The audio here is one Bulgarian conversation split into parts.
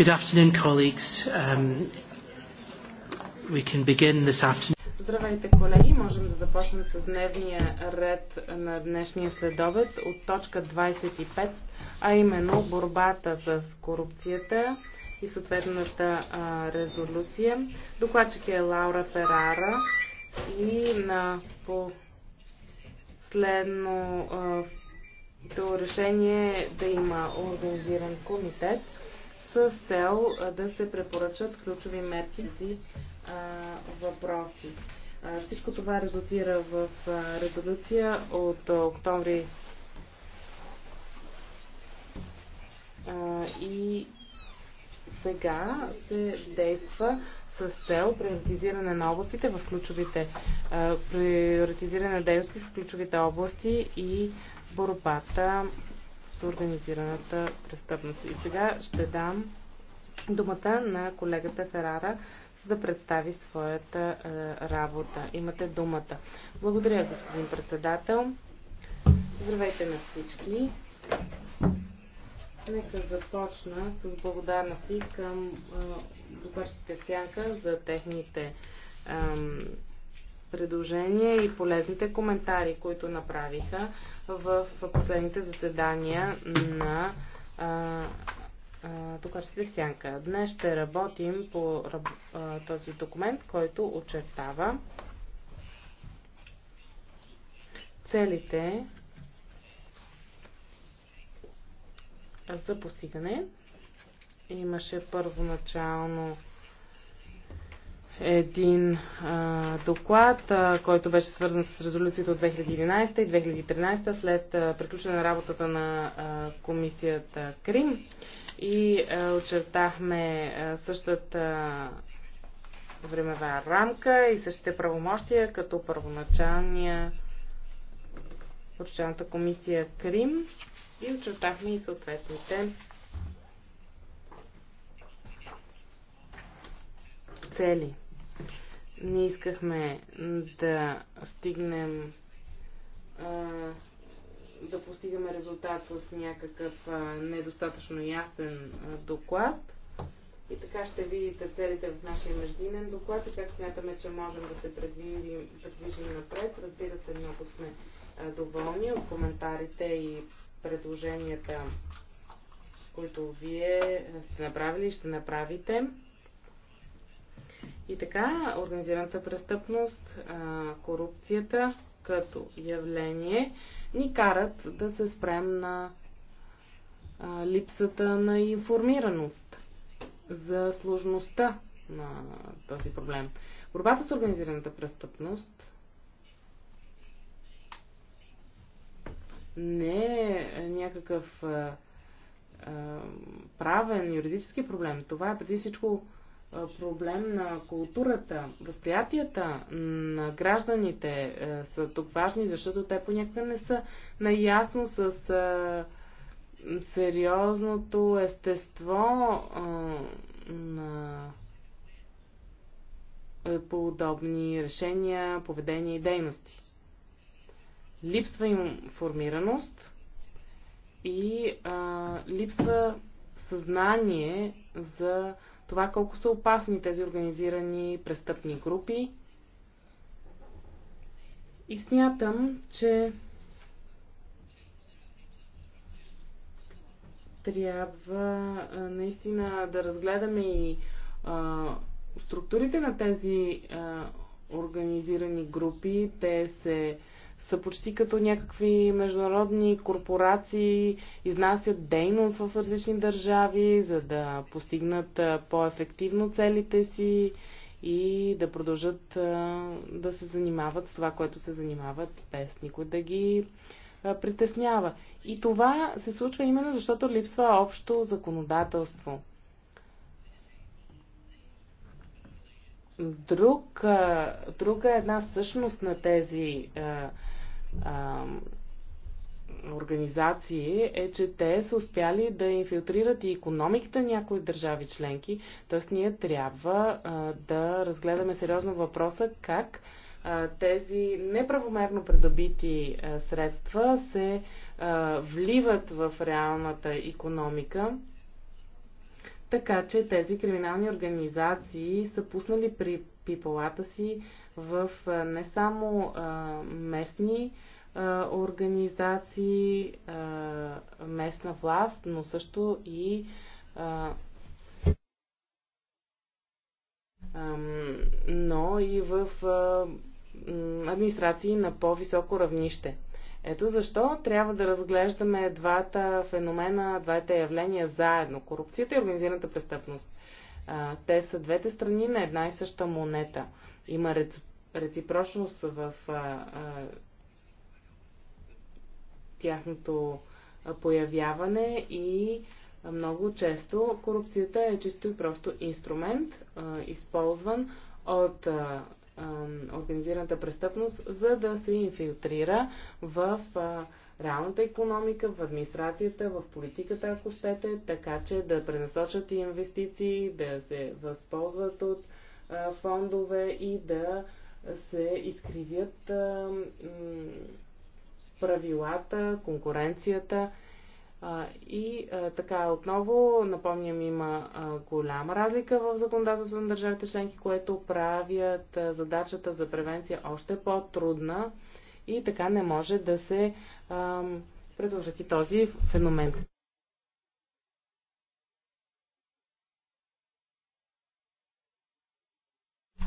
Good afternoon, colleagues. Um, we can begin this afternoon. Здравейте, колеги! Можем да започнем с дневния ред на днешния следобед от точка 25, а именно борбата с корупцията и съответната а, резолюция. Докладчик е Лаура Ферара и на последното решение е да има организиран комитет – с цел да се препоръчат ключови мерки и въпроси. Всичко това резултира в резолюция от октомври и сега се действа с цел приоритизиране на областите в ключовите приоритизиране на дейности в ключовите области и борбата с организираната престъпност. И сега ще дам думата на колегата Ферара, за да представи своята е, работа. Имате думата. Благодаря, господин председател. Здравейте на всички. Нека започна с благодарности към е, добърщите сянка за техните е, предложения и полезните коментари, които направиха в последните заседания на а, а, докладчите Сянка. Днес ще работим по а, този документ, който очертава целите за постигане. Имаше първоначално един а, доклад, а, който беше свързан с резолюцията от 2011 и 2013 след а, приключване на работата на а, комисията Крим и а, очертахме а, същата времева рамка и същите правомощия като първоначалния първоначалната комисия Крим и очертахме и съответните цели не искахме да стигнем да постигаме резултат с някакъв недостатъчно ясен доклад. И така ще видите целите в нашия междинен доклад и как смятаме, че можем да се предвижим, предвижим напред. Разбира се, много сме доволни от коментарите и предложенията, които вие сте направили и ще направите. И така, организираната престъпност, корупцията като явление ни карат да се спрем на липсата на информираност за сложността на този проблем. Борбата с организираната престъпност не е някакъв правен, юридически проблем. Това е преди всичко проблем на културата, възприятията на гражданите е, са тук важни, защото те понякога не са наясно с е, сериозното естество на е, подобни решения, поведения и дейности. Липсва им формираност и а, липсва съзнание за това колко са опасни тези организирани престъпни групи. И смятам, че трябва наистина да разгледаме и а, структурите на тези а, организирани групи. Те се а, са почти като някакви международни корпорации, изнасят дейност в различни държави, за да постигнат по-ефективно целите си и да продължат да се занимават с това, което се занимават, без никой да ги притеснява. И това се случва именно защото липсва общо законодателство. друг, друга е една същност на тези а, организации е, че те са успяли да инфилтрират и економиката някои държави членки. Тоест ние трябва а, да разгледаме сериозно въпроса как а, тези неправомерно придобити а, средства се а, вливат в реалната економика. Така че тези криминални организации са пуснали при пипалата си в не само местни организации, местна власт, но също и но и в администрации на по-високо равнище. Ето защо трябва да разглеждаме двата феномена, двата явления заедно корупцията и организираната престъпност а, те са двете страни на една и съща монета. Има реципрочност в а, а, тяхното появяване и много често корупцията е чисто и просто инструмент, а, използван от а, а, организираната престъпност, за да се инфилтрира в а, реалната економика, в администрацията, в политиката, ако щете, така че да пренасочат и инвестиции, да се възползват от а, фондове и да се изкривят а, правилата, конкуренцията. А, и а, така, отново, напомням, има а, голяма разлика в законодателството на държавите членки, което правят а, задачата за превенция още по-трудна и така не може да се предотврати този феномен.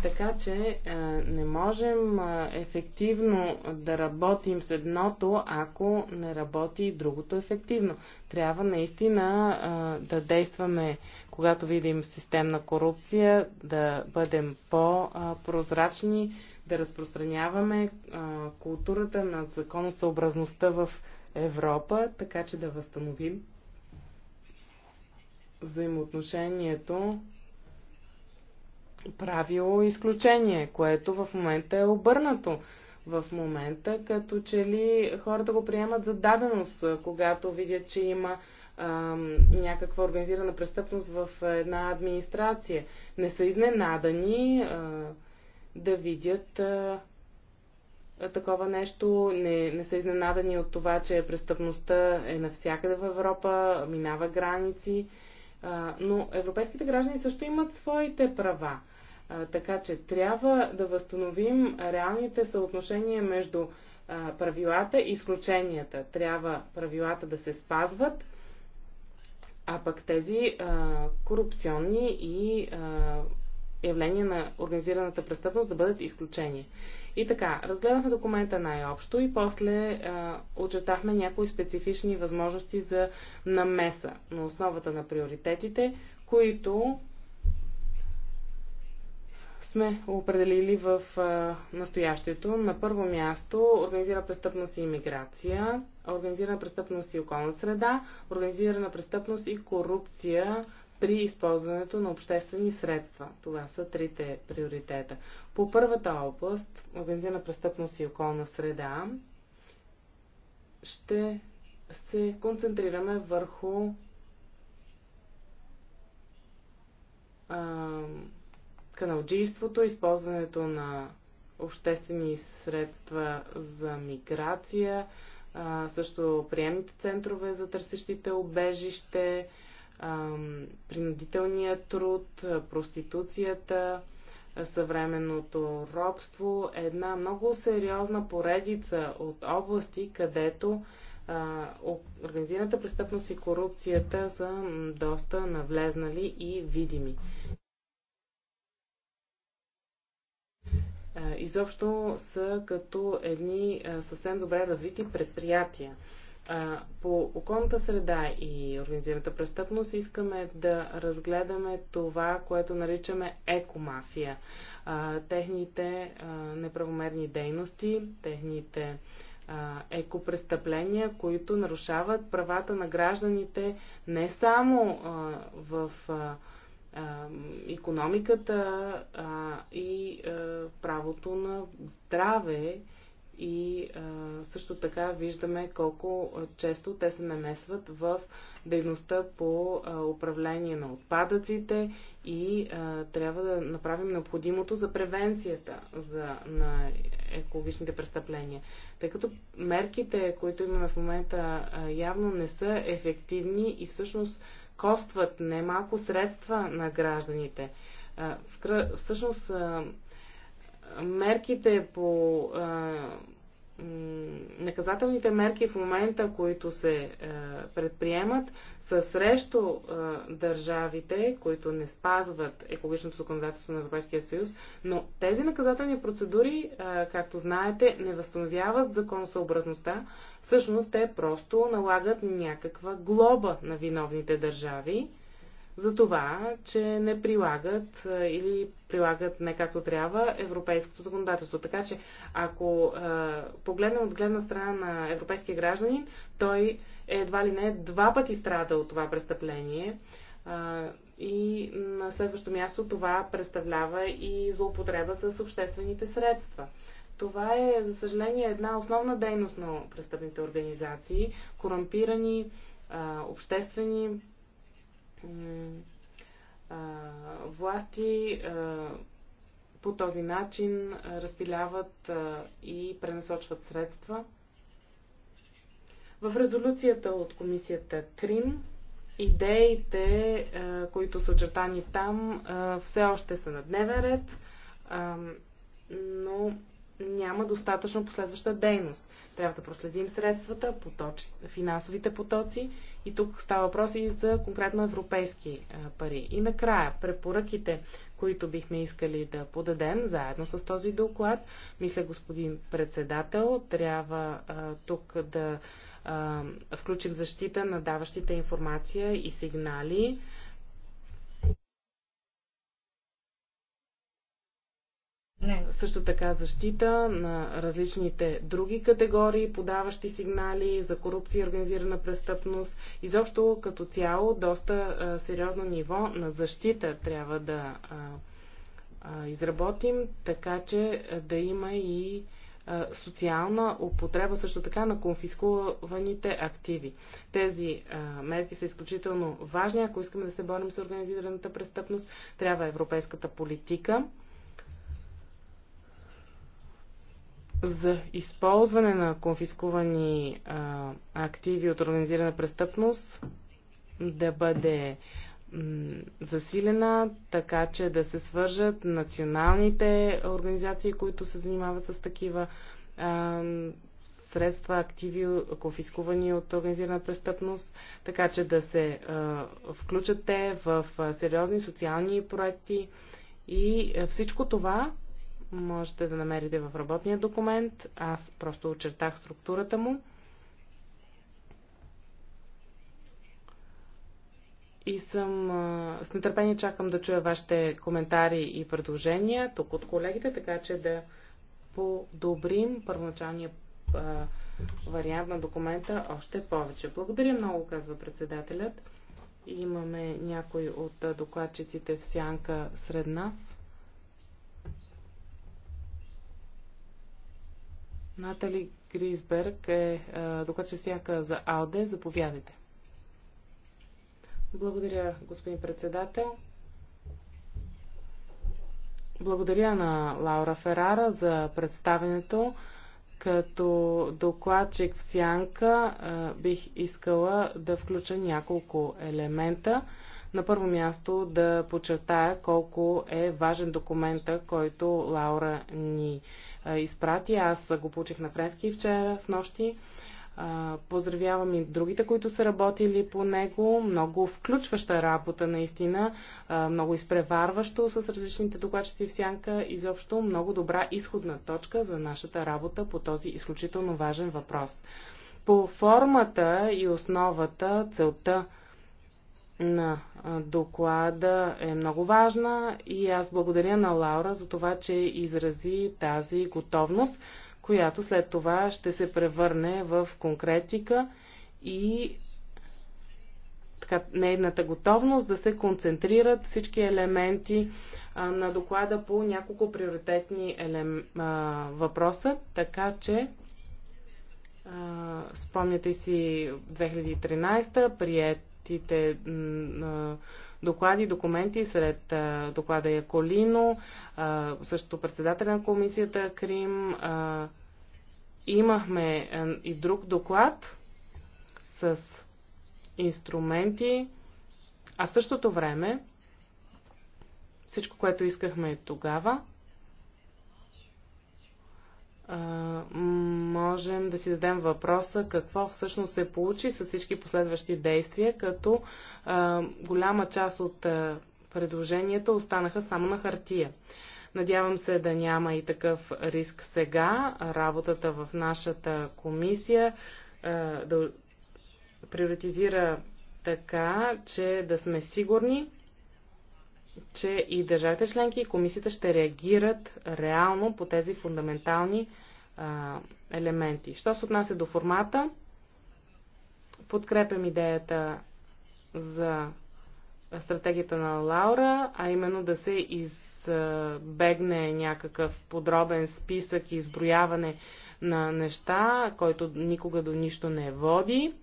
Така че а, е, не можем а, е, ефективно да работим с едното, ако не работи и другото ефективно. Трябва наистина а, е, да действаме, когато видим системна корупция, да бъдем по-прозрачни да разпространяваме а, културата на законосъобразността в Европа, така че да възстановим взаимоотношението правило изключение, което в момента е обърнато. В момента, като че ли хората го приемат за даденост, когато видят, че има а, някаква организирана престъпност в една администрация. Не са изненадани. А, да видят а, такова нещо. Не, не са изненадани от това, че престъпността е навсякъде в Европа, минава граници. А, но европейските граждани също имат своите права. А, така че трябва да възстановим реалните съотношения между а, правилата и изключенията. Трябва правилата да се спазват, а пък тези а, корупционни и а, явления на организираната престъпност да бъдат изключени. И така, разгледахме документа най-общо и после а, очетахме някои специфични възможности за намеса на основата на приоритетите, които сме определили в а, настоящето. На първо място организира престъпност и иммиграция, организирана престъпност и околна среда, организирана престъпност и корупция при използването на обществени средства. Това са трите приоритета. По първата област, организирана престъпност и околна среда, ще се концентрираме върху а, каналджийството, използването на обществени средства за миграция, а, също приемните центрове за търсещите обежище, принудителния труд, проституцията, съвременното робство, една много сериозна поредица от области, където а, организираната престъпност и корупцията са доста навлезнали и видими. изобщо са като едни съвсем добре развити предприятия по околната среда и организираната престъпност искаме да разгледаме това, което наричаме екомафия. Техните неправомерни дейности, техните екопрестъпления, които нарушават правата на гражданите не само в економиката и правото на здраве и а, също така виждаме колко често те се намесват в дейността по а, управление на отпадъците и а, трябва да направим необходимото за превенцията за, на екологичните престъпления. Тъй като мерките, които имаме в момента, а, явно не са ефективни и всъщност костват немалко средства на гражданите. А, в, всъщност а, мерките по наказателните мерки в момента, които се предприемат, са срещу държавите, които не спазват екологичното законодателство на Европейския съюз, но тези наказателни процедури, както знаете, не възстановяват законосъобразността. Всъщност те просто налагат някаква глоба на виновните държави за това, че не прилагат или прилагат не както трябва европейското законодателство. Така че, ако погледнем от гледна страна на европейския гражданин, той е едва ли не два пъти страда от това престъпление. И на следващо място това представлява и злоупотреба с обществените средства. Това е, за съжаление, една основна дейност на престъпните организации. корумпирани обществени власти по този начин разпиляват и пренасочват средства. В резолюцията от комисията Крим идеите, които са очертани там, все още са на дневен ред, но няма достатъчно последваща дейност. Трябва да проследим средствата, поточ, финансовите потоци и тук става въпрос и за конкретно европейски е, пари. И накрая, препоръките, които бихме искали да подадем заедно с този доклад, мисля господин председател, трябва а, е, тук да а, е, включим защита на даващите информация и сигнали. Не, Също така защита на различните други категории, подаващи сигнали за корупция и организирана престъпност. Изобщо като цяло доста а, сериозно ниво на защита трябва да а, а, изработим, така че да има и а, социална употреба също така на конфискуваните активи. Тези а, мерки са изключително важни, ако искаме да се борим с организираната престъпност, трябва европейската политика за използване на конфискувани а, активи от организирана престъпност да бъде засилена, така че да се свържат националните организации, които се занимават с такива а, средства, активи, конфискувани от организирана престъпност, така че да се а, включат те в сериозни социални проекти. И всичко това можете да намерите в работния документ. Аз просто очертах структурата му. И съм с нетърпение чакам да чуя вашите коментари и предложения тук от колегите, така че да подобрим първоначалния вариант на документа още повече. Благодаря много, казва председателят. Имаме някой от докладчиците в сянка сред нас. Натали Гризберг е докладче сяка за АЛДЕ. Заповядайте. Благодаря, господин председател. Благодаря на Лаура Ферара за представенето. Като докладчик в Сянка бих искала да включа няколко елемента. На първо място да подчертая колко е важен документа, който Лаура ни изпрати. Аз го получих на френски вчера, с нощи. Поздравявам и другите, които са работили по него. Много включваща работа, наистина. Много изпреварващо с различните докладчици в сянка. Изобщо много добра изходна точка за нашата работа по този изключително важен въпрос. По формата и основата, целта на доклада е много важна и аз благодаря на Лаура за това, че изрази тази готовност, която след това ще се превърне в конкретика и така, нейната готовност да се концентрират всички елементи а, на доклада по няколко приоритетни елем, а, въпроса, така че а, спомняте си 2013 прият постигнатите доклади, документи сред доклада Яколино, също председателя на комисията Крим. Имахме и друг доклад с инструменти, а в същото време всичко, което искахме тогава, можем да си дадем въпроса какво всъщност се получи с всички последващи действия, като а, голяма част от а, предложенията останаха само на хартия. Надявам се да няма и такъв риск сега. Работата в нашата комисия а, да приоритизира така, че да сме сигурни, че и държавите членки и комисията ще реагират реално по тези фундаментални а, елементи. Що се отнася до формата, подкрепям идеята за стратегията на Лаура, а именно да се избегне някакъв подробен списък и изброяване на неща, който никога до нищо не води,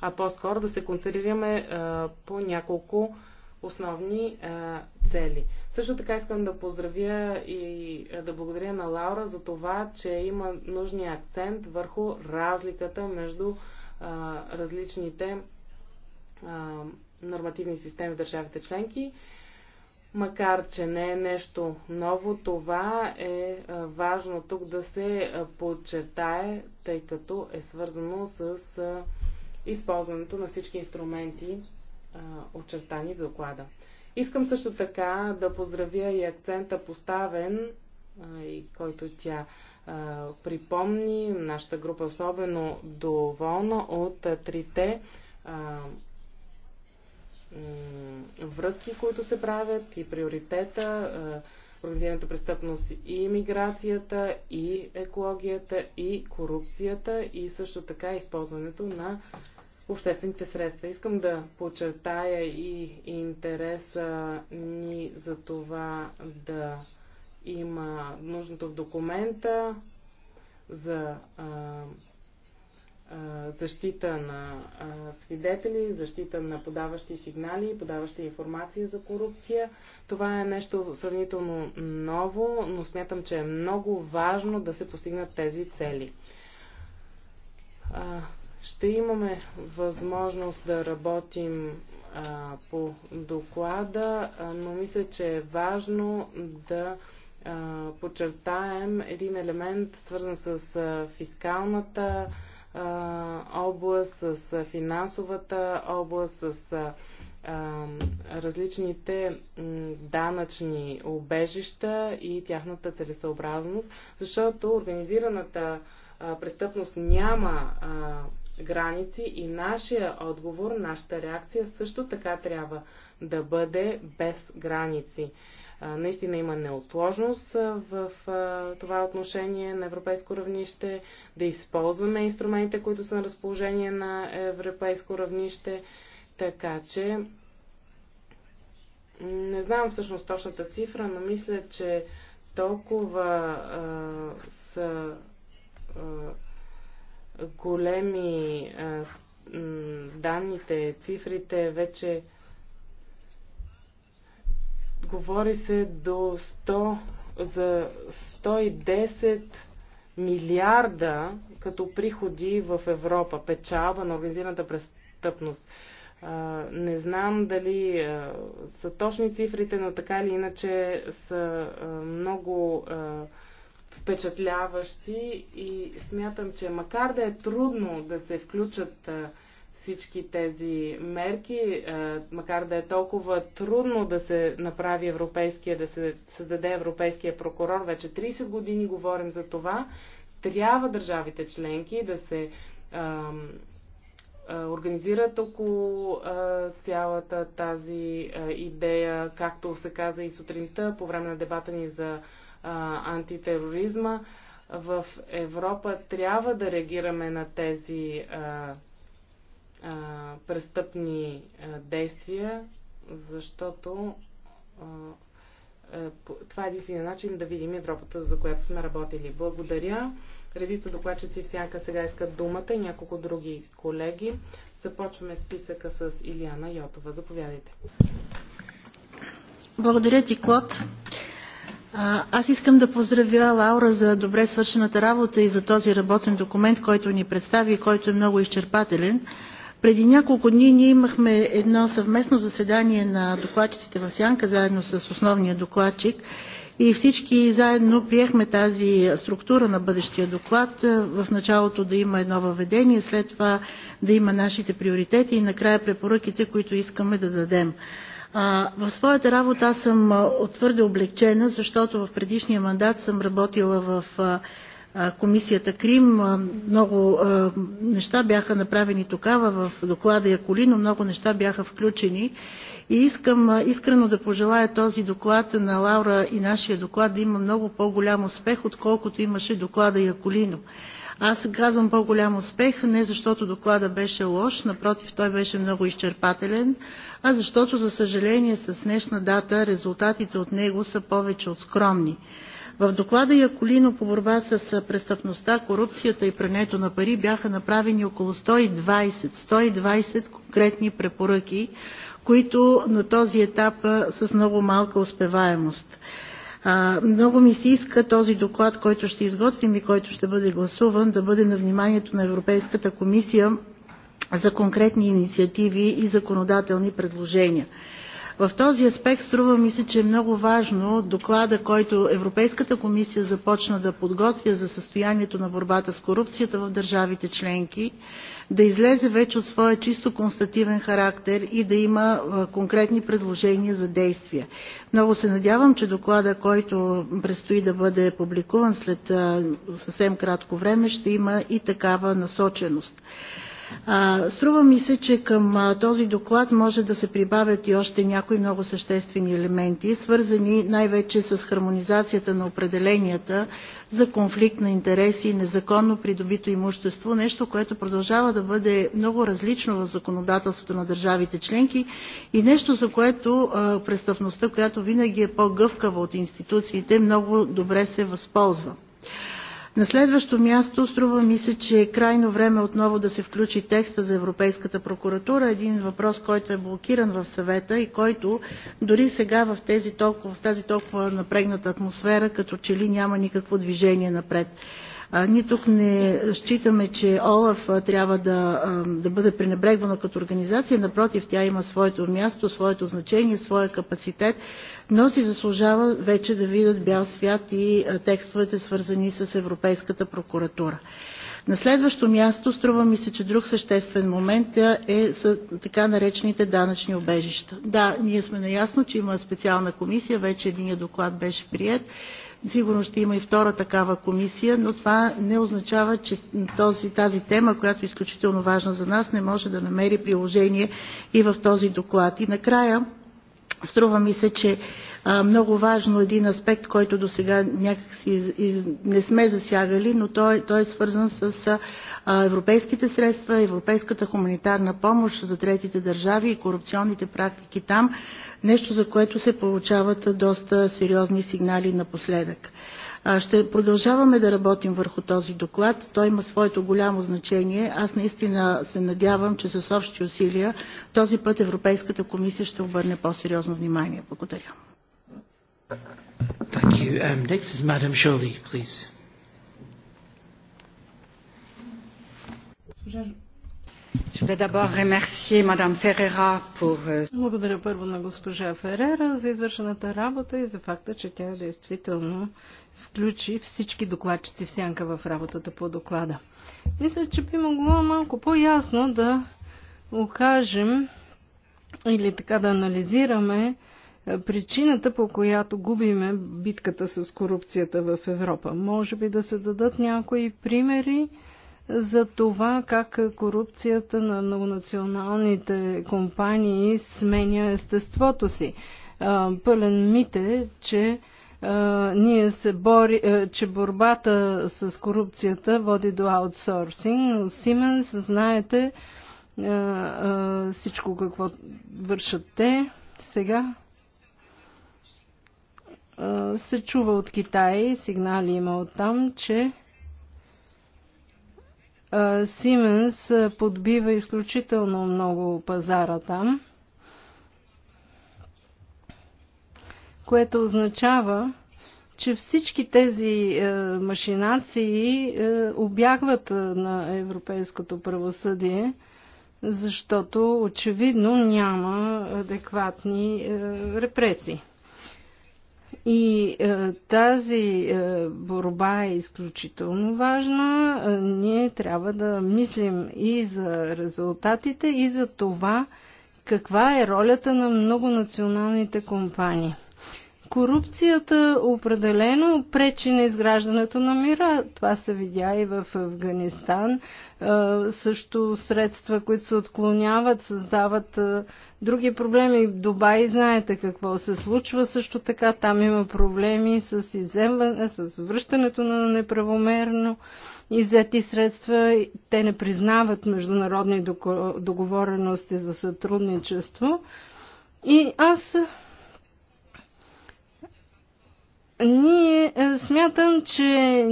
а по-скоро да се концентрираме а, по няколко основни а, цели. Също така искам да поздравя и да благодаря на Лаура за това, че има нужния акцент върху разликата между а, различните а, нормативни системи в държавите членки. Макар, че не е нещо ново, това е важно тук да се подчертае, тъй като е свързано с използването на всички инструменти, очертани в доклада. Искам също така да поздравя и акцента поставен и който тя а, припомни. Нашата група е особено доволна от трите а, връзки, които се правят и приоритета, организираната престъпност и миграцията, и екологията, и корупцията, и също така използването на обществените средства. Искам да подчертая и интереса ни за това да има нужното в документа за а, а, защита на а, свидетели, защита на подаващи сигнали, подаващи информация за корупция. Това е нещо сравнително ново, но смятам, че е много важно да се постигнат тези цели ще имаме възможност да работим а, по доклада, а, но мисля, че е важно да а, подчертаем един елемент, свързан с а, фискалната а, област, с а, финансовата област, с. А, различните данъчни обежища и тяхната целесообразност, защото организираната престъпност няма граници и нашия отговор, нашата реакция също така трябва да бъде без граници. Наистина има неотложност в това отношение на европейско равнище, да използваме инструментите, които са на разположение на европейско равнище, така че не знам всъщност точната цифра, но мисля, че толкова а, са а, големи данните, цифрите, вече говори се до 100, за 110 милиарда като приходи в Европа, печалба на организираната престъпност. Не знам дали са точни цифрите, но така или иначе са много впечатляващи и смятам, че макар да е трудно да се включат всички тези мерки, макар да е толкова трудно да се направи европейския, да се създаде европейския прокурор, вече 30 години говорим за това, трябва държавите членки да се организират около а, цялата тази а, идея, както се каза и сутринта по време на дебата ни за а, антитероризма. В Европа трябва да реагираме на тези а, а, престъпни а, действия, защото а, а, е, това е единствения начин да видим Европата, за която сме работили. Благодаря. Редица докладчици всяка сега искат думата и няколко други колеги. Започваме списъка с Илияна Йотова. Заповядайте. Благодаря ти, Клод аз искам да поздравя Лаура за добре свършената работа и за този работен документ, който ни представи и който е много изчерпателен. Преди няколко дни ние имахме едно съвместно заседание на докладчиците в Сянка, заедно с основния докладчик и всички заедно приехме тази структура на бъдещия доклад. В началото да има едно въведение, след това да има нашите приоритети и накрая препоръките, които искаме да дадем. А, в своята работа аз съм твърде облегчена, защото в предишния мандат съм работила в комисията Крим. Много неща бяха направени тогава в доклада Яколино, много неща бяха включени. И искам искрено да пожелая този доклад на Лаура и нашия доклад да има много по-голям успех, отколкото имаше доклада Яколино. Аз казвам по-голям успех не защото доклада беше лош, напротив, той беше много изчерпателен, а защото, за съжаление, с днешна дата резултатите от него са повече от скромни. В доклада Яколино по борба с престъпността, корупцията и прането на пари бяха направени около 120, 120 конкретни препоръки, които на този етап с много малка успеваемост. А, много ми се иска този доклад, който ще изготвим и който ще бъде гласуван, да бъде на вниманието на Европейската комисия за конкретни инициативи и законодателни предложения. В този аспект струва ми се, че е много важно доклада, който Европейската комисия започна да подготвя за състоянието на борбата с корупцията в държавите членки, да излезе вече от своя чисто констативен характер и да има конкретни предложения за действия. Много се надявам, че доклада, който предстои да бъде публикуван след съвсем кратко време, ще има и такава насоченост. А, струва ми се, че към а, този доклад може да се прибавят и още някои много съществени елементи, свързани най-вече с хармонизацията на определенията за конфликт на интереси и незаконно придобито имущество, нещо, което продължава да бъде много различно в законодателството на държавите членки и нещо, за което а, престъпността, която винаги е по-гъвкава от институциите, много добре се възползва. На следващо място, струва ми се, че е крайно време отново да се включи текста за Европейската прокуратура, един въпрос, който е блокиран в съвета и който дори сега в, тези толкова, в тази толкова напрегната атмосфера, като че ли няма никакво движение напред. Ние тук не считаме, че ОЛАФ трябва да, да бъде пренебрегвана като организация. Напротив, тя има своето място, своето значение, своя капацитет но си заслужава вече да видят бял свят и текстовете свързани с Европейската прокуратура. На следващо място, струва ми се, че друг съществен момент е са така наречените данъчни обежища. Да, ние сме наясно, че има специална комисия, вече един доклад беше прият. Сигурно ще има и втора такава комисия, но това не означава, че този, тази тема, която е изключително важна за нас, не може да намери приложение и в този доклад. И накрая, Струва ми се, че а, много важно е един аспект, който до сега някакси из, из, не сме засягали, но той, той е свързан с а, европейските средства, европейската хуманитарна помощ за третите държави и корупционните практики там, нещо за което се получават доста сериозни сигнали напоследък. Ще продължаваме да работим върху този доклад. Той има своето голямо значение. Аз наистина се надявам, че с общи усилия този път Европейската комисия ще обърне по-сериозно внимание. Благодаря. Thank you. Um, next is Madam Jolie, please. Euh, Благодаря първо на госпожа Ферера за извършената работа и за факта, че тя действително включи всички докладчици в сянка в работата по доклада. Мисля, че би могло малко по-ясно да окажем или така да анализираме е, причината, по която губиме битката с корупцията в Европа. Може би да се дадат някои примери за това как корупцията на многонационалните компании сменя естеството си. Пълен мит е, че е, ние се бори, е, че борбата с корупцията води до аутсорсинг. Сименс, знаете е, всичко какво вършат те сега. Се чува от Китай, сигнали има от там, че Сименс подбива изключително много пазара там което означава, че всички тези е, машинации е, обягват е, на европейското правосъдие, защото очевидно няма адекватни е, репресии. И е, тази е, борба е изключително важна. Е, ние трябва да мислим и за резултатите, и за това каква е ролята на многонационалните компании. Корупцията определено пречи на изграждането на мира. Това се видя и в Афганистан. Е, също средства, които се отклоняват, създават е, други проблеми. В Дубай знаете какво се случва също така. Там има проблеми с иземване, с връщането на неправомерно иззети средства. Те не признават международни договорености за сътрудничество. И аз ние е, смятам, че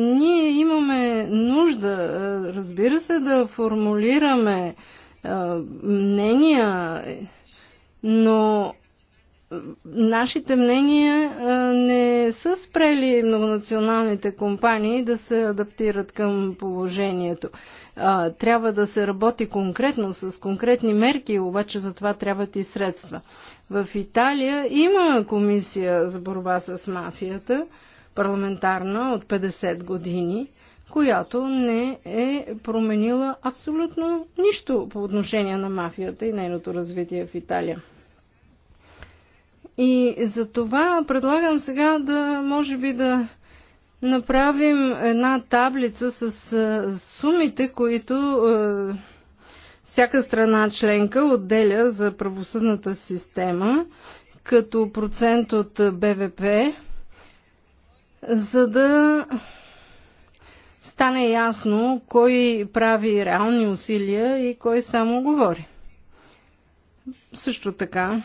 ние имаме нужда, е, разбира се, да формулираме е, мнения, но нашите мнения не са спрели многонационалните компании да се адаптират към положението. А, трябва да се работи конкретно с конкретни мерки, обаче за това трябват и средства. В Италия има комисия за борба с мафията, парламентарна от 50 години, която не е променила абсолютно нищо по отношение на мафията и нейното развитие в Италия. И за това предлагам сега да, може би, да направим една таблица с сумите, които всяка страна членка отделя за правосъдната система като процент от БВП, за да стане ясно кой прави реални усилия и кой само говори. Също така,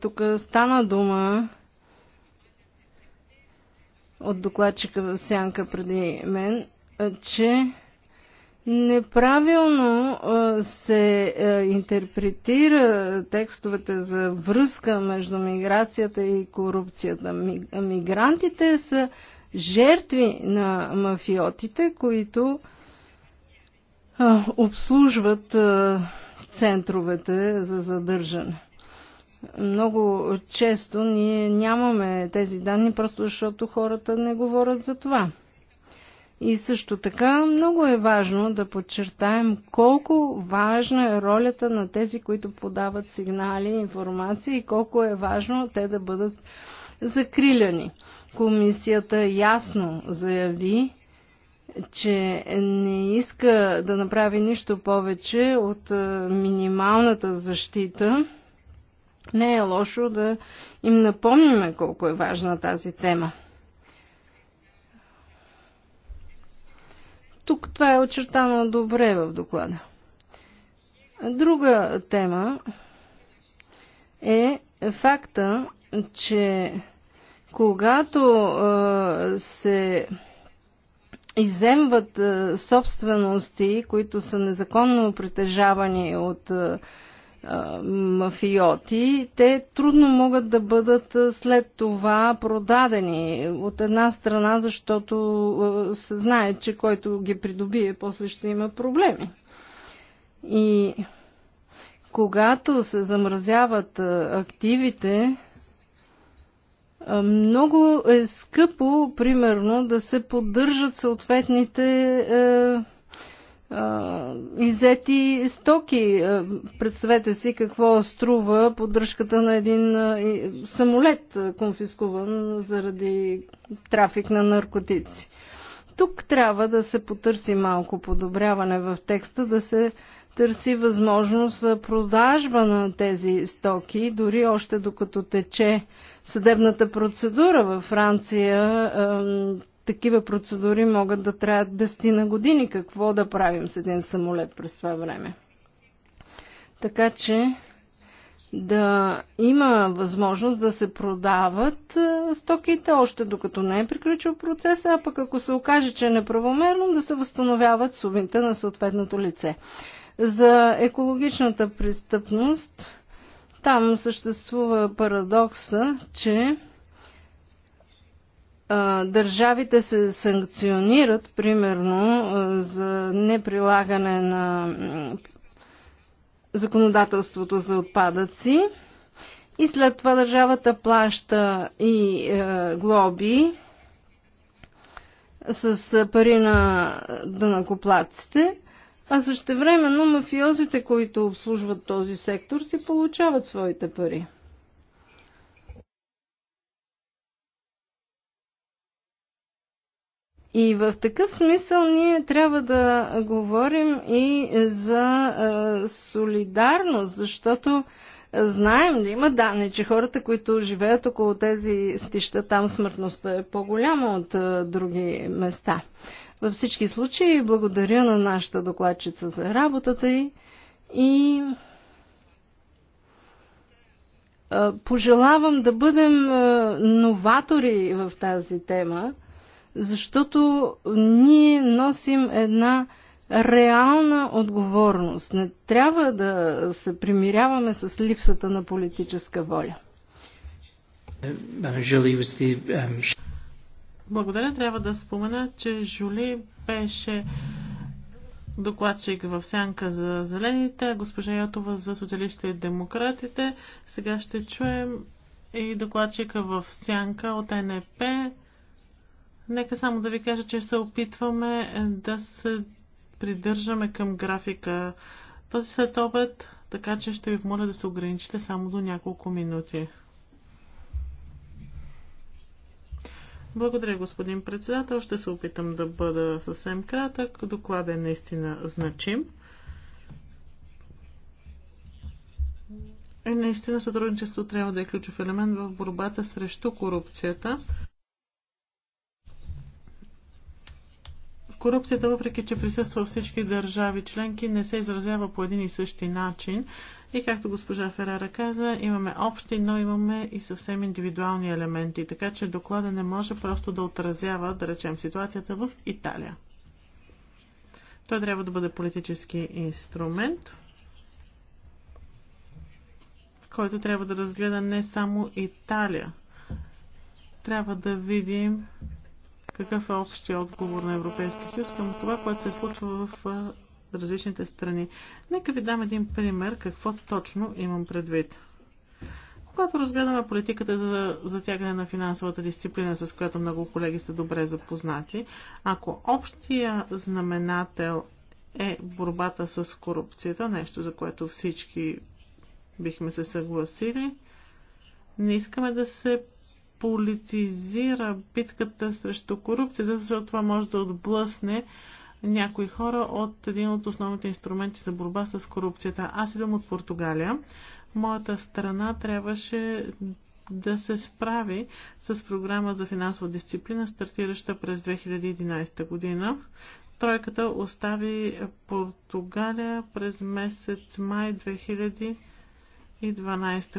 тук стана дума от докладчика в сянка преди мен, че неправилно се интерпретира текстовете за връзка между миграцията и корупцията. Мигрантите са жертви на мафиотите, които обслужват центровете за задържане. Много често ние нямаме тези данни, просто защото хората не говорят за това. И също така много е важно да подчертаем колко важна е ролята на тези, които подават сигнали, информация и колко е важно те да бъдат закриляни. Комисията ясно заяви, че не иска да направи нищо повече от е, минималната защита не е лошо да им напомниме колко е важна тази тема. Тук това е очертано добре в доклада. Друга тема е факта, че когато е, се иземват е, собствености, които са незаконно притежавани от е, мафиоти, те трудно могат да бъдат след това продадени. От една страна, защото се знае, че който ги придобие, после ще има проблеми. И когато се замразяват активите, много е скъпо, примерно, да се поддържат съответните иззети стоки. Представете си какво струва поддръжката на един самолет, конфискуван заради трафик на наркотици. Тук трябва да се потърси малко подобряване в текста, да се търси възможност за продажба на тези стоки, дори още докато тече съдебната процедура във Франция такива процедури могат да траят дести на години. Какво да правим с един самолет през това време? Така че да има възможност да се продават е, стоките още докато не е приключил процеса, а пък ако се окаже, че е неправомерно, да се възстановяват сумите на съответното лице. За екологичната престъпност там съществува парадокса, че държавите се санкционират, примерно, за неприлагане на законодателството за отпадъци и след това държавата плаща и е, глоби с е, пари на дънакоплаците, а същевременно мафиозите, които обслужват този сектор, си получават своите пари. И в такъв смисъл ние трябва да говорим и за е, солидарност, защото знаем, има данни, че хората, които живеят около тези стища, там смъртността е по-голяма от е, други места. Във всички случаи благодаря на нашата докладчица за работата й и пожелавам да бъдем новатори в тази тема защото ние носим една реална отговорност. Не трябва да се примиряваме с липсата на политическа воля. Е, Благодаря. Трябва да спомена, че Жули беше докладчик в сянка за зелените, госпожа Ятова за социалистите и демократите. Сега ще чуем и докладчика в сянка от НП Нека само да ви кажа, че се опитваме е, да се придържаме към графика този след обед, така че ще ви моля да се ограничите само до няколко минути. Благодаря, господин председател. Ще се опитам да бъда съвсем кратък. Докладът е наистина значим. И е, наистина сътрудничество трябва да е ключов елемент в борбата срещу корупцията. Корупцията, въпреки че присъства във всички държави членки, не се изразява по един и същи начин. И както госпожа Ферара каза, имаме общи, но имаме и съвсем индивидуални елементи, така че доклада не може просто да отразява, да речем, ситуацията в Италия. Той трябва да бъде политически инструмент, който трябва да разгледа не само Италия. Трябва да видим какъв е общия отговор на Европейския съюз към това, което се случва в различните страни. Нека ви дам един пример какво точно имам предвид. Когато разгледаме политиката за затягане на финансовата дисциплина, с която много колеги сте добре запознати, ако общия знаменател е борбата с корупцията, нещо за което всички бихме се съгласили, не искаме да се политизира битката срещу корупцията, защото това може да отблъсне някои хора от един от основните инструменти за борба с корупцията. Аз идвам от Португалия. Моята страна трябваше да се справи с програма за финансова дисциплина, стартираща през 2011 година. Тройката остави Португалия през месец май 2012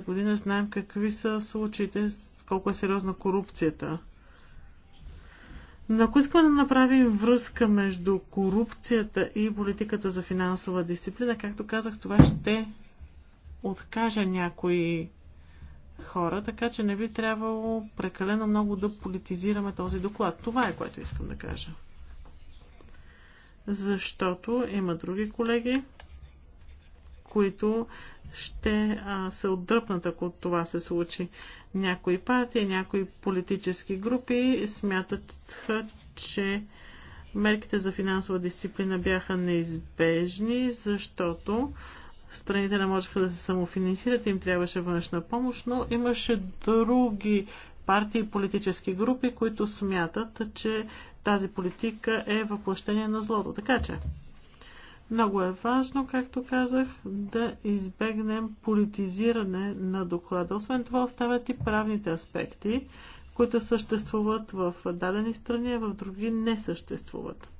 година. Знаем какви са случаите колко е сериозна корупцията. Но ако искаме да направим връзка между корупцията и политиката за финансова дисциплина, както казах, това ще откаже някои хора, така че не би трябвало прекалено много да политизираме този доклад. Това е което искам да кажа. Защото има други колеги, които ще а, се отдръпнат, ако това се случи. Някои партии, някои политически групи смятат, че мерките за финансова дисциплина бяха неизбежни, защото страните не можеха да се самофинансират, им трябваше външна помощ, но имаше други партии и политически групи, които смятат, че тази политика е въплъщение на злото. Така че, много е важно, както казах, да избегнем политизиране на доклада. Освен това остават и правните аспекти, които съществуват в дадени страни, а в други не съществуват.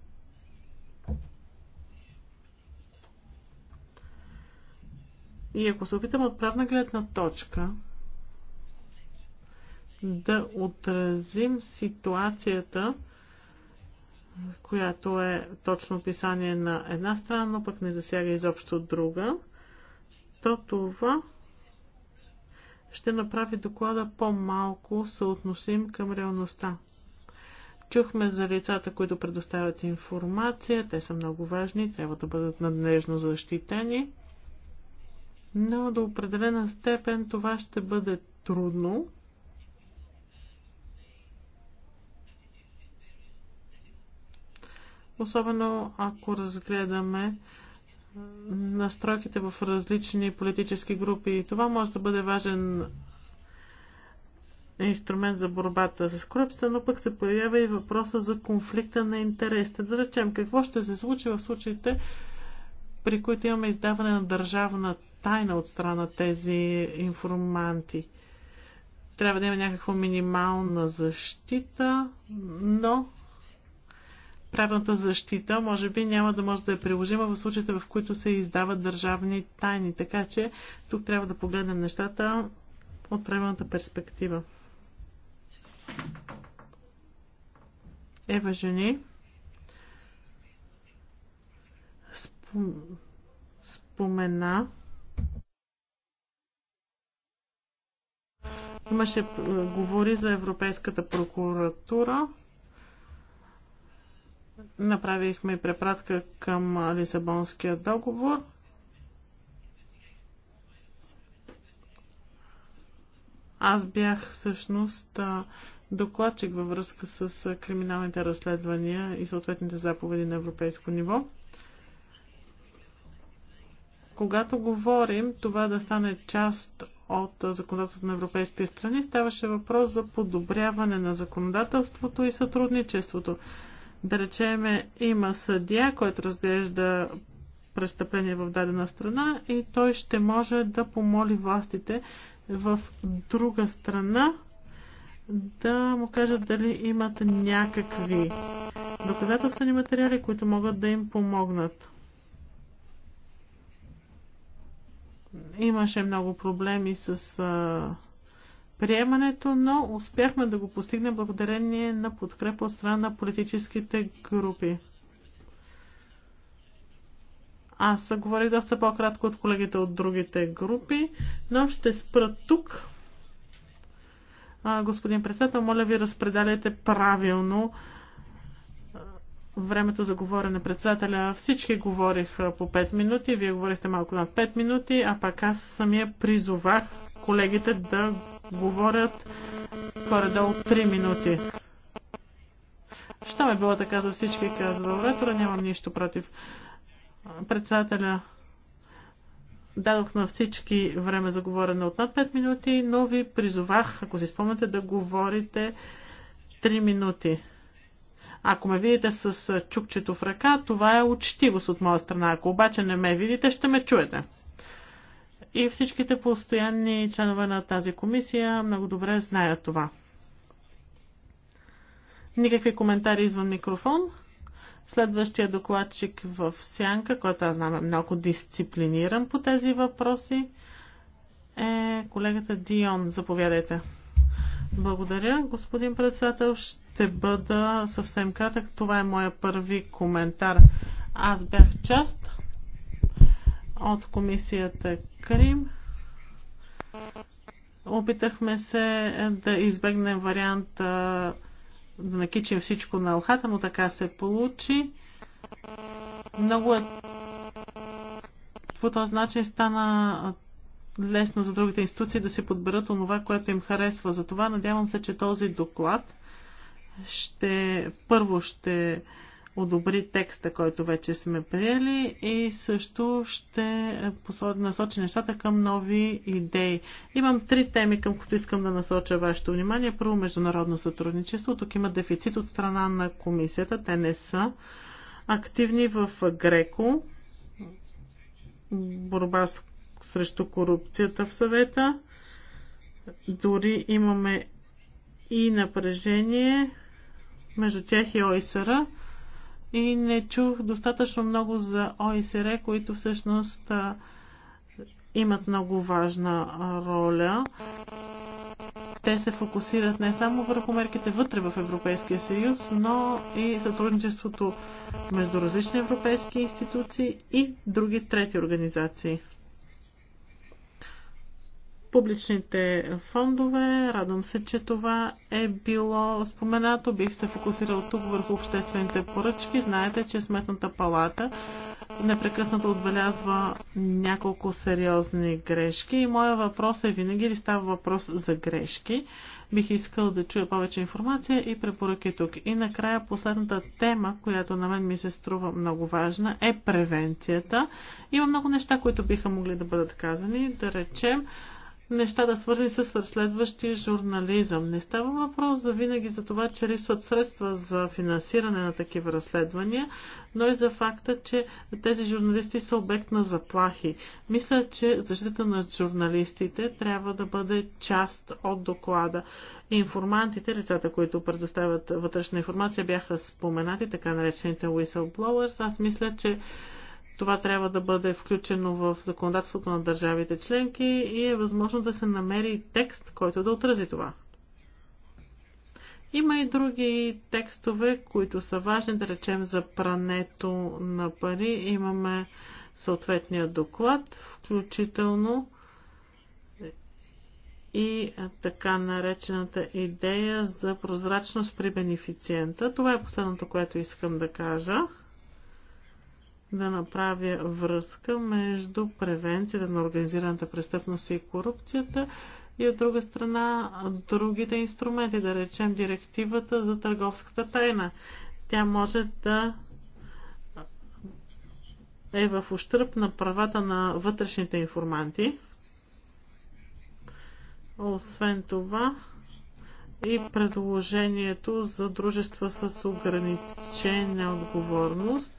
И ако се опитам от правна гледна точка да отразим ситуацията, която е точно описание на една страна, но пък не засяга изобщо друга, то това ще направи доклада по-малко съотносим към реалността. Чухме за лицата, които предоставят информация. Те са много важни, трябва да бъдат надлежно защитени. Но до определена степен това ще бъде трудно, Особено ако разгледаме настройките в различни политически групи. Това може да бъде важен инструмент за борбата с корупцията, но пък се появява и въпроса за конфликта на интересите. Да речем, какво ще се случи в случаите, при които имаме издаване на държавна тайна от страна на тези информанти. Трябва да има някаква минимална защита, но правната защита може би няма да може да е приложима в случаите, в които се издават държавни тайни. Така че тук трябва да погледнем нещата от правилната перспектива. Ева Жени спомена имаше е, говори за Европейската прокуратура направихме препратка към Лисабонския договор. Аз бях всъщност докладчик във връзка с криминалните разследвания и съответните заповеди на европейско ниво. Когато говорим това да стане част от законодателството на европейските страни, ставаше въпрос за подобряване на законодателството и сътрудничеството. Да речеме, има съдия, който разглежда престъпление в дадена страна и той ще може да помоли властите в друга страна да му кажат дали имат някакви доказателствени материали, които могат да им помогнат. Имаше много проблеми с приемането, но успяхме да го постигнем благодарение на подкрепа от страна на политическите групи. Аз говорих доста по-кратко от колегите от другите групи, но ще спра тук. А, господин председател, моля ви разпределяйте правилно времето за говорене на председателя. Всички говорих по 5 минути, вие говорихте малко над 5 минути, а пък аз самия призовах колегите да говорят горе-долу 3 минути. Що ме било така за всички, казва оратора, нямам нищо против. Председателя дадох на всички време за говорене от над 5 минути, но ви призовах, ако си спомняте, да говорите 3 минути. Ако ме видите с чукчето в ръка, това е учтивост от моя страна. Ако обаче не ме видите, ще ме чуете. И всичките постоянни членове на тази комисия много добре знаят това. Никакви коментари извън микрофон. Следващия докладчик в Сянка, който аз знам е много дисциплиниран по тези въпроси, е колегата Дион. Заповядайте. Благодаря, господин председател. Ще бъда съвсем кратък. Това е моя първи коментар. Аз бях част от комисията Крим. Опитахме се да избегнем варианта да накичим всичко на алхата, но така се получи. Много е... По този начин стана лесно за другите институции да се подберат онова, което им харесва. Затова надявам се, че този доклад ще, първо ще одобри текста, който вече сме приели и също ще насочи нещата към нови идеи. Имам три теми, към които искам да насоча вашето внимание. Първо, международно сътрудничество. Тук има дефицит от страна на комисията. Те не са активни в Греко борба с срещу корупцията в съвета. Дори имаме и напрежение между тях и ОИСР. И не чух достатъчно много за ОИСР, които всъщност имат много важна роля. Те се фокусират не само върху мерките вътре в Европейския съюз, но и сътрудничеството между различни европейски институции и други трети организации публичните фондове. Радвам се, че това е било споменато. Бих се фокусирал тук върху обществените поръчки. Знаете, че Сметната палата непрекъснато отбелязва няколко сериозни грешки и моя въпрос е винаги ли става въпрос за грешки. Бих искал да чуя повече информация и препоръки тук. И накрая последната тема, която на мен ми се струва много важна, е превенцията. Има много неща, които биха могли да бъдат казани. Да речем, нещата, свързани с разследващи журнализъм. Не става въпрос за винаги за това, че липсват средства за финансиране на такива разследвания, но и за факта, че тези журналисти са обект на заплахи. Мисля, че защита на журналистите трябва да бъде част от доклада. Информантите, лицата, които предоставят вътрешна информация, бяха споменати, така наречените whistleblowers. Аз мисля, че това трябва да бъде включено в законодателството на държавите членки и е възможно да се намери текст, който да отрази това. Има и други текстове, които са важни, да речем за прането на пари. Имаме съответния доклад, включително и така наречената идея за прозрачност при бенефициента. Това е последното, което искам да кажа да направя връзка между превенцията на организираната престъпност и корупцията и от друга страна другите инструменти, да речем директивата за търговската тайна. Тя може да е в ущърп на правата на вътрешните информанти. Освен това и предложението за дружества с ограничена отговорност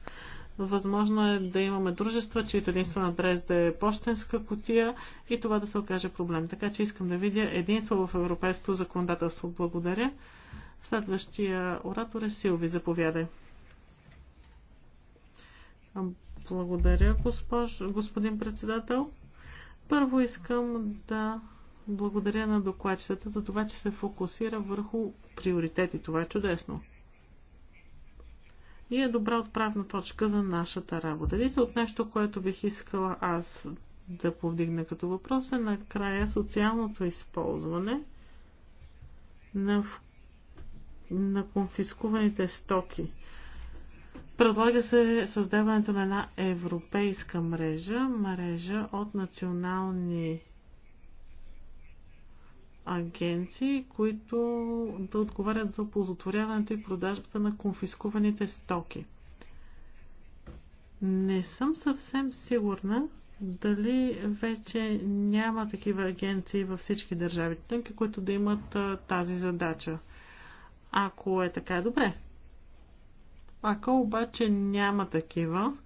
Възможно е да имаме дружества, чието единствен адрес да е почтенска котия и това да се окаже проблем. Така че искам да видя единство в европейското законодателство. Благодаря. Следващия оратор е Силви. Заповядай. Благодаря, госпож... господин председател. Първо искам да благодаря на докладчетата за това, че се фокусира върху приоритети. Това е чудесно и е добра отправна точка за нашата работа. Лица от нещо, което бих искала аз да повдигна като въпрос е накрая социалното използване на, на конфискуваните стоки. Предлага се създаването на една европейска мрежа, мрежа от национални агенции, които да отговарят за оползотворяването и продажбата на конфискуваните стоки. Не съм съвсем сигурна дали вече няма такива агенции във всички държави членки, които да имат тази задача. Ако е така, добре. Ако обаче няма такива,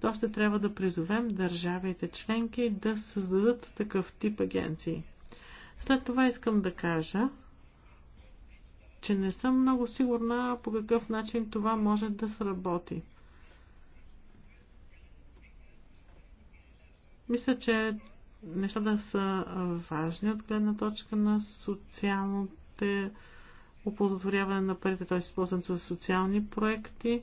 то ще трябва да призовем държавите членки да създадат такъв тип агенции. След това искам да кажа, че не съм много сигурна по какъв начин това може да сработи. Мисля, че нещата са важни от гледна точка на социалните оползотворяване на парите, т.е. използването за социални проекти.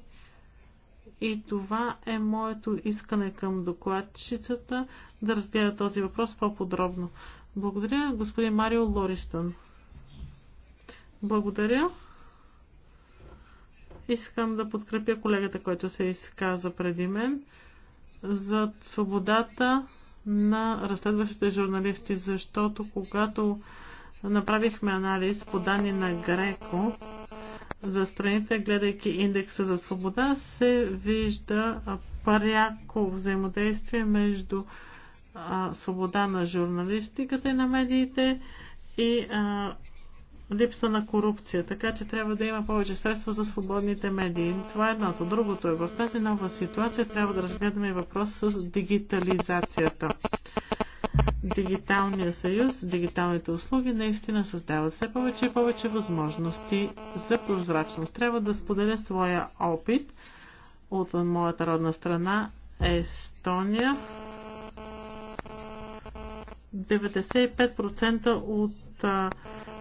И това е моето искане към докладчицата да разгледа този въпрос по-подробно. Благодаря, господин Марио Лористън. Благодаря. Искам да подкрепя колегата, който се изказа преди мен за свободата на разследващите журналисти, защото когато направихме анализ по данни на Греко за страните, гледайки индекса за свобода, се вижда пряко взаимодействие между а, свобода на журналистиката и на медиите и а, липса на корупция. Така че трябва да има повече средства за свободните медии. Това е едното. Другото е в тази нова ситуация трябва да разгледаме въпрос с дигитализацията. Дигиталният съюз, дигиталните услуги наистина създават все повече и повече възможности за прозрачност. Трябва да споделя своя опит от моята родна страна Естония. 95% от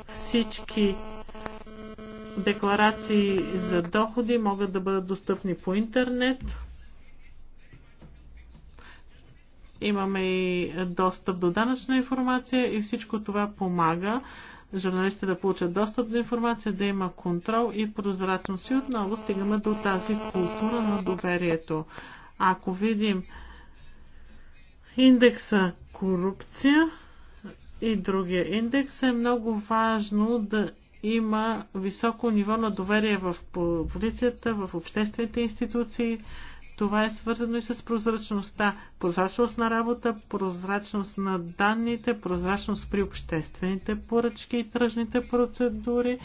всички декларации за доходи могат да бъдат достъпни по интернет. Имаме и достъп до данъчна информация и всичко това помага журналистите да получат достъп до информация, да има контрол и прозрачност. И отново стигаме до тази култура на доверието. Ако видим Индекса корупция и другия индекс е много важно да има високо ниво на доверие в полицията, в обществените институции. Това е свързано и с прозрачността. Прозрачност на работа, прозрачност на данните, прозрачност при обществените поръчки и тръжните процедури,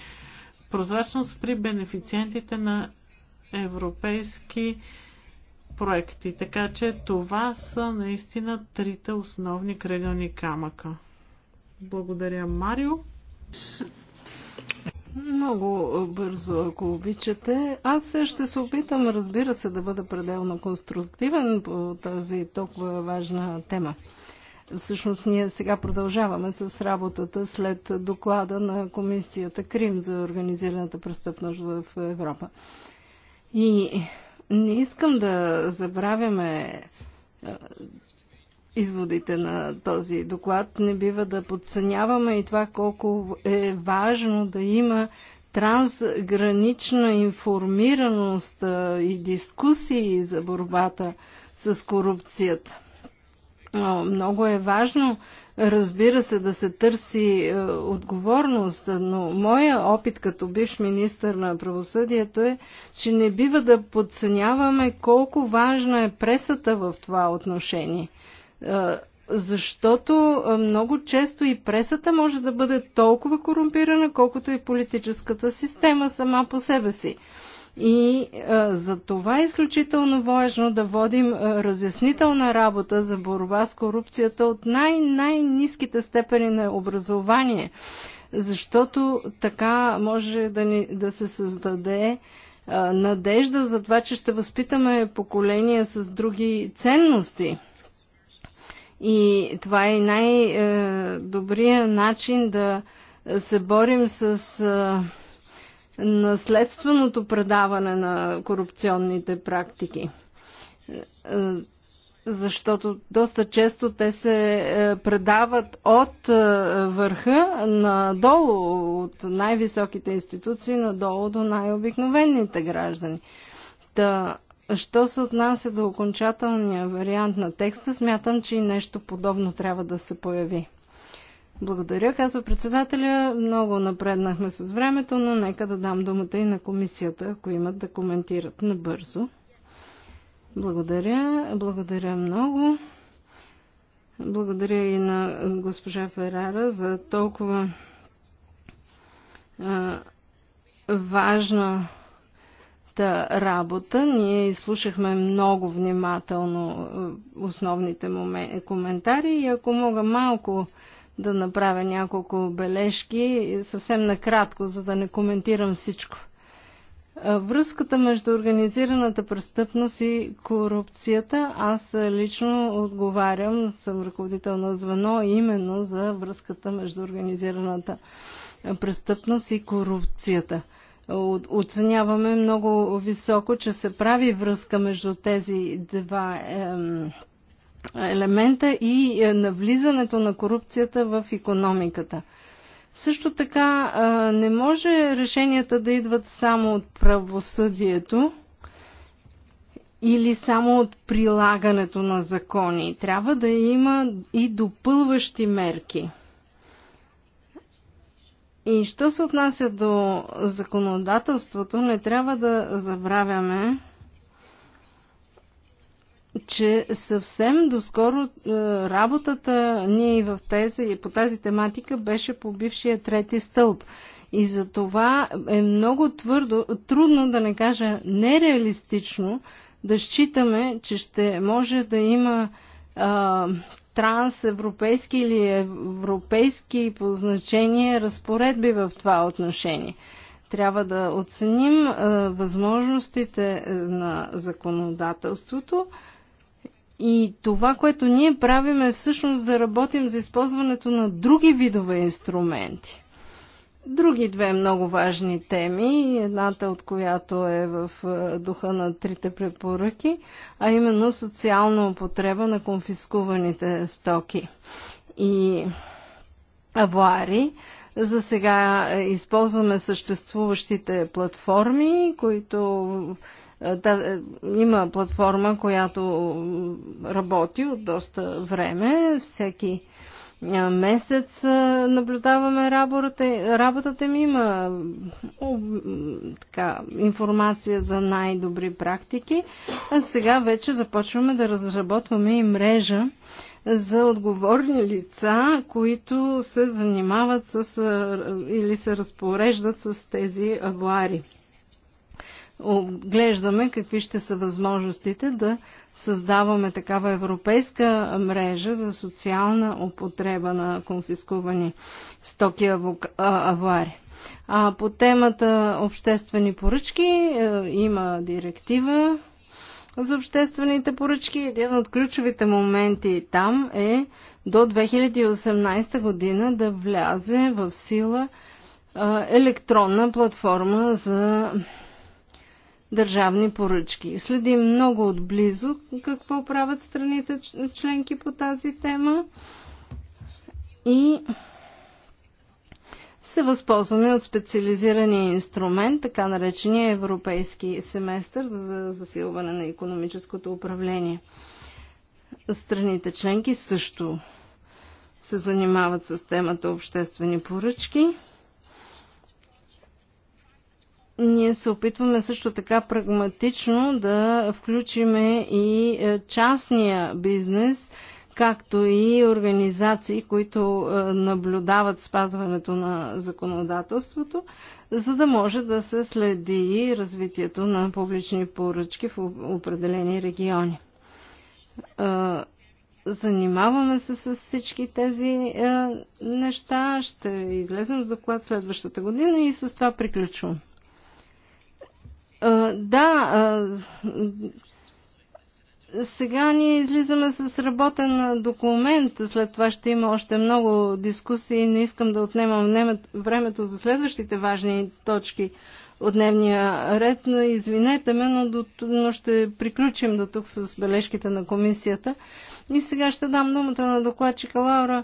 прозрачност при бенефициентите на европейски проекти. Така че това са наистина трите основни кръгълни камъка. Благодаря, Марио. Много бързо, ако обичате. Аз ще се опитам, разбира се, да бъда пределно конструктивен по тази толкова важна тема. Всъщност ние сега продължаваме с работата след доклада на комисията Крим за организираната престъпност в Европа. И не искам да забравяме изводите на този доклад. Не бива да подценяваме и това колко е важно да има трансгранична информираност и дискусии за борбата с корупцията. Много е важно Разбира се, да се търси е, отговорност, но моя опит като бивш министър на правосъдието е, че не бива да подценяваме колко важна е пресата в това отношение. Е, защото е, много често и пресата може да бъде толкова корумпирана, колкото и политическата система сама по себе си. И а, за това е изключително важно да водим а, разяснителна работа за борба с корупцията от най-най-низките степени на образование, защото така може да, ни, да се създаде а, надежда за това, че ще възпитаме поколения с други ценности. И това е най-добрият е, начин да се борим с. А, наследственото предаване на корупционните практики. Е, защото доста често те се е, предават от е, върха надолу, от най-високите институции надолу до най-обикновените граждани. Та, що се отнася до окончателния вариант на текста, смятам, че и нещо подобно трябва да се появи. Благодаря, казва председателя. Много напреднахме с времето, но нека да дам думата и на комисията, ако имат да коментират набързо. Благодаря. Благодаря много. Благодаря и на госпожа Ферара за толкова а, важна Та работа. Ние изслушахме много внимателно основните коментари и ако мога малко да направя няколко бележки, съвсем накратко, за да не коментирам всичко. Връзката между организираната престъпност и корупцията, аз лично отговарям, съм ръководител на звено, именно за връзката между организираната престъпност и корупцията. Оценяваме много високо, че се прави връзка между тези два ем, елемента и е, навлизането на корупцията в економиката. Също така не може решенията да идват само от правосъдието или само от прилагането на закони. Трябва да има и допълващи мерки. И що се отнася до законодателството, не трябва да забравяме, че съвсем доскоро е, работата ни в тези, по тази тематика беше по бившия трети стълб. И за това е много твърдо, трудно да не кажа нереалистично да считаме, че ще може да има а, е, трансевропейски или европейски по значение разпоредби в това отношение. Трябва да оценим а, е, възможностите на законодателството и това, което ние правим е всъщност да работим за използването на други видове инструменти. Други две много важни теми, едната от която е в е, духа на трите препоръки, а именно социална употреба на конфискуваните стоки и авуари. За сега е, използваме съществуващите платформи, които е, та, е, има платформа, която работи от доста време. Всеки е, месец наблюдаваме работата, работата ми. Има така, информация за най-добри практики. А сега вече започваме да разработваме и мрежа за отговорни лица, които се занимават с или се разпореждат с тези авуари оглеждаме какви ще са възможностите да създаваме такава европейска мрежа за социална употреба на конфискувани стоки авуари. А по темата обществени поръчки е, има директива за обществените поръчки. Един от ключовите моменти там е до 2018 година да влязе в сила е, електронна платформа за държавни поръчки. Следим много отблизо какво правят страните членки по тази тема и се възползваме от специализирания инструмент, така наречения европейски семестър за засилване на економическото управление. Страните членки също се занимават с темата обществени поръчки. Ние се опитваме също така прагматично да включиме и е, частния бизнес, както и организации, които е, наблюдават спазването на законодателството, за да може да се следи развитието на публични поръчки в определени региони. Е, занимаваме се с всички тези неща. Ще излезем с доклад следващата година и с това приключвам да, сега ние излизаме с работен документ, след това ще има още много дискусии, не искам да отнемам времето за следващите важни точки от дневния ред. Извинете ме, но, до, но ще приключим до тук с бележките на комисията. И сега ще дам думата на докладчика Лаура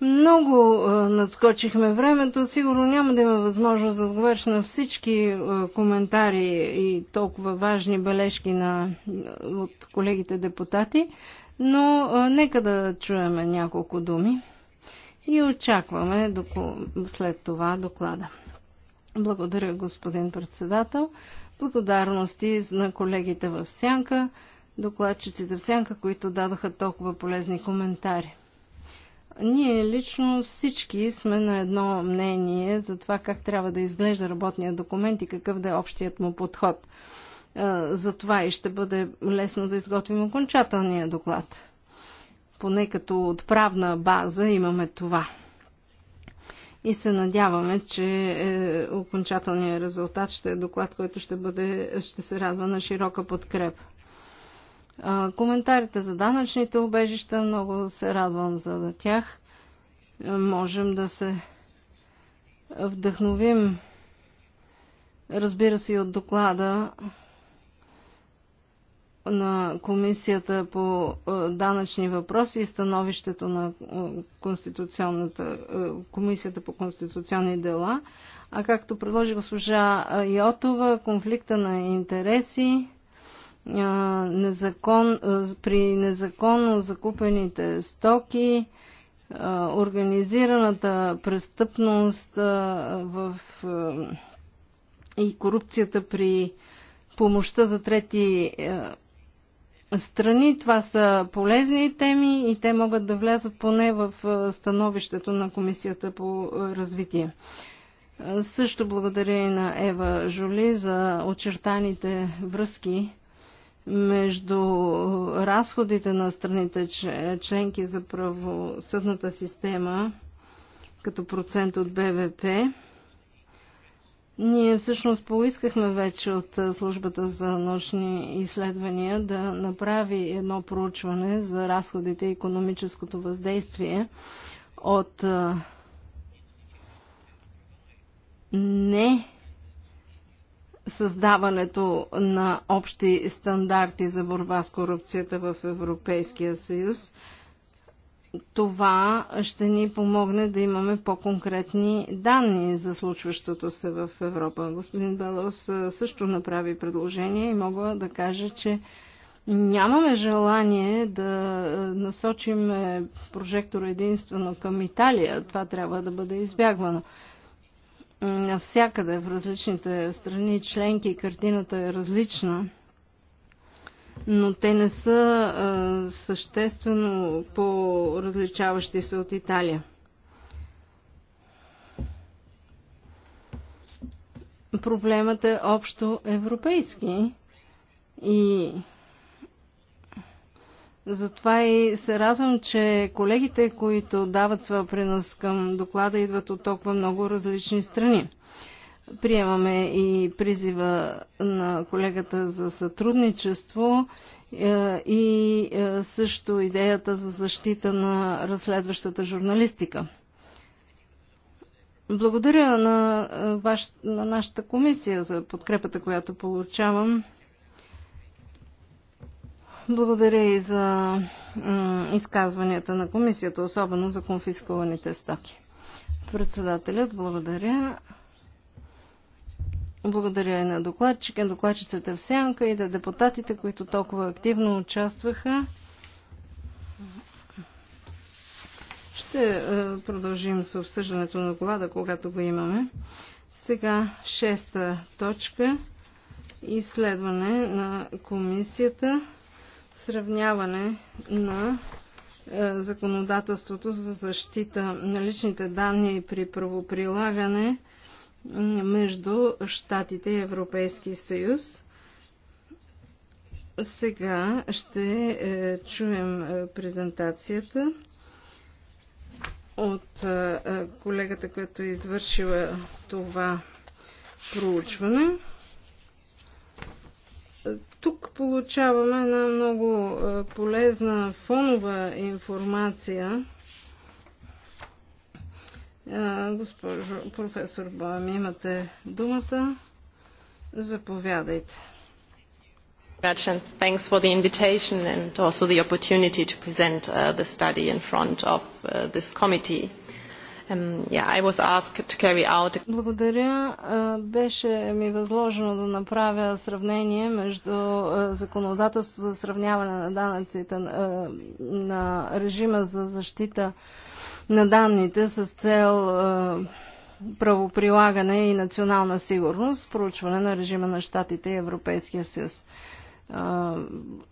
много надскочихме времето. Сигурно няма да има възможност да отговориш на всички коментари и толкова важни бележки на, от колегите депутати, но нека да чуеме няколко думи и очакваме доку... след това доклада. Благодаря, господин председател. Благодарности на колегите в Сянка, докладчиците в Сянка, които дадоха толкова полезни коментари. Ние лично всички сме на едно мнение за това как трябва да изглежда работния документ и какъв да е общият му подход. Е, за това и ще бъде лесно да изготвим окончателния доклад. Поне като отправна база имаме това. И се надяваме, че е, окончателният резултат ще е доклад, който ще, бъде, ще се радва на широка подкрепа. Коментарите за данъчните убежища, много се радвам за тях. Е, можем да се вдъхновим, разбира се, и от доклада на Комисията по е, данъчни въпроси и становището на е, Конституционната, Комисията по конституционни дела. А както предложи госпожа Йотова, конфликта на интереси незакон, при незаконно закупените стоки, организираната престъпност в, и корупцията при помощта за трети страни. Това са полезни теми и те могат да влязат поне в становището на Комисията по развитие. Също благодаря и на Ева Жули за очертаните връзки между разходите на страните членки за правосъдната система като процент от БВП. Ние всъщност поискахме вече от службата за научни изследвания да направи едно проучване за разходите и економическото въздействие от не създаването на общи стандарти за борба с корупцията в Европейския съюз. Това ще ни помогне да имаме по-конкретни данни за случващото се в Европа. Господин Белос също направи предложение и мога да кажа, че нямаме желание да насочим прожектора единствено към Италия. Това трябва да бъде избягвано навсякъде в различните страни членки картината е различна, но те не са а, съществено по-различаващи се от Италия. Проблемът е общо европейски и затова и се радвам, че колегите, които дават своя принос към доклада, идват от толкова много различни страни. Приемаме и призива на колегата за сътрудничество е, и е, също идеята за защита на разследващата журналистика. Благодаря на, е, ваш, на нашата комисия за подкрепата, която получавам. Благодаря и за изказванията на комисията, особено за конфискуваните стоки. Председателят, благодаря. Благодаря и на докладчика, докладчицата в сянка и на депутатите, които толкова активно участваха. Ще е, продължим с обсъждането на доклада, когато го имаме. Сега шеста точка. Изследване на комисията сравняване на е, законодателството за защита на личните данни при правоприлагане между Штатите и Европейски съюз. Сега ще е, чуем е, презентацията от колегата, която е извършила това проучване. Тук получаваме една много полезна фонова информация. Госпожо професор Боем, имате думата. Заповядайте. Much and thanks for the invitation and also the opportunity to present uh, the study in front of uh, this committee. Благодаря. Беше ми възложено да направя сравнение между законодателството за сравняване на данъците на режима за защита на данните с цел правоприлагане и национална сигурност, проучване на режима на Штатите и Европейския съюз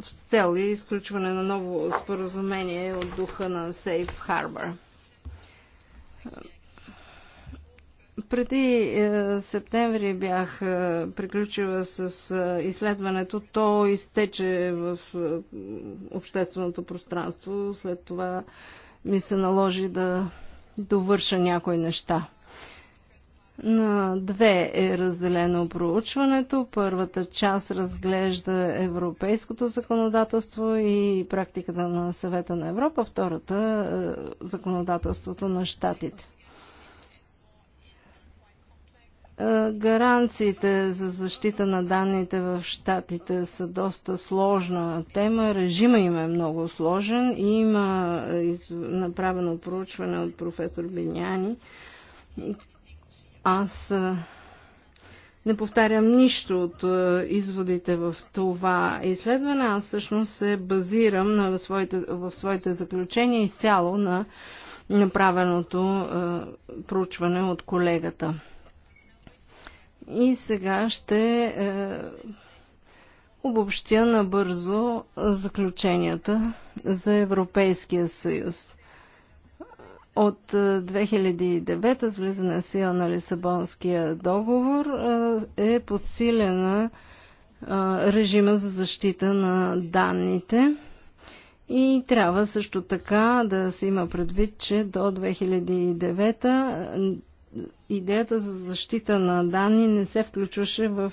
с цел и изключване на ново споразумение от духа на Safe Harbor преди е, септември бях е, приключила с е, изследването. То изтече в е, общественото пространство. След това ми се наложи да довърша някои неща. На две е разделено проучването. Първата част разглежда европейското законодателство и практиката на съвета на Европа, втората е законодателството на щатите. Е, гаранциите за защита на данните в щатите са доста сложна тема. Режима им е много сложен. Има е, направено проучване от професор Биняни, аз не повтарям нищо от изводите в това изследване. Аз всъщност се базирам на своите, в своите заключения изцяло на направеното е, проучване от колегата. И сега ще е, обобщя набързо заключенията за Европейския съюз. От 2009 е, с влизане в сила на Лисабонския договор е, е подсилена е, режима за защита на данните. И трябва също така да се има предвид, че до 2009 идеята за защита на данни не се включваше в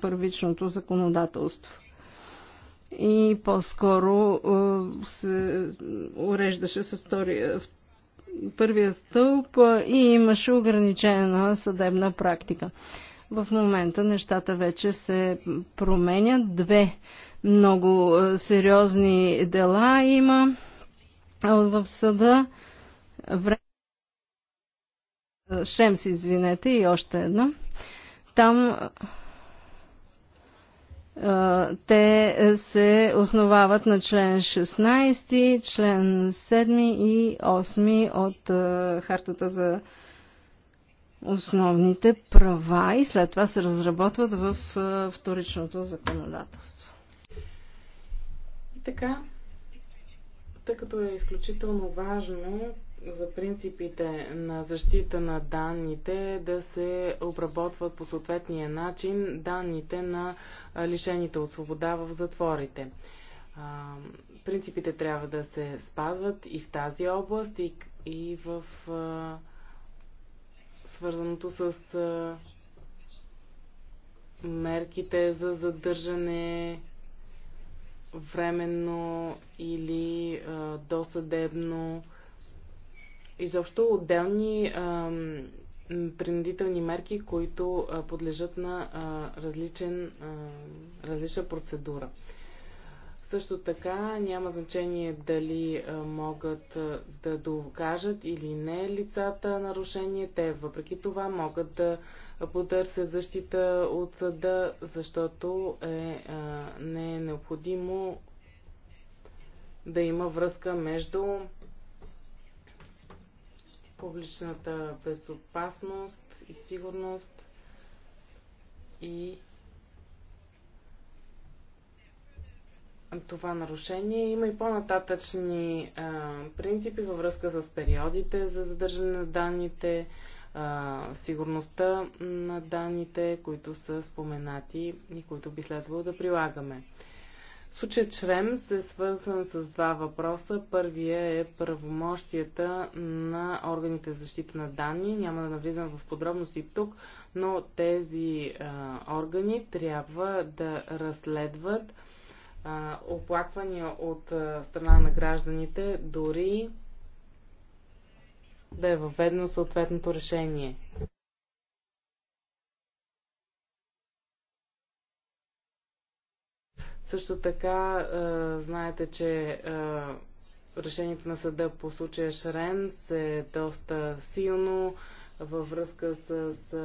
първичното законодателство. И по-скоро се уреждаше с втория, първия стълб и имаше ограничена съдебна практика. В момента нещата вече се променят. Две много сериозни дела има в съда. Шемс, извинете, и още една. Там те е, се основават на член 16, член 7 и 8 от е, Хартата за основните права и след това се разработват в е, вторичното законодателство. И така, тъй като е изключително важно за принципите на защита на данните да се обработват по съответния начин данните на лишените от свобода в затворите. Принципите трябва да се спазват и в тази област, и, и в свързаното с мерките за задържане временно или досъдебно изобщо отделни ам, принудителни мерки, които а, подлежат на а, различен, а, различна процедура. Също така няма значение дали а, могат а, да докажат или не лицата нарушение. Те въпреки това могат да потърсят защита от съда, защото е, а, не е необходимо да има връзка между публичната безопасност и сигурност и това нарушение. Има и по-нататъчни принципи във връзка с периодите за задържане на данните, а, сигурността на данните, които са споменати и които би следвало да прилагаме. Случай Чремс е свързан с два въпроса. Първия е правомощията на органите за защита на данни. Няма да навлизам в подробности тук, но тези а, органи трябва да разследват а, оплаквания от а, страна на гражданите, дори да е въведено съответното решение. Също така, знаете, че решението на съда по случая Шрен се е доста силно във връзка с, с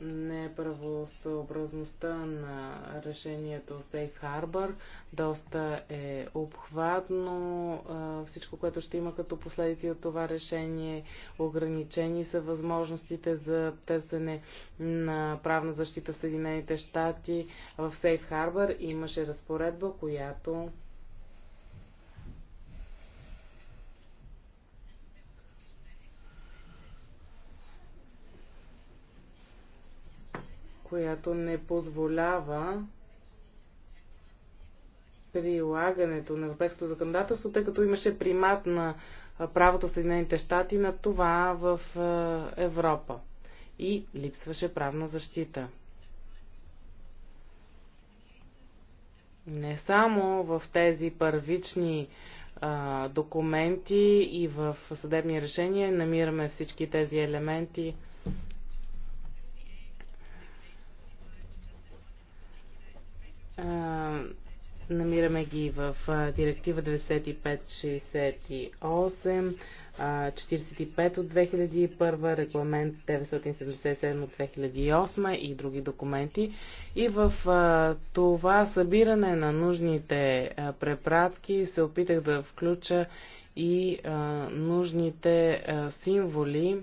неправосъобразността на решението Safe Harbor. Доста е обхватно всичко, което ще има като последици от това решение. Ограничени са възможностите за търсене на правна защита в Съединените щати. В Safe Harbor имаше разпоредба, която която не позволява прилагането на европейското законодателство, тъй като имаше примат на правото в Съединените щати на това в Европа. И липсваше правна защита. Не само в тези първични документи и в съдебни решения намираме всички тези елементи – Намираме ги в директива 9568, 45 от 2001, регламент 977 от 2008 и други документи. И в това събиране на нужните препратки се опитах да включа и нужните символи,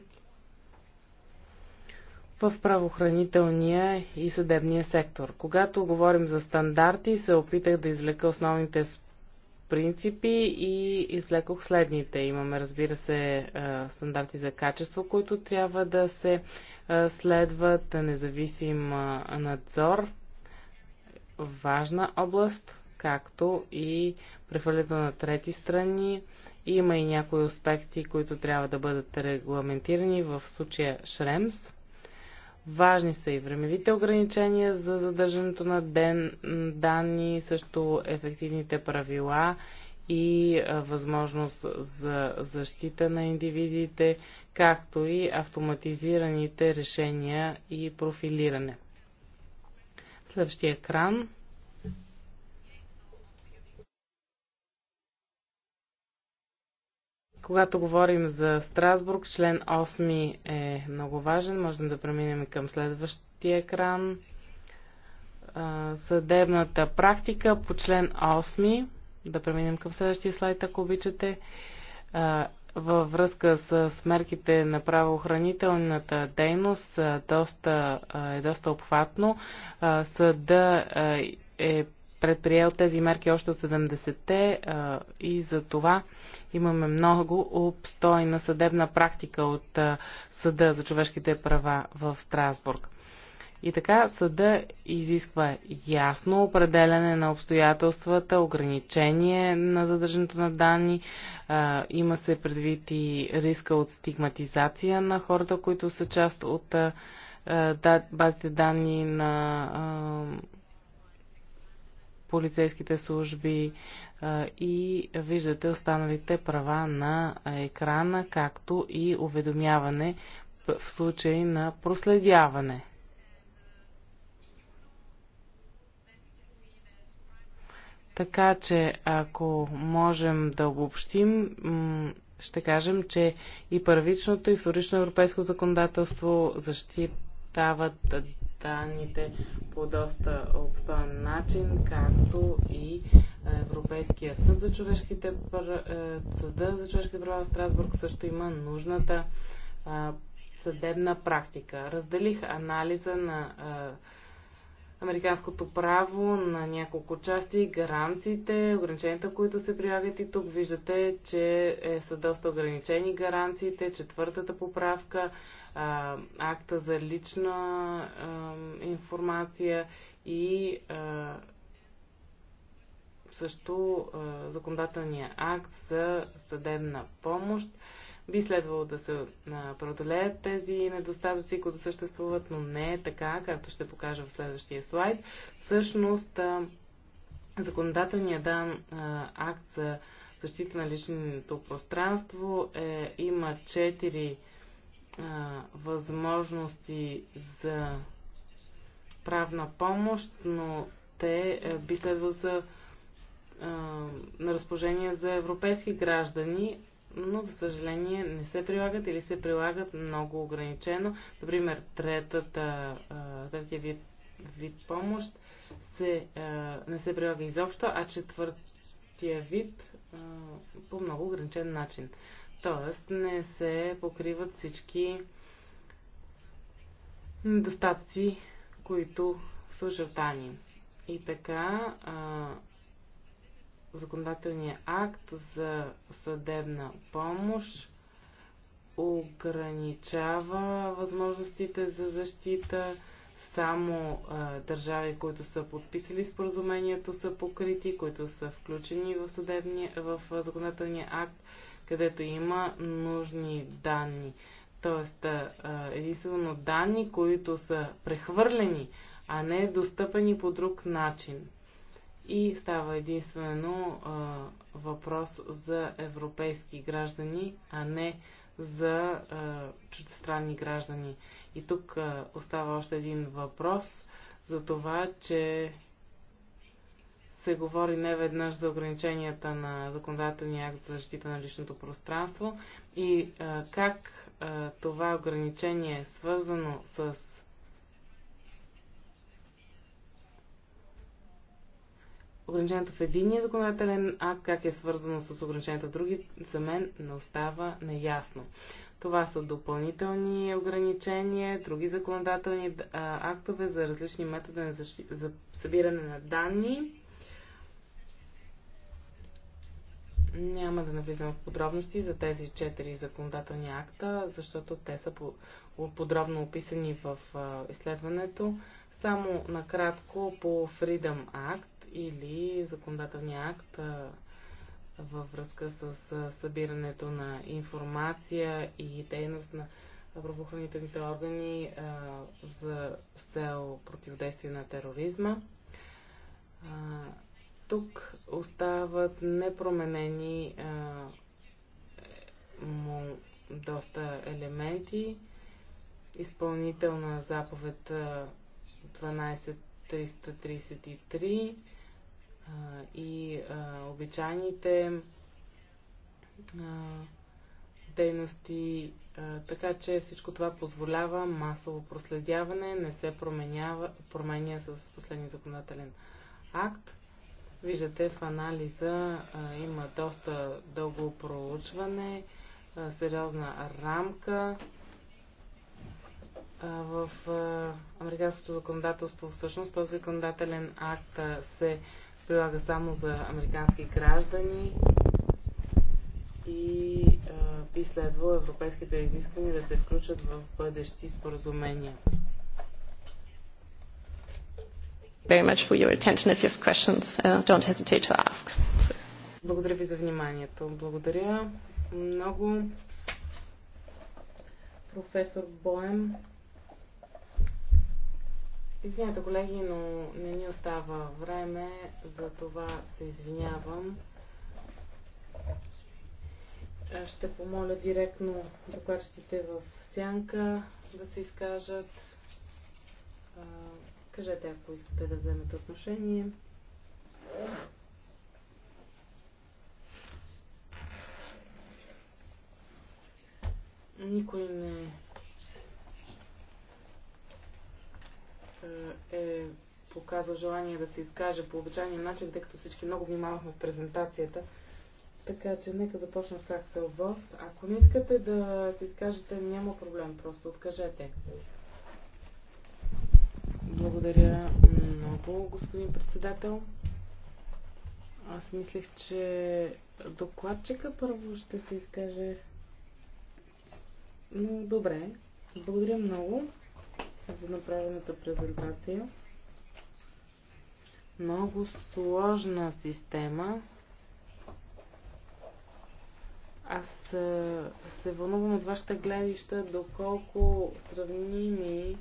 в правоохранителния и съдебния сектор. Когато говорим за стандарти, се опитах да извлека основните принципи и излекох следните. Имаме, разбира се, е, стандарти за качество, които трябва да се е, следват, независим е, надзор, важна област, както и прехвърлянето на трети страни. Има и някои аспекти, които трябва да бъдат регламентирани в случая Шремс. Важни са и времевите ограничения за задържането на ден, данни, също ефективните правила и възможност за защита на индивидите, както и автоматизираните решения и профилиране. Следващия екран. Когато говорим за Страсбург, член 8 е много важен. Можем да преминем и към следващия екран. Съдебната практика по член 8. Да преминем към следващия слайд, ако обичате. Във връзка с мерките на правоохранителната дейност е доста, е доста обхватно. Съда е предприел тези мерки още от 70-те и за това имаме много обстойна съдебна практика от Съда за човешките права в Страсбург. И така съда изисква ясно определене на обстоятелствата, ограничение на задържането на данни, а, има се предвид и риска от стигматизация на хората, които са част от а, базите данни на а, полицейските служби и виждате останалите права на екрана, както и уведомяване в случай на проследяване. Така че, ако можем да обобщим, ще кажем, че и първичното и вторично европейско законодателство защитават данните по доста обстоен начин, както и е, Европейския съд за човешките е, съда за човешките права в Страсбург също има нужната е, съдебна практика. Разделих анализа на американското право на няколко части, гаранциите, ограниченията, които се прилагат и тук виждате, че е, са доста ограничени гаранциите, четвъртата поправка, а, акта за лична а, информация и а, също а, законодателния акт за съдебна помощ. Би следвало да се преодолеят тези недостатъци, които съществуват, но не е така, както ще покажа в следващия слайд. Всъщност, законодателният дан акт за защита на личното пространство е, има четири възможности за правна помощ, но те е, би следвало са на разположение за европейски граждани, но за съжаление не се прилагат или се прилагат много ограничено. Например, третата, третия вид, вид помощ се, не се прилага изобщо, а четвъртия вид по много ограничен начин. Тоест не се покриват всички недостатъци, които служат Тани. И така, законодателния акт за съдебна помощ ограничава възможностите за защита. Само а, държави, които са подписали споразумението, са покрити, които са включени в, съдебния, в законодателния акт, където има нужни данни. Тоест, а, единствено данни, които са прехвърлени, а не достъпени по друг начин и става единствено а, въпрос за европейски граждани, а не за а, чуждестранни граждани. И тук а, остава още един въпрос за това, че се говори не веднъж за ограниченията на законодателния акт за защита на личното пространство и а, как а, това ограничение е свързано с ограничението в единия законодателен акт, как е свързано с ограничението в други, за мен не остава неясно. Това са допълнителни ограничения, други законодателни а, актове за различни методи на защи... за събиране на данни. Няма да навлизам в подробности за тези четири законодателни акта, защото те са подробно описани в изследването. Само накратко по Freedom Act или законодателния акт във връзка с събирането на информация и дейност на правоохранителните органи за цел противодействие на тероризма. Тук остават непроменени му доста елементи. Изпълнителна заповед 12333 и обичайните дейности, така че всичко това позволява масово проследяване, не се променява, променя с последния законодателен акт. Виждате в анализа има доста дълго проучване, сериозна рамка. В американското законодателство всъщност този законодателен акт се прилага само за американски граждани и а, би следвало европейските изисквания да се включат в бъдещи споразумения. Very much for your attention. If you have questions, uh, don't hesitate to ask. So. Благодаря ви за вниманието. Благодаря много. Професор Боем. Извинете, колеги, но не ни остава време, за това се извинявам. Ще помоля директно докладчиците в сянка да се изкажат. Кажете, ако искате да вземете отношение. Никой не Е, е показал желание да се изкаже по обичайния начин, тъй като всички много внимавахме в презентацията. Така че нека започна с Аксел Вос. Ако не искате да се изкажете, няма проблем, просто откажете. Благодаря много, господин председател. Аз мислех, че докладчика първо ще се изкаже. Но добре, благодаря много за направената презентация. Много сложна система. Аз се вълнувам от вашите гледища, доколко сравними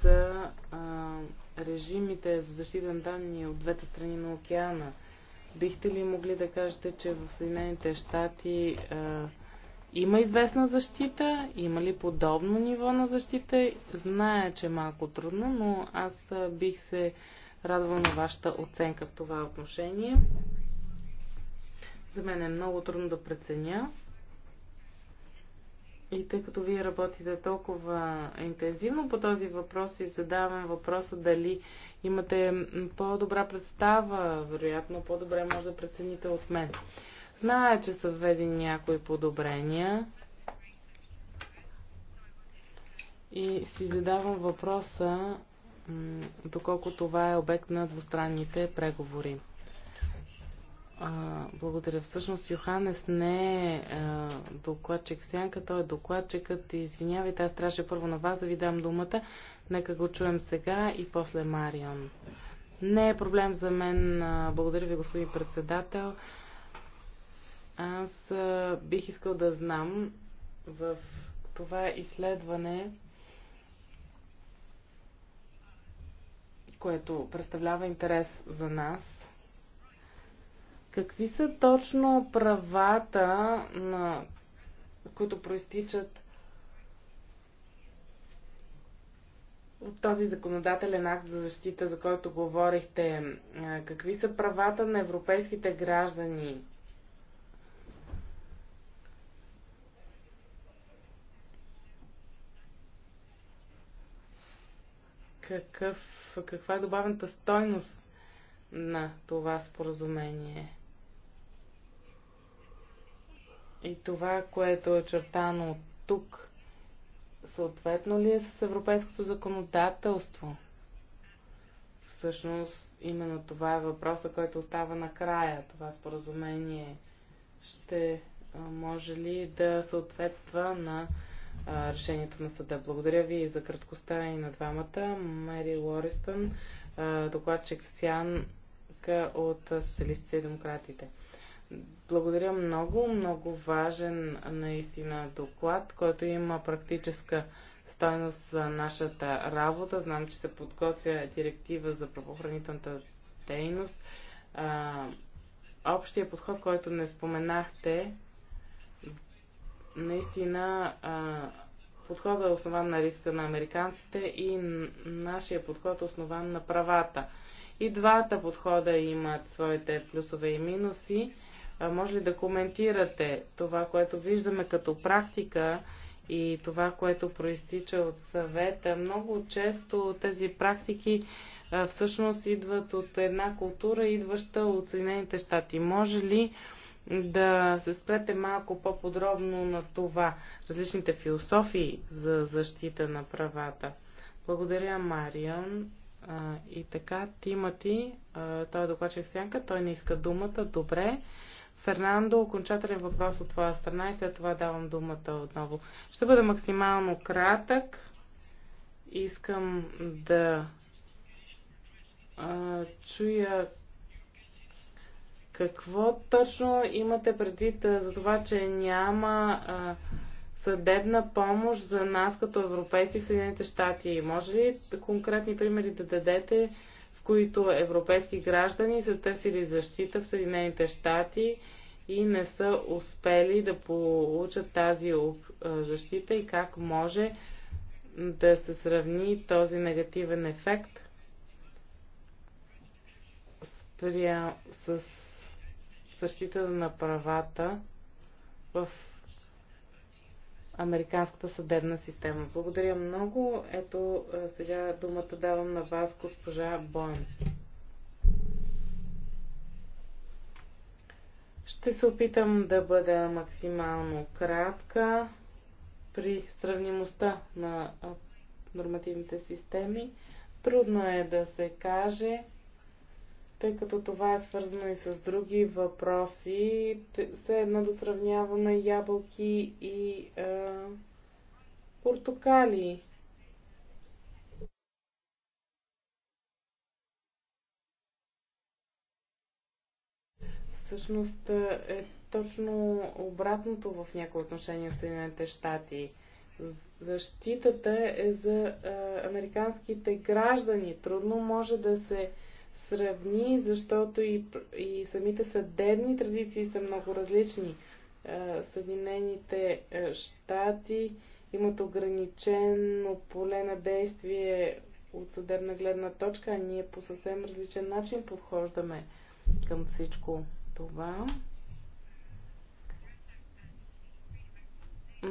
са а, режимите за защита на данни от двете страни на океана. Бихте ли могли да кажете, че в Съединените щати а, има известна защита, има ли подобно ниво на защита. Зная, че е малко трудно, но аз бих се радвала на вашата оценка в това отношение. За мен е много трудно да преценя. И тъй като вие работите толкова интензивно по този въпрос и задавам въпроса дали имате по-добра представа, вероятно по-добре може да прецените от мен. Знае, че са введени някои подобрения и си задавам въпроса доколко това е обект на двустранните преговори. А, благодаря. Всъщност Йоханес не е а, докладчик Сянка, той е докладчикът. Извинявайте, аз трябваше първо на вас да ви дам думата. Нека го чуем сега и после Марион. Не е проблем за мен. Благодаря ви, господин председател. Аз бих искал да знам в това изследване, което представлява интерес за нас, какви са точно правата, на, които проистичат от този законодателен акт за защита, за който говорихте? Какви са правата на европейските граждани? какъв, каква е добавената стойност на това споразумение. И това, което е от тук, съответно ли е с европейското законодателство? Всъщност, именно това е въпроса, който остава накрая. Това споразумение ще може ли да съответства на решението на съда. Благодаря ви за краткостта и на двамата. Мери Лористън, докладчик Сиан от Социалистите и Демократите. Благодаря много, много важен наистина доклад, който има практическа стойност за нашата работа. Знам, че се подготвя директива за правоохранителната дейност. общия подход, който не споменахте, наистина подходът е основан на риска на американците и нашия подход е основан на правата. И двата подхода имат своите плюсове и минуси. Може ли да коментирате това, което виждаме като практика и това, което проистича от съвета? Много често тези практики всъщност идват от една култура, идваща от Съединените щати. Може ли да се спрете малко по-подробно на това, различните философии за защита на правата. Благодаря, Мариан. А, и така, Тимати, а, той е докладчик сянка, той не иска думата. Добре. Фернандо, окончателен въпрос от твоя страна и след това давам думата отново. Ще бъда максимално кратък. Искам да а, чуя какво точно имате предвид за това, че няма а, съдебна помощ за нас като европейци в Съединените щати? Може ли конкретни примери да дадете, в които европейски граждани са търсили защита в Съединените щати и не са успели да получат тази защита и как може да се сравни този негативен ефект с защита на правата в американската съдебна система. Благодаря много. Ето сега думата давам на вас, госпожа Бойн. Ще се опитам да бъда максимално кратка при сравнимостта на нормативните системи. Трудно е да се каже тъй като това е свързано и с други въпроси. Все едно да сравняваме ябълки и е, портокали. Всъщност е, е точно обратното в някои отношения с Съединените щати. Защитата е за е, американските граждани. Трудно може да се сравни, защото и, и самите съдебни традиции са много различни. Съединените щати имат ограничено поле на действие от съдебна гледна точка, а ние по съвсем различен начин подхождаме към всичко това.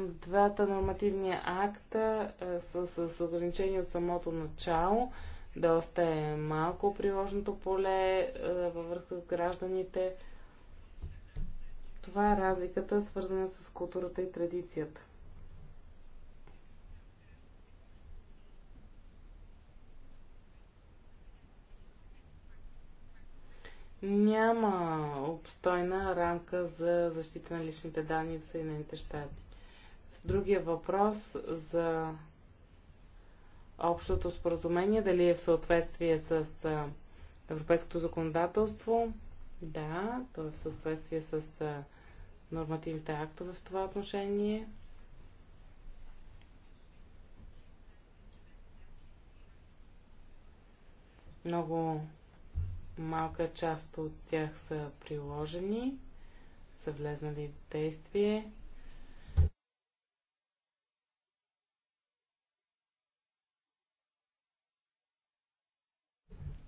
Двата нормативни акта са с ограничения от самото начало. Доста е малко приложното поле е, във връзка с гражданите. Това е разликата, свързана с културата и традицията. няма обстойна рамка за защита на личните данни в Съединените щати. Другия въпрос за общото споразумение, дали е в съответствие с европейското законодателство. Да, то е в съответствие с нормативните актове в това отношение. Много малка част от тях са приложени, са влезнали в действие.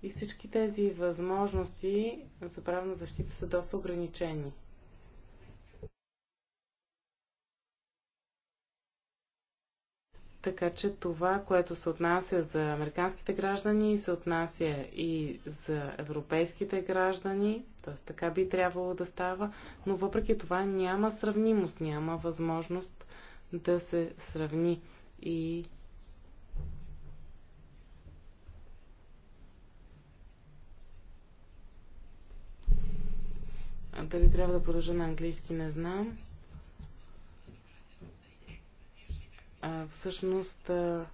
И всички тези възможности за правна защита са доста ограничени. Така че това, което се отнася за американските граждани, се отнася и за европейските граждани, т.е. така би трябвало да става, но въпреки това няма сравнимост, няма възможност да се сравни. И Дали трябва да продължа на английски, не знам. А, всъщност, а,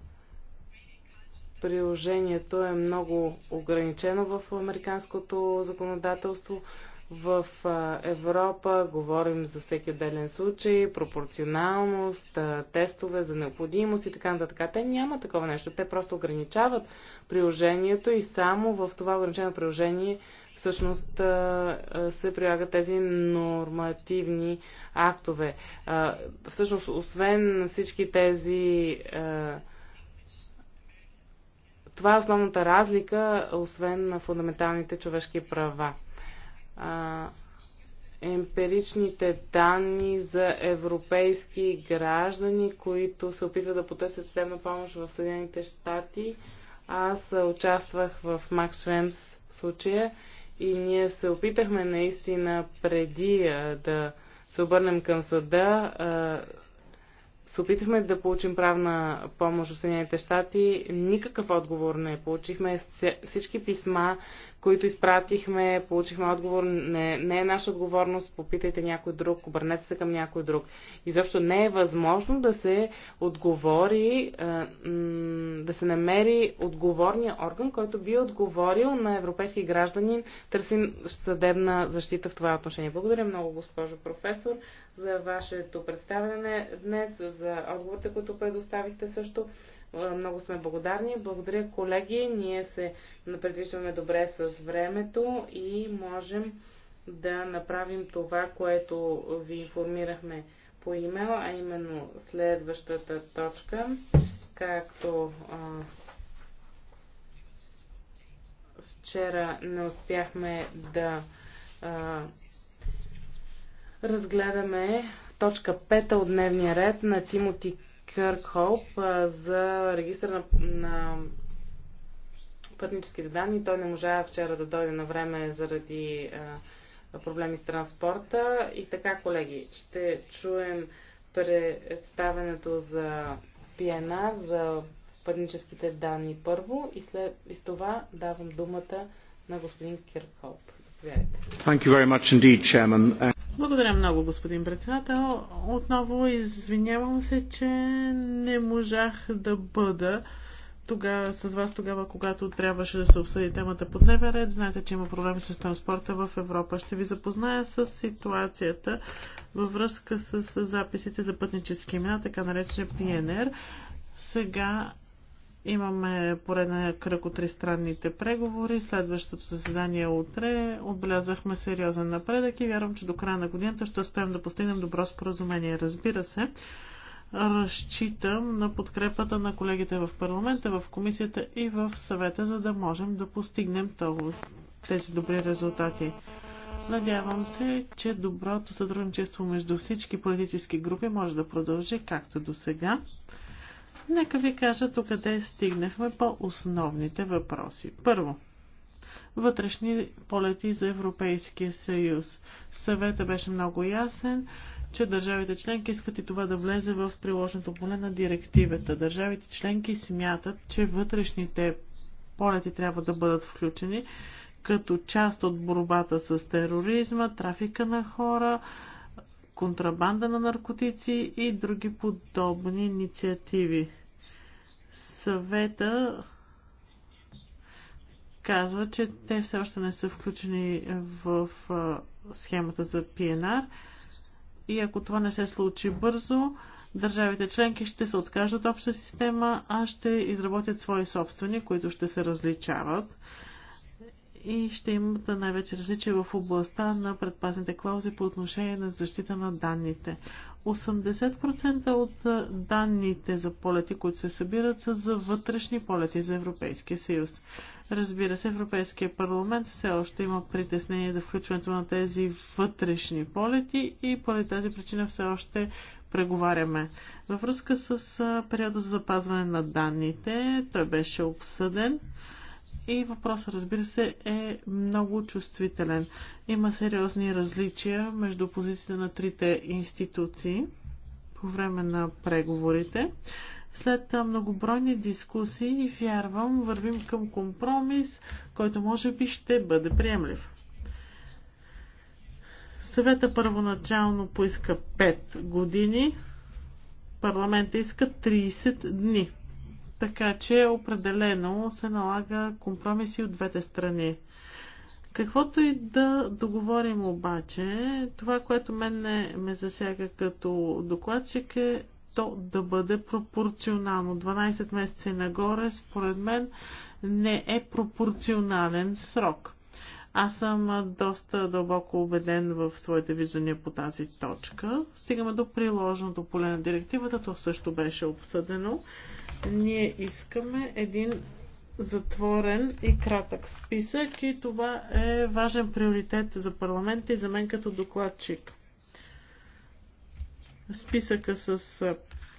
приложението е много ограничено в американското законодателство. В Европа говорим за всеки отделен случай, пропорционалност, тестове за необходимост и така нататък. Те няма такова нещо. Те просто ограничават приложението и само в това ограничено приложение всъщност се прилагат тези нормативни актове. Всъщност, освен всички тези това е основната разлика, освен на фундаменталните човешки права а, емпиричните данни за европейски граждани, които се опитват да потърсят съдебна помощ в Съединените щати. Аз участвах в Макс Швемс случая и ние се опитахме наистина преди а, да се обърнем към съда, а, се опитахме да получим правна помощ в Съединените щати. Никакъв отговор не получихме. Всички писма, които изпратихме, получихме отговор, не, не е наша отговорност, попитайте някой друг, обърнете се към някой друг. И защо не е възможно да се отговори, е, да се намери отговорния орган, който би отговорил на европейски граждани, търсим съдебна защита в това отношение. Благодаря много, госпожо професор, за вашето представяне днес, за отговорите, които предоставихте също. Е, много сме благодарни. Благодаря, колеги. Ние се предвиждаме добре с времето и можем да направим това, което ви информирахме по имейл, а именно следващата точка, както а, вчера не успяхме да а, разгледаме точка 5 от дневния ред на Тимоти Кърк Холп за регистър на, на пътническите данни. Той не можа вчера да дойде на време заради а, проблеми с транспорта. И така, колеги, ще чуем представенето за ПНР, за пътническите данни първо и, след, и с това давам думата на господин Кирк Холп. Заповядайте. Благодаря много, господин председател. Отново извинявам се, че не можах да бъда тогава, с вас тогава, когато трябваше да се обсъди темата по дневен ред. Знаете, че има проблеми с транспорта в Европа. Ще ви запозная с ситуацията във връзка с записите за пътнически имена, така наречен ПНР. Сега Имаме поредна кръг от тристранните преговори. Следващото заседание е утре. Отбелязахме сериозен напредък и вярвам, че до края на годината ще успеем да постигнем добро споразумение. Разбира се, разчитам на подкрепата на колегите в парламента, в комисията и в съвета, за да можем да постигнем тези добри резултати. Надявам се, че доброто сътрудничество между всички политически групи може да продължи както до сега. Нека ви кажа тук къде стигнахме по основните въпроси. Първо, вътрешни полети за Европейския съюз. Съвета беше много ясен, че държавите членки искат и това да влезе в приложното поле на директивата. Държавите членки смятат, че вътрешните полети трябва да бъдат включени като част от борбата с тероризма, трафика на хора, контрабанда на наркотици и други подобни инициативи. Съвета казва, че те все още не са включени в схемата за ПНР и ако това не се случи бързо, държавите членки ще се откажат от обща система, а ще изработят свои собствени, които ще се различават и ще имат най-вече различия в областта на предпазните клаузи по отношение на защита на данните. 80% от данните за полети, които се събират, са за вътрешни полети за Европейския съюз. Разбира се, Европейския парламент все още има притеснение за включването на тези вътрешни полети и поради тази причина все още преговаряме. Във връзка с периода за запазване на данните, той беше обсъден. И въпросът, разбира се, е много чувствителен. Има сериозни различия между позициите на трите институции по време на преговорите. След многобройни дискусии, вярвам, вървим към компромис, който може би ще бъде приемлив. Съвета първоначално поиска 5 години, парламента иска 30 дни. Така че определено се налага компромиси от двете страни. Каквото и да договорим обаче, това, което мен не ме засяга като докладчик е то да бъде пропорционално. 12 месеца и нагоре, според мен, не е пропорционален срок. Аз съм доста дълбоко убеден в своите виждания по тази точка. Стигаме до приложното поле на директивата, то също беше обсъдено. Ние искаме един затворен и кратък списък и това е важен приоритет за парламента и за мен като докладчик. Списъка с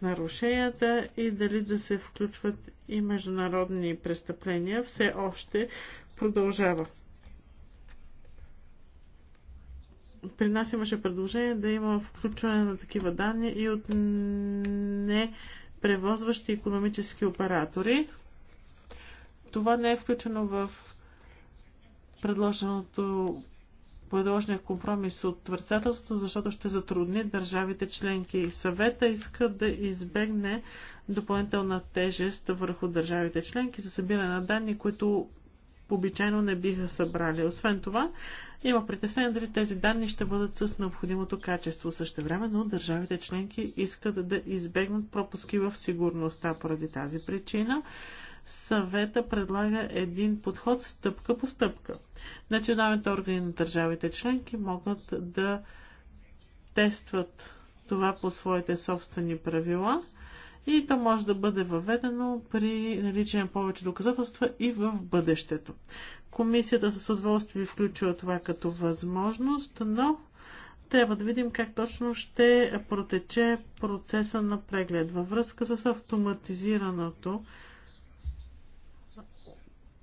нарушенията и дали да се включват и международни престъпления все още продължава. При нас имаше предложение да има включване на такива данни и от не превозващи економически оператори. Това не е включено в предложеното предложения компромис от твърцателството, защото ще затрудни държавите членки. И съвета иска да избегне допълнителна тежест върху държавите членки за събиране на данни, които обичайно не биха събрали. Освен това, има притеснение дали тези данни ще бъдат с необходимото качество. Също време, но държавите членки искат да избегнат пропуски в сигурността. Поради тази причина съвета предлага един подход стъпка по стъпка. Националните органи на държавите членки могат да тестват това по своите собствени правила – и то може да бъде въведено при наличие на повече доказателства и в бъдещето. Комисията с удоволствие включва това като възможност, но трябва да видим как точно ще протече процеса на преглед. Във връзка с автоматизираното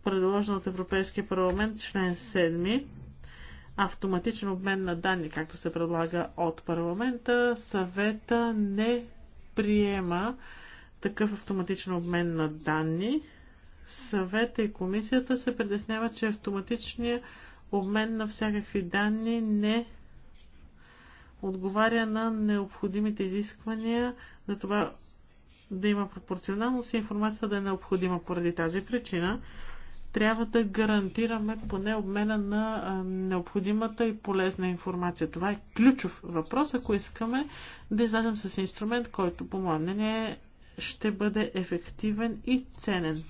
предложено от Европейския парламент член 7 автоматичен обмен на данни, както се предлага от парламента, съвета не приема такъв автоматичен обмен на данни. Съвета и комисията се притесняват, че автоматичният обмен на всякакви данни не отговаря на необходимите изисквания за това да има пропорционалност и информацията да е необходима. Поради тази причина трябва да гарантираме поне обмена на необходимата и полезна информация. Това е ключов въпрос, ако искаме да излезем с инструмент, който, по мое мнение, ще бъде ефективен и ценен.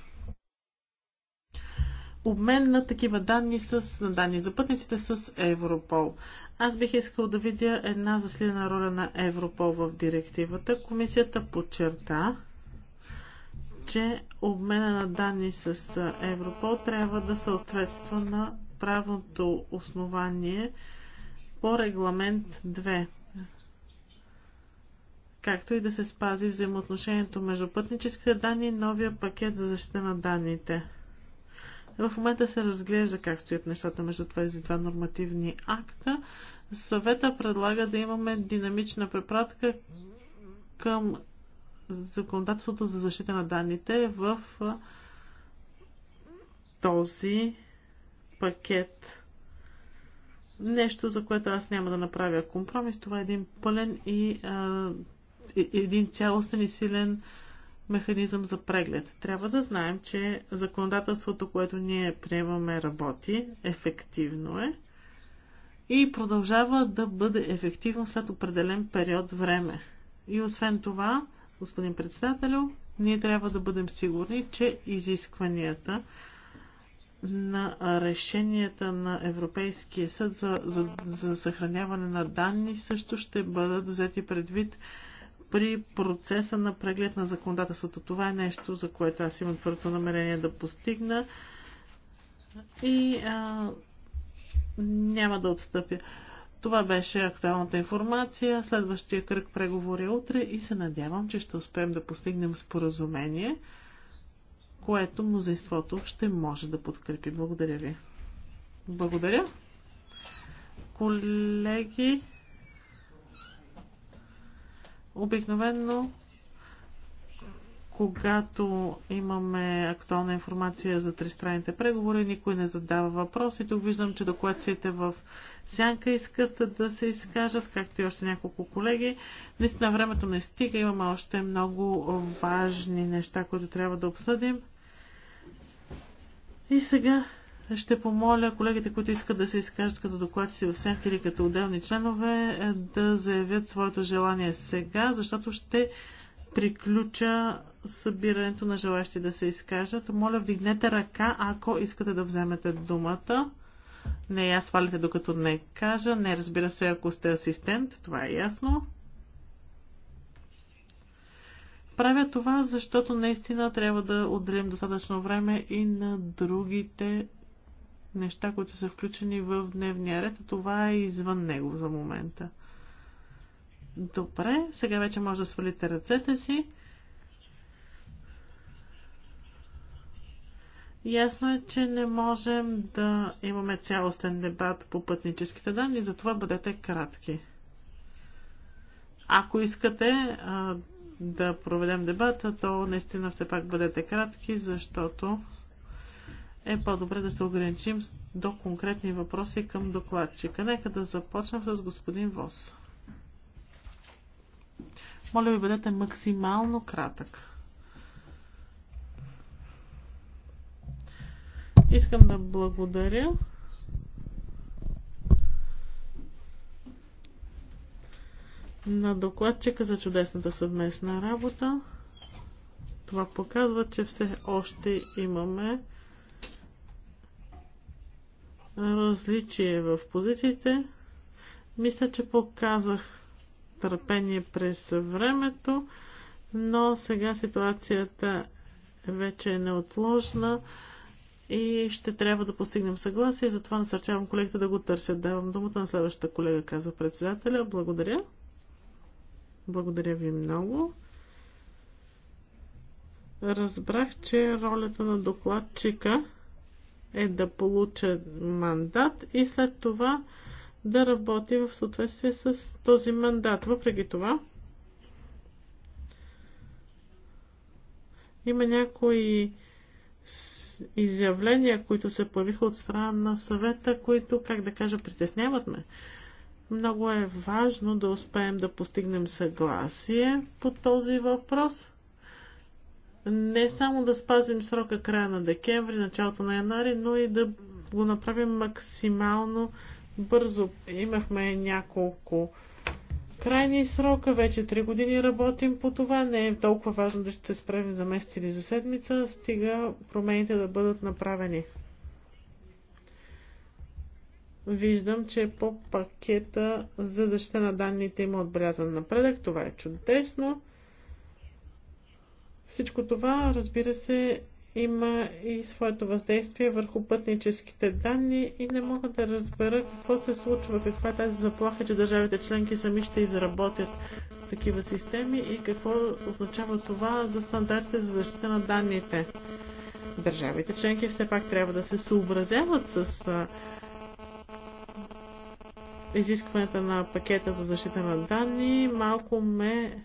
Обмен на такива данни с на данни за пътниците с Европол. Аз бих искал да видя една заследна роля на Европол в директивата. Комисията подчерта, че обмена на данни с е, Европол трябва да съответства на правното основание по регламент 2 както и да се спази взаимоотношението между пътническите данни и новия пакет за защита на данните. В момента се разглежда как стоят нещата между тези два нормативни акта. Съвета предлага да имаме динамична препратка към законодателството за защита на данните в този пакет. Нещо, за което аз няма да направя компромис, това е един пълен и а, един цялостен и силен механизъм за преглед. Трябва да знаем, че законодателството, което ние приемаме, работи, ефективно е и продължава да бъде ефективно след определен период време. И освен това, господин председател, Ние трябва да бъдем сигурни, че изискванията на решенията на Европейския съд за, за, за съхраняване на данни също ще бъдат взети предвид при процеса на преглед на законодателството. Това е нещо, за което аз имам твърдо намерение да постигна и а, няма да отстъпя. Това беше актуалната информация. Следващия кръг преговори е утре и се надявам, че ще успеем да постигнем споразумение, което мнозинството ще може да подкрепи. Благодаря ви. Благодаря. Колеги, обикновенно когато имаме актуална информация за тристранните преговори, никой не задава въпроси. Тук виждам, че докладците в сянка искат да се изкажат, както и още няколко колеги. Наистина времето не стига, имаме още много важни неща, които трябва да обсъдим. И сега ще помоля колегите, които искат да се изкажат като докладци в сянка или като отделни членове, да заявят своето желание сега, защото ще приключа събирането на желащи да се изкажат. Моля, вдигнете ръка, ако искате да вземете думата. Не я свалите, докато не кажа. Не, разбира се, ако сте асистент, това е ясно. Правя това, защото наистина трябва да отделим достатъчно време и на другите неща, които са включени в дневния ред, това е извън него за момента. Добре, сега вече може да свалите ръцете си. Ясно е, че не можем да имаме цялостен дебат по пътническите данни, затова бъдете кратки. Ако искате а, да проведем дебата, то наистина все пак бъдете кратки, защото е по-добре да се ограничим до конкретни въпроси към докладчика. Нека да започнем с господин Вос. Моля ви, бъдете максимално кратък. Искам да благодаря. на докладчика за чудесната съвместна работа. Това показва, че все още имаме различие в позициите. Мисля, че показах търпение през времето, но сега ситуацията вече е неотложна и ще трябва да постигнем съгласие. Затова насърчавам колегите да го търсят. Давам думата на следващата колега, казва председателя. Благодаря. Благодаря ви много. Разбрах, че ролята на докладчика е да получа мандат и след това да работи в съответствие с този мандат. Въпреки това, има някои изявления, които се появиха от страна на съвета, които, как да кажа, притесняват ме. Много е важно да успеем да постигнем съгласие по този въпрос. Не само да спазим срока края на декември, началото на януари, но и да го направим максимално бързо имахме няколко крайни срока. Вече 3 години работим по това. Не е толкова важно да ще се справим за месец или за седмица, стига промените да бъдат направени. Виждам, че по пакета за защита на данните има отбелязан напредък. Това е чудесно. Всичко това, разбира се, има и своето въздействие върху пътническите данни и не мога да разбера какво се случва, каква е тази заплаха, че държавите членки сами ще изработят такива системи и какво означава това за стандартите за защита на данните. Държавите членки все пак трябва да се съобразяват с изискването на пакета за защита на данни. Малко ме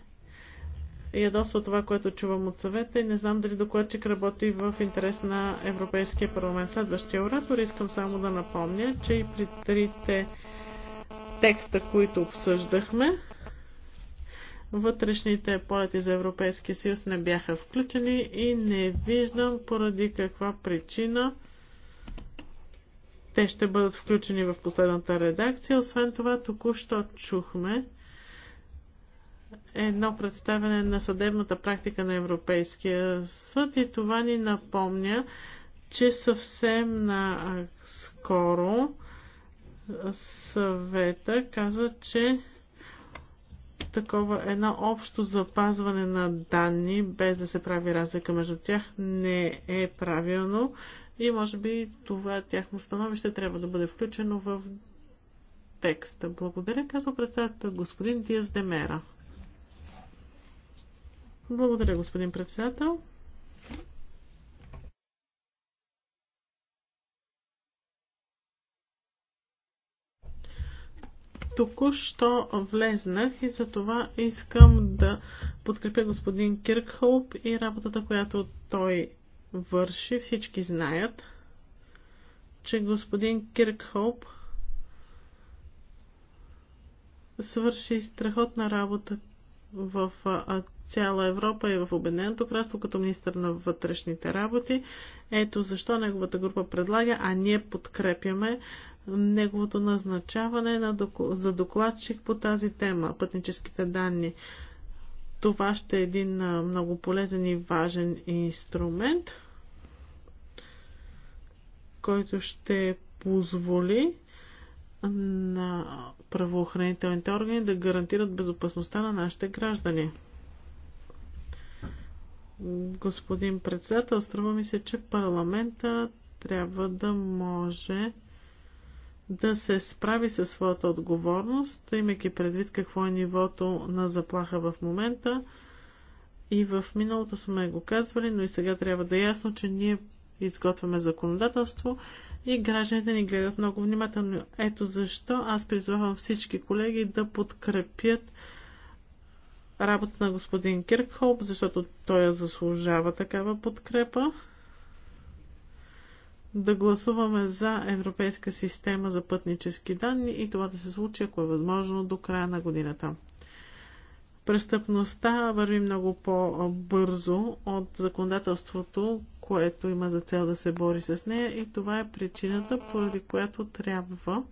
ядосва това, което чувам от съвета и не знам дали докладчик работи в интерес на Европейския парламент. Следващия оратор искам само да напомня, че и при трите текста, които обсъждахме, вътрешните полети за Европейския съюз не бяха включени и не виждам поради каква причина те ще бъдат включени в последната редакция. Освен това, току-що чухме, едно представяне на съдебната практика на Европейския съд и това ни напомня, че съвсем на скоро съвета каза, че такова едно общо запазване на данни, без да се прави разлика между тях, не е правилно и може би това тяхно становище трябва да бъде включено в текста. Благодаря, казва председателя господин Диас Демера. Благодаря, господин председател. Току-що влезнах и за това искам да подкрепя господин Киркхолп и работата, която той върши. Всички знаят, че господин Киркхолп свърши страхотна работа в цяла Европа и в Обединеното кралство като министр на вътрешните работи. Ето защо неговата група предлага, а ние подкрепяме неговото назначаване на доку... за докладчик по тази тема пътническите данни. Това ще е един много полезен и важен инструмент, който ще позволи на правоохранителните органи да гарантират безопасността на нашите граждани. Господин председател, струва ми се, че парламента трябва да може да се справи със своята отговорност, имайки предвид какво е нивото на заплаха в момента. И в миналото сме го казвали, но и сега трябва да е ясно, че ние изготвяме законодателство и гражданите ни гледат много внимателно. Ето защо аз призвавам всички колеги да подкрепят работа на господин Киркхоп, защото той заслужава такава подкрепа. Да гласуваме за Европейска система за пътнически данни и това да се случи, ако е възможно, до края на годината. Престъпността върви много по-бързо от законодателството, което има за цел да се бори с нея и това е причината, поради която трябва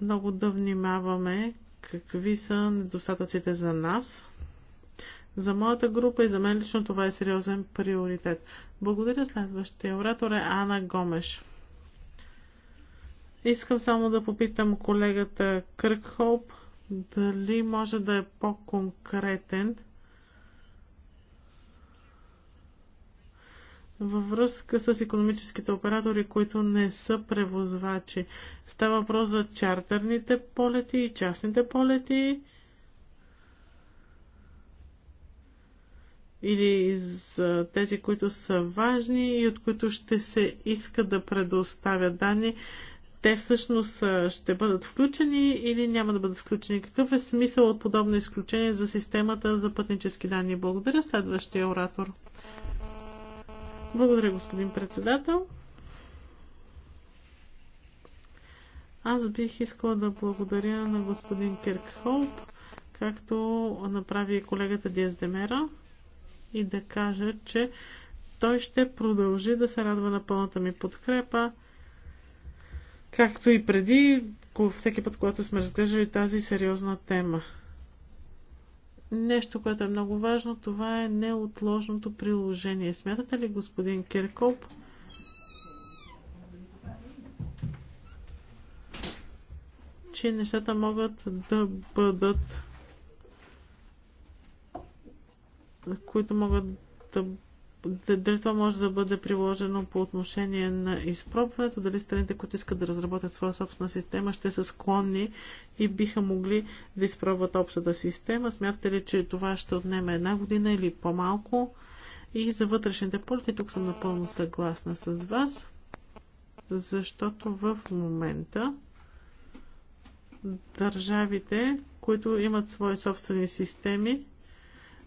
много да внимаваме какви са недостатъците за нас. За моята група и за мен лично това е сериозен приоритет. Благодаря следващия оратор е Ана Гомеш. Искам само да попитам колегата Кръкхоп. Хоуп дали може да е по-конкретен във връзка с економическите оператори, които не са превозвачи? Става въпрос за чартерните полети и частните полети? или за тези, които са важни и от които ще се иска да предоставят данни те всъщност ще бъдат включени или няма да бъдат включени? Какъв е смисъл от подобно изключение за системата за пътнически данни? Благодаря. Следващия оратор. Благодаря, господин председател. Аз бих искала да благодаря на господин Кирк Холп, както направи колегата Диас Демера и да кажа, че той ще продължи да се радва на пълната ми подкрепа Както и преди, всеки път, когато сме разглеждали тази сериозна тема. Нещо, което е много важно, това е неотложното приложение. Смятате ли, господин Киркоп, че нещата могат да бъдат които могат да дали това може да бъде приложено по отношение на изпробването, дали страните, които искат да разработят своя собствена система, ще са склонни и биха могли да изпробват общата система. Смятате ли, че това ще отнеме една година или по-малко? И за вътрешните полети, тук съм напълно съгласна с вас, защото в момента държавите, които имат свои собствени системи,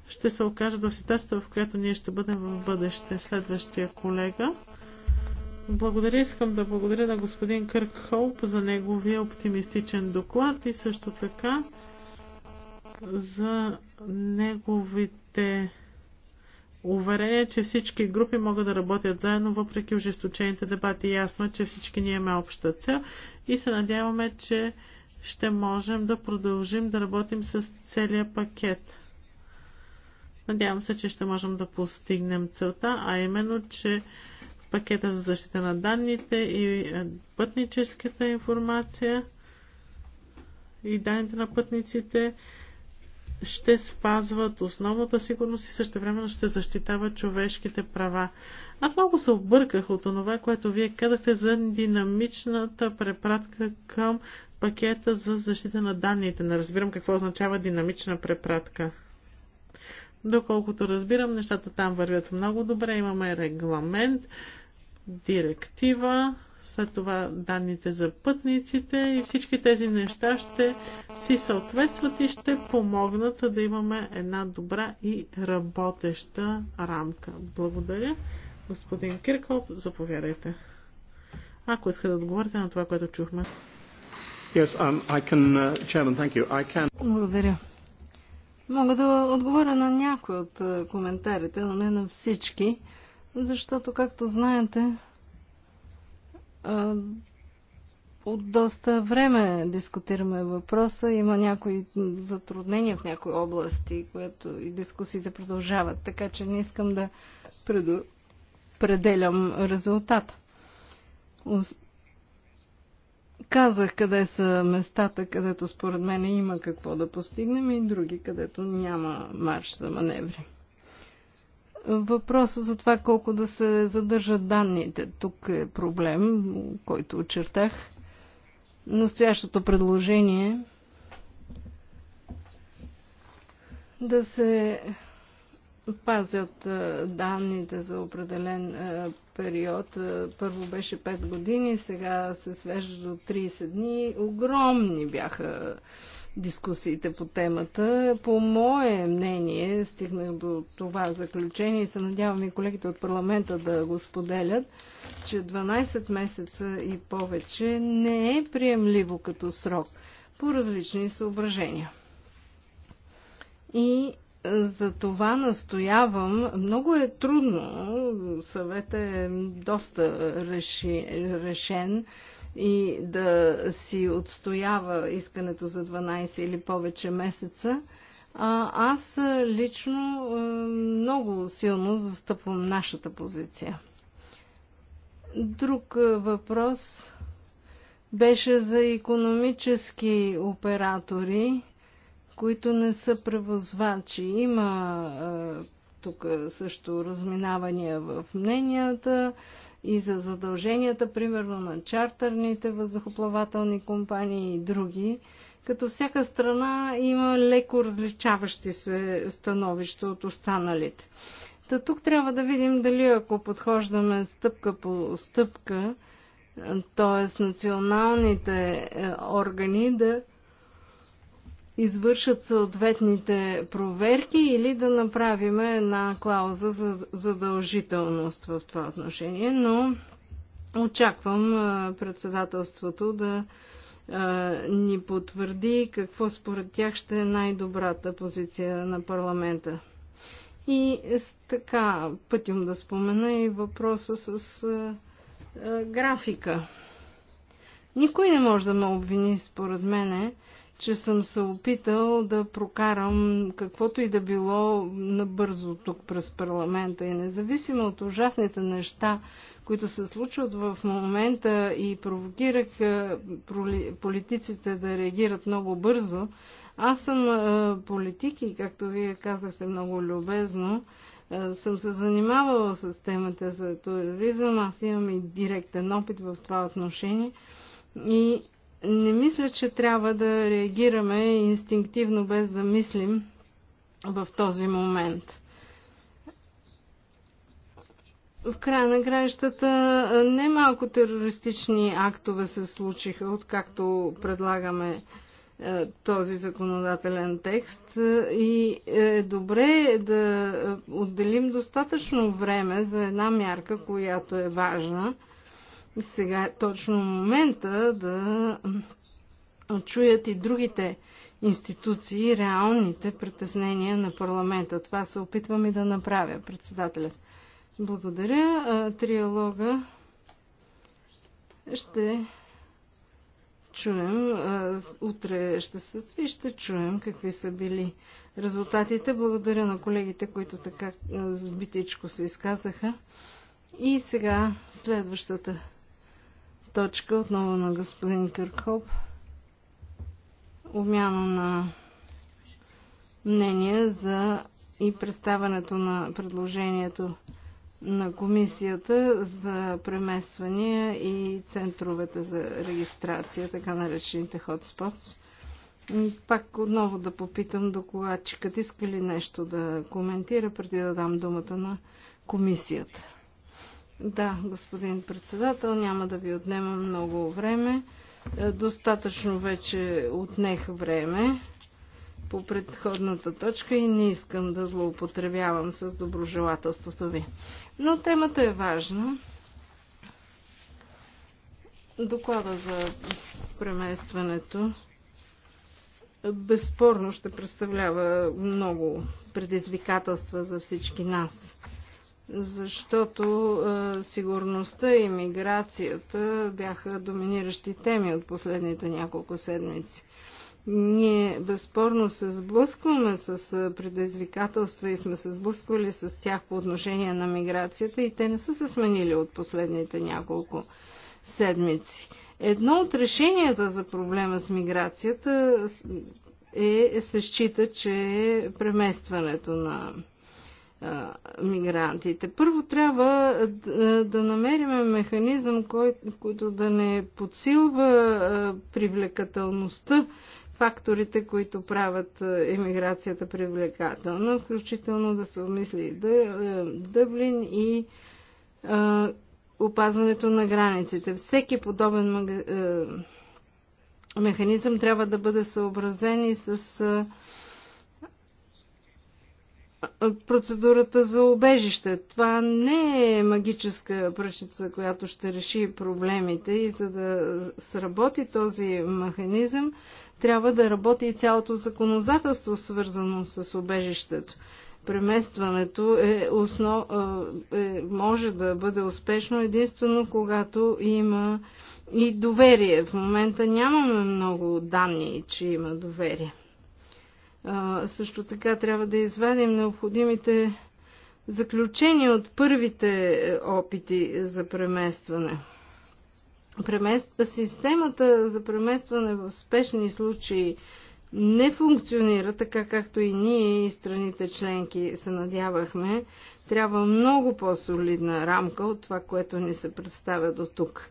ще се окажат в ситуацията, в която ние ще бъдем в бъдеще. Следващия колега. Благодаря, искам да благодаря на господин Кърк Холп за неговия оптимистичен доклад и също така за неговите уверения, че всички групи могат да работят заедно, въпреки ожесточените дебати. Ясно е, че всички ние имаме обща цел и се надяваме, че ще можем да продължим да работим с целия пакет. Надявам се, че ще можем да постигнем целта, а именно, че пакета за защита на данните и е, пътническата информация и данните на пътниците ще спазват основната сигурност и същевременно ще защитава човешките права. Аз малко се обърках от това, което вие казахте за динамичната препратка към пакета за защита на данните. Не разбирам какво означава динамична препратка. Доколкото разбирам, нещата там вървят много добре. Имаме регламент, директива, след това данните за пътниците и всички тези неща ще си съответстват и ще помогнат да имаме една добра и работеща рамка. Благодаря. Господин Кирков, заповядайте. Ако иска да отговорите на това, което чухме. Yes, um, I can, uh, Chairman, thank you. I can... Благодаря. Мога да отговоря на някои от е, коментарите, но не на всички, защото, както знаете, е, от доста време дискутираме въпроса. Има някои затруднения в някои области, което и дискусиите продължават, така че не искам да пределям резултата. Казах къде са местата, където според мен има какво да постигнем и други, където няма марш за маневри. Въпросът за това колко да се задържат данните. Тук е проблем, който очертах. Настоящото предложение да се пазят данните за определен период. Е, първо беше 5 години, сега се свежда до 30 дни. Огромни бяха дискусиите по темата. По мое мнение, стигнах до това заключение и се надявам и колегите от парламента да го споделят, че 12 месеца и повече не е приемливо като срок по различни съображения. И за това настоявам. Много е трудно. Съветът е доста реши, решен и да си отстоява искането за 12 или повече месеца. А, аз лично е, много силно застъпвам нашата позиция. Друг е, въпрос беше за економически оператори които не са превозвачи. Има тук също разминавания в мненията и за задълженията, примерно на чартерните въздухоплавателни компании и други, като всяка страна има леко различаващи се становища от останалите. Та тук трябва да видим дали ако подхождаме стъпка по стъпка, т.е. националните е, органи да извършат съответните проверки или да направим една клауза за задължителност в това отношение, но очаквам председателството да ни потвърди какво според тях ще е най-добрата позиция на парламента. И с така, пътим да спомена и въпроса с а, а, графика. Никой не може да ме обвини, според мене, че съм се опитал да прокарам каквото и да било набързо тук през парламента. И независимо от ужасните неща, които се случват в момента и провокирах е, политиците да реагират много бързо, аз съм е, политик и, както вие казахте много любезно, е, съм се занимавала с темата за туризъм. Аз имам и директен опит в това отношение. И не мисля, че трябва да реагираме инстинктивно, без да мислим в този момент. В края на краищата не малко терористични актове се случиха, откакто предлагаме този законодателен текст и е добре е да отделим достатъчно време за една мярка, която е важна – сега е точно момента да чуят и другите институции реалните притеснения на парламента. Това се опитвам и да направя, председателят. Благодаря. Триалога ще чуем. Утре ще се и ще чуем какви са били резултатите. Благодаря на колегите, които така с битичко се изказаха. И сега следващата точка отново на господин Къркоп. Обмяна на мнение за и представането на предложението на комисията за премествания и центровете за регистрация, така наречените hotspots. Пак отново да попитам докладчикът иска ли нещо да коментира преди да дам думата на комисията. Да, господин председател, няма да ви отнема много време. Е, достатъчно вече отнех време по предходната точка и не искам да злоупотребявам с доброжелателството ви. Но темата е важна. Доклада за преместването безспорно ще представлява много предизвикателства за всички нас – защото е, сигурността и миграцията бяха доминиращи теми от последните няколко седмици. Ние безспорно се сблъскваме с е, предизвикателства и сме се сблъсквали с тях по отношение на миграцията и те не са се сменили от последните няколко седмици. Едно от решенията за проблема с миграцията е, се счита, че е преместването на мигрантите. Първо трябва да, да намерим механизъм, кой, който да не подсилва привлекателността, факторите, които правят емиграцията привлекателна, включително да се обмисли Дъблин и опазването на границите. Всеки подобен механизъм трябва да бъде съобразен и с процедурата за убежище. Това не е магическа пръчица, която ще реши проблемите и за да сработи този механизъм, трябва да работи и цялото законодателство, свързано с убежището. Преместването е основ... е, е може да бъде успешно единствено, когато има и доверие. В момента нямаме много данни, че има доверие. А, също така трябва да извадим необходимите заключения от първите е, опити за преместване. Премест... Системата за преместване в спешни случаи не функционира така, както и ние и страните членки се надявахме. Трябва много по-солидна рамка от това, което ни се представя до тук.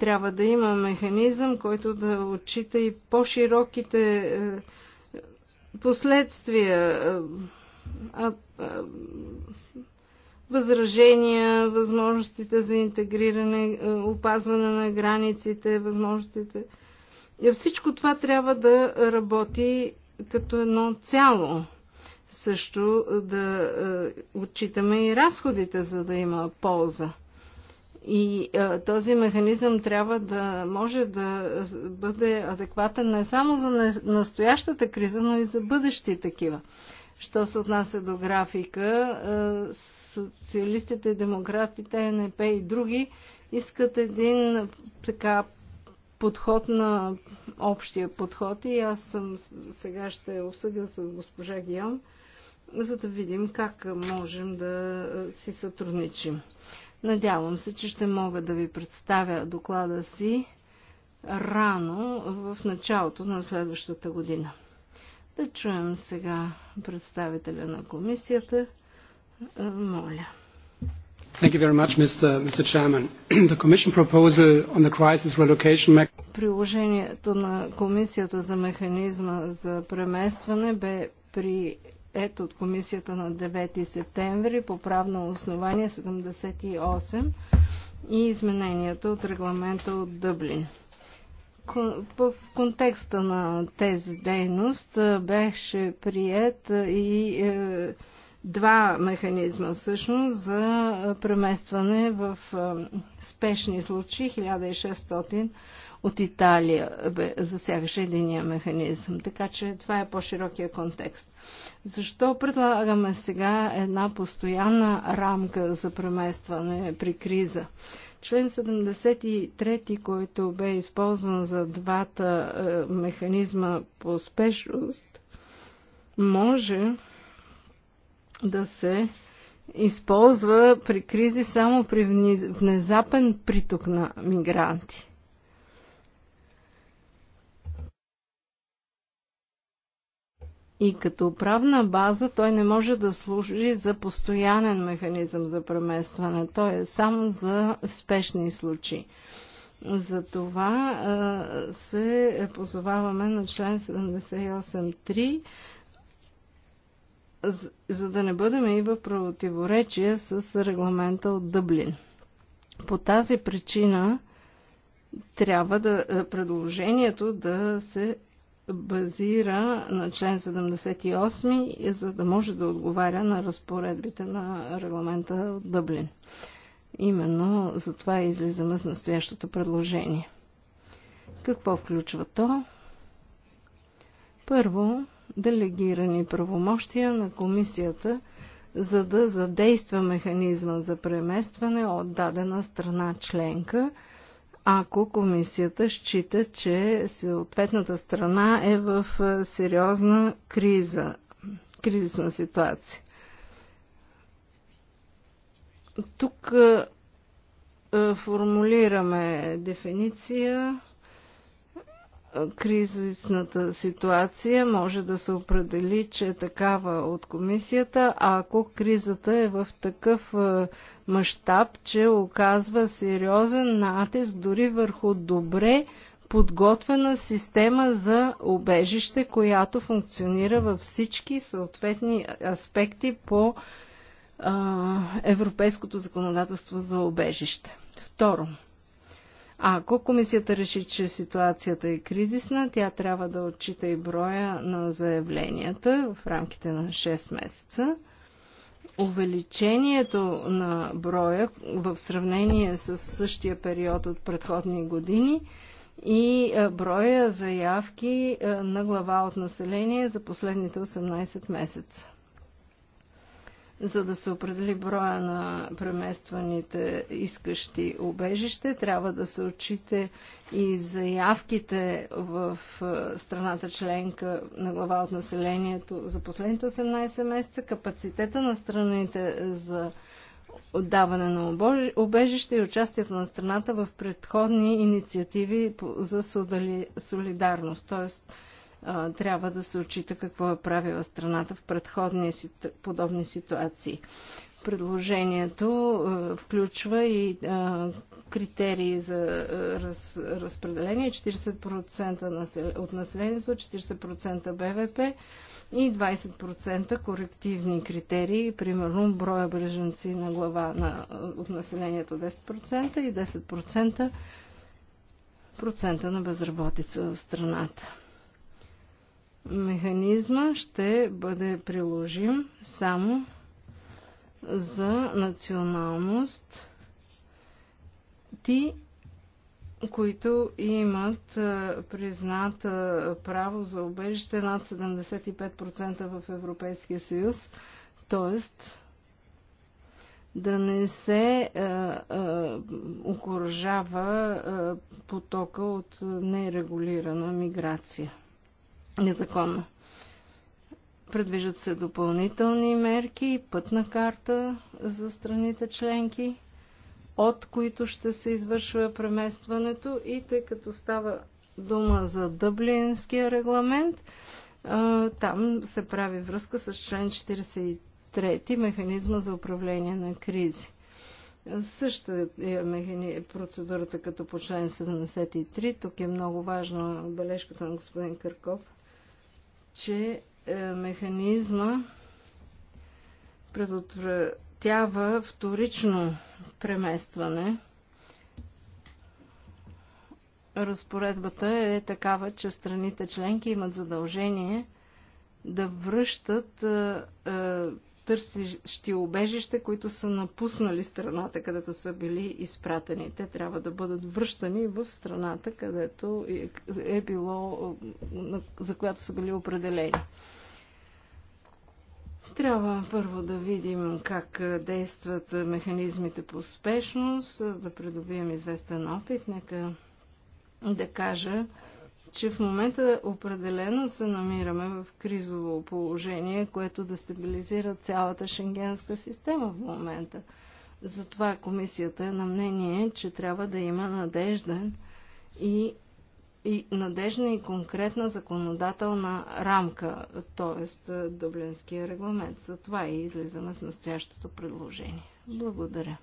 Трябва да има механизъм, който да отчита и по-широките е, последствия, възражения, възможностите за интегриране, опазване на границите, възможностите. Всичко това трябва да работи като едно цяло. Също да отчитаме и разходите, за да има полза. И а, е, този механизъм трябва да може да бъде адекватен не само за настоящата криза, но и за бъдещи такива. Що се отнася до графика, е, социалистите, демократите, НП и други искат един така подход на общия подход и аз съм, сега ще обсъдя с госпожа Гион, за да видим как можем да е, си сътрудничим. Надявам се, че ще мога да ви представя доклада си рано в началото на следващата година. Да чуем сега представителя на комисията. Е, моля. Thank you very much, Mr. Mr. Chairman. The Commission proposal on the crisis relocation mechanism... Приложението на Комисията за механизма за преместване бе при ето от комисията на 9 септември по правно основание 78 и измененията от регламента от Дъблин. В контекста на тези дейност беше прият и е, два механизма всъщност за преместване в спешни случаи 1600 от Италия засягаше единия механизъм. Така че това е по-широкия контекст. Защо предлагаме сега една постоянна рамка за преместване при криза? Член 73, който бе използван за двата е, механизма по спешност, може да се използва при кризи само при внезапен приток на мигранти. И като правна база той не може да служи за постоянен механизъм за преместване. Той е само за спешни случаи. Затова се позоваваме на член 78.3 за да не бъдем и в противоречие с регламента от Дъблин. По тази причина трябва да предложението да се базира на член 78, за да може да отговаря на разпоредбите на регламента от Дъблин. Именно за това излизаме с настоящото предложение. Какво включва то? Първо, делегирани правомощия на комисията, за да задейства механизма за преместване от дадена страна членка – ако комисията счита, че съответната страна е в е, сериозна криза, кризисна ситуация. Тук е, е, формулираме дефиниция кризисната ситуация може да се определи, че е такава от комисията, а ако кризата е в такъв е, мащаб, че оказва сериозен натиск дори върху добре подготвена система за обежище, която функционира във всички съответни аспекти по а, е, европейското законодателство за обежище. Второ, ако комисията реши, че ситуацията е кризисна, тя трябва да отчита и броя на заявленията в рамките на 6 месеца. Увеличението на броя в сравнение с същия период от предходни години и е, броя заявки е, на глава от население за последните 18 месеца за да се определи броя на преместваните искащи обежище, трябва да се отчите и заявките в страната членка на глава от населението за последните 18 месеца, капацитета на страните за отдаване на обежище и участието на страната в предходни инициативи за солидарност. Тоест, трябва да се отчита какво е правила страната в предходни подобни ситуации. Предложението включва и критерии за разпределение 40% от населението, 40% БВП и 20% корективни критерии, примерно броя бръженци на глава на, от населението 10% и 10% процента на безработица в страната. Механизма ще бъде приложим само за националност ти, които имат признат право за убежище над 75% в Европейския съюз, т.е. да не се е, окоръжава потока от нерегулирана миграция незаконно. Предвиждат се допълнителни мерки, пътна карта за страните членки, от които ще се извършва преместването и тъй като става дума за Дъблинския регламент, там се прави връзка с член 43 механизма за управление на кризи. Същата е процедурата като по член 73. Тук е много важна бележката на господин Кърков – че е, механизма предотвратява вторично преместване. Разпоредбата е такава, че страните членки имат задължение да връщат е, е, търсещи обежище, които са напуснали страната, където са били изпратени. Те трябва да бъдат връщани в страната, където е било, за която са били определени. Трябва първо да видим как действат механизмите по успешност, да придобием известен опит. Нека да кажа, че в момента определено се намираме в кризово положение, което да стабилизира цялата шенгенска система в момента. Затова комисията е на мнение, че трябва да има надежден и, и надежна и конкретна законодателна рамка, т.е. Дъблинския регламент. Затова и излизаме с настоящото предложение. Благодаря.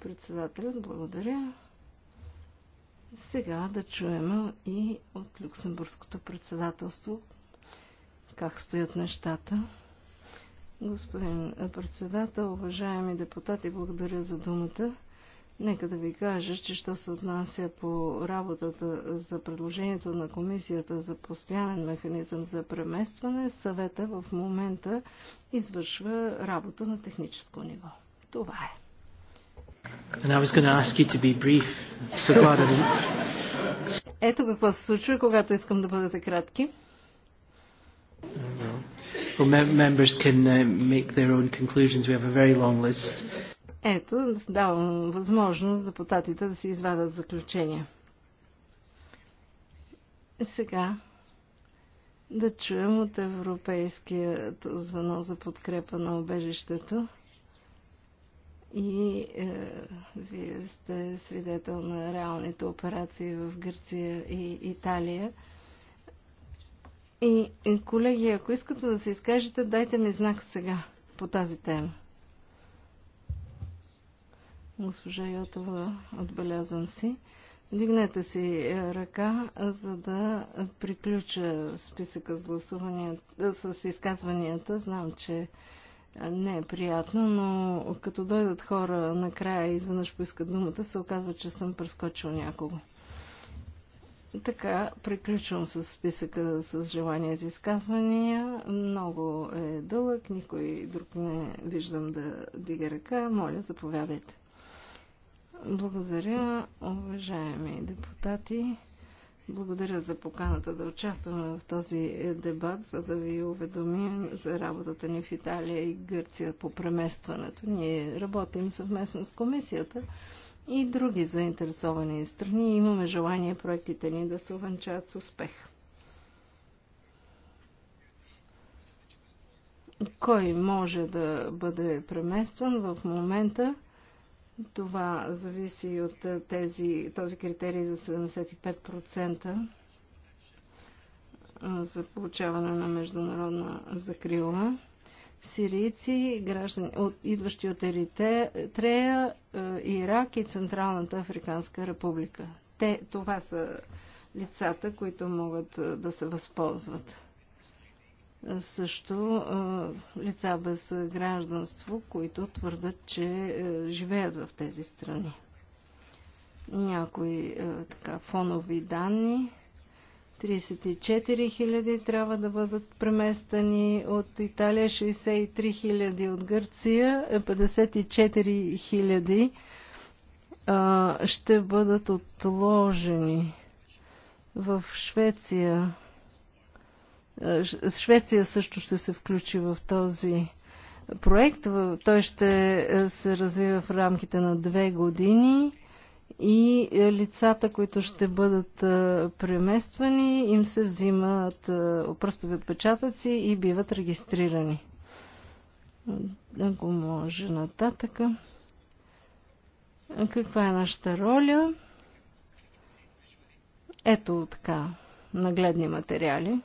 Председателят, благодаря. Сега да чуем и от Люксембургското председателство как стоят нещата. Господин председател, уважаеми депутати, благодаря за думата. Нека да ви кажа, че що се отнася по работата за предложението на комисията за постоянен механизъм за преместване, съвета в момента извършва работа на техническо ниво. Това е. And I was going to ask you to be brief. So glad I didn't. Ето какво се случва, когато искам да бъдете кратки. Well, members can uh, make their own conclusions. We have a very long list. Ето, давам възможност депутатите да си извадат заключения. Сега да чуем от Европейския звено за подкрепа на обежището и е, вие сте свидетел на реалните операции в Гърция и Италия. И, и е, колеги, ако искате да се изкажете, дайте ми знак сега по тази тема. Госпожа Йотова, отбелязвам си. Дигнете си е, ръка, за да приключа списъка с гласуванията, е, с изказванията. Знам, че не е приятно, но като дойдат хора накрая и изведнъж поискат думата, се оказва, че съм прескочил някого. Така, приключвам с списъка с желания за изказвания. Много е дълъг, никой друг не виждам да дига ръка. Моля, заповядайте. Благодаря, уважаеми депутати. Благодаря за поканата да участваме в този дебат, за да ви уведомим за работата ни в Италия и Гърция по преместването. Ние работим съвместно с комисията и други заинтересовани страни имаме желание проектите ни да се увенчат с успех. Кой може да бъде преместван в момента? Това зависи от е, тези, този критерий за 75% за получаване на международна закрила. Сирийци, граждани, от, идващи от Еритрея, е, Ирак и Централната Африканска република. Те, това са лицата, които могат е, да се възползват също лица без гражданство, които твърдат, че е, живеят в тези страни. Някои е, така фонови данни. 34 хиляди трябва да бъдат преместени от Италия, 63 хиляди от Гърция, 54 е, хиляди ще бъдат отложени в Швеция. Е, Швеция също ще се включи в този проект. Той ще е, се развива в рамките на две години и е, лицата, които ще бъдат премествани, им се взимат пръстови отпечатъци и биват регистрирани. Ако може нататъка. Каква е нашата роля? Ето така нагледни материали.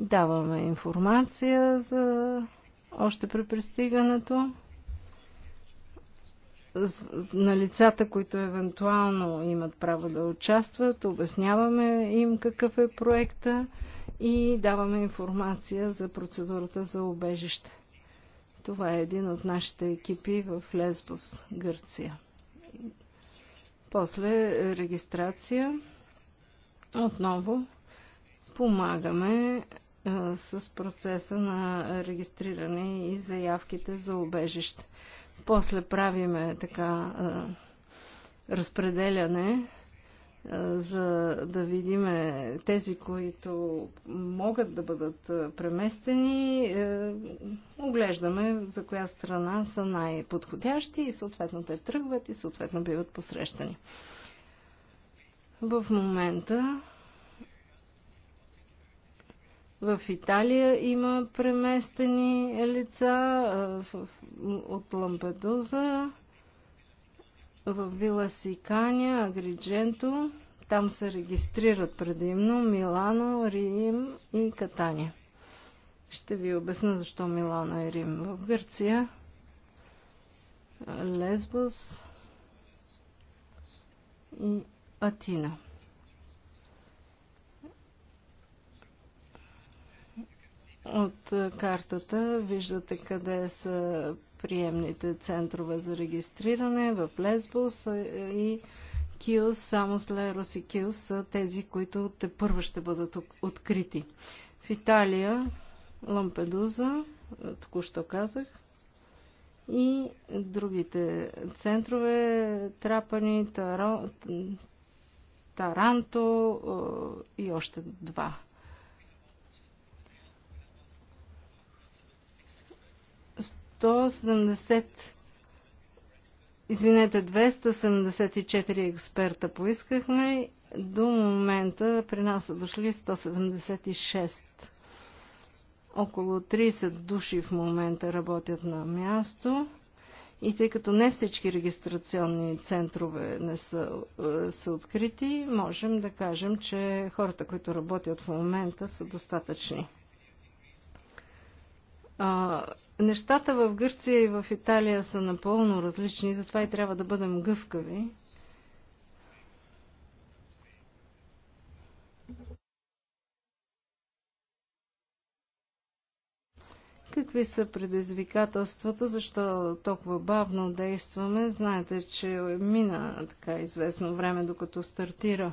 Даваме информация за още при пристигането на лицата, които евентуално имат право да участват, обясняваме им какъв е проекта и даваме информация за процедурата за обежище. Това е един от нашите екипи в Лесбос, Гърция. После регистрация отново помагаме с процеса на регистриране и заявките за обежище. После правиме така разпределяне, за да видим е, тези, които могат да бъдат преместени, е, оглеждаме за коя страна са най-подходящи и съответно те тръгват и съответно биват посрещани. В момента в Италия има преместени лица от Лампедуза, в Вила Сиканя, Агридженто. Там се регистрират предимно Милано, Рим и Катания. Ще ви обясна защо Милано и Рим. В Гърция, Лесбос и Атина. От е, картата виждате къде са приемните центрове за регистриране в Лесбос е, и Киос, само с Лерос и Киос са тези, които те първо ще бъдат открити. В Италия Лампедуза, е, току-що казах, и другите центрове Трапани, Таро, Таранто и още два 170 Извинете, 274 експерта поискахме. До момента при нас са дошли 176. Около 30 души в момента работят на място. И тъй като не всички регистрационни центрове не са, е, са открити, можем да кажем, че хората, които работят в момента, са достатъчни. А, нещата в Гърция и в Италия са напълно различни, затова и трябва да бъдем гъвкави. Какви са предизвикателствата, защо толкова бавно действаме? Знаете, че мина така известно време, докато стартира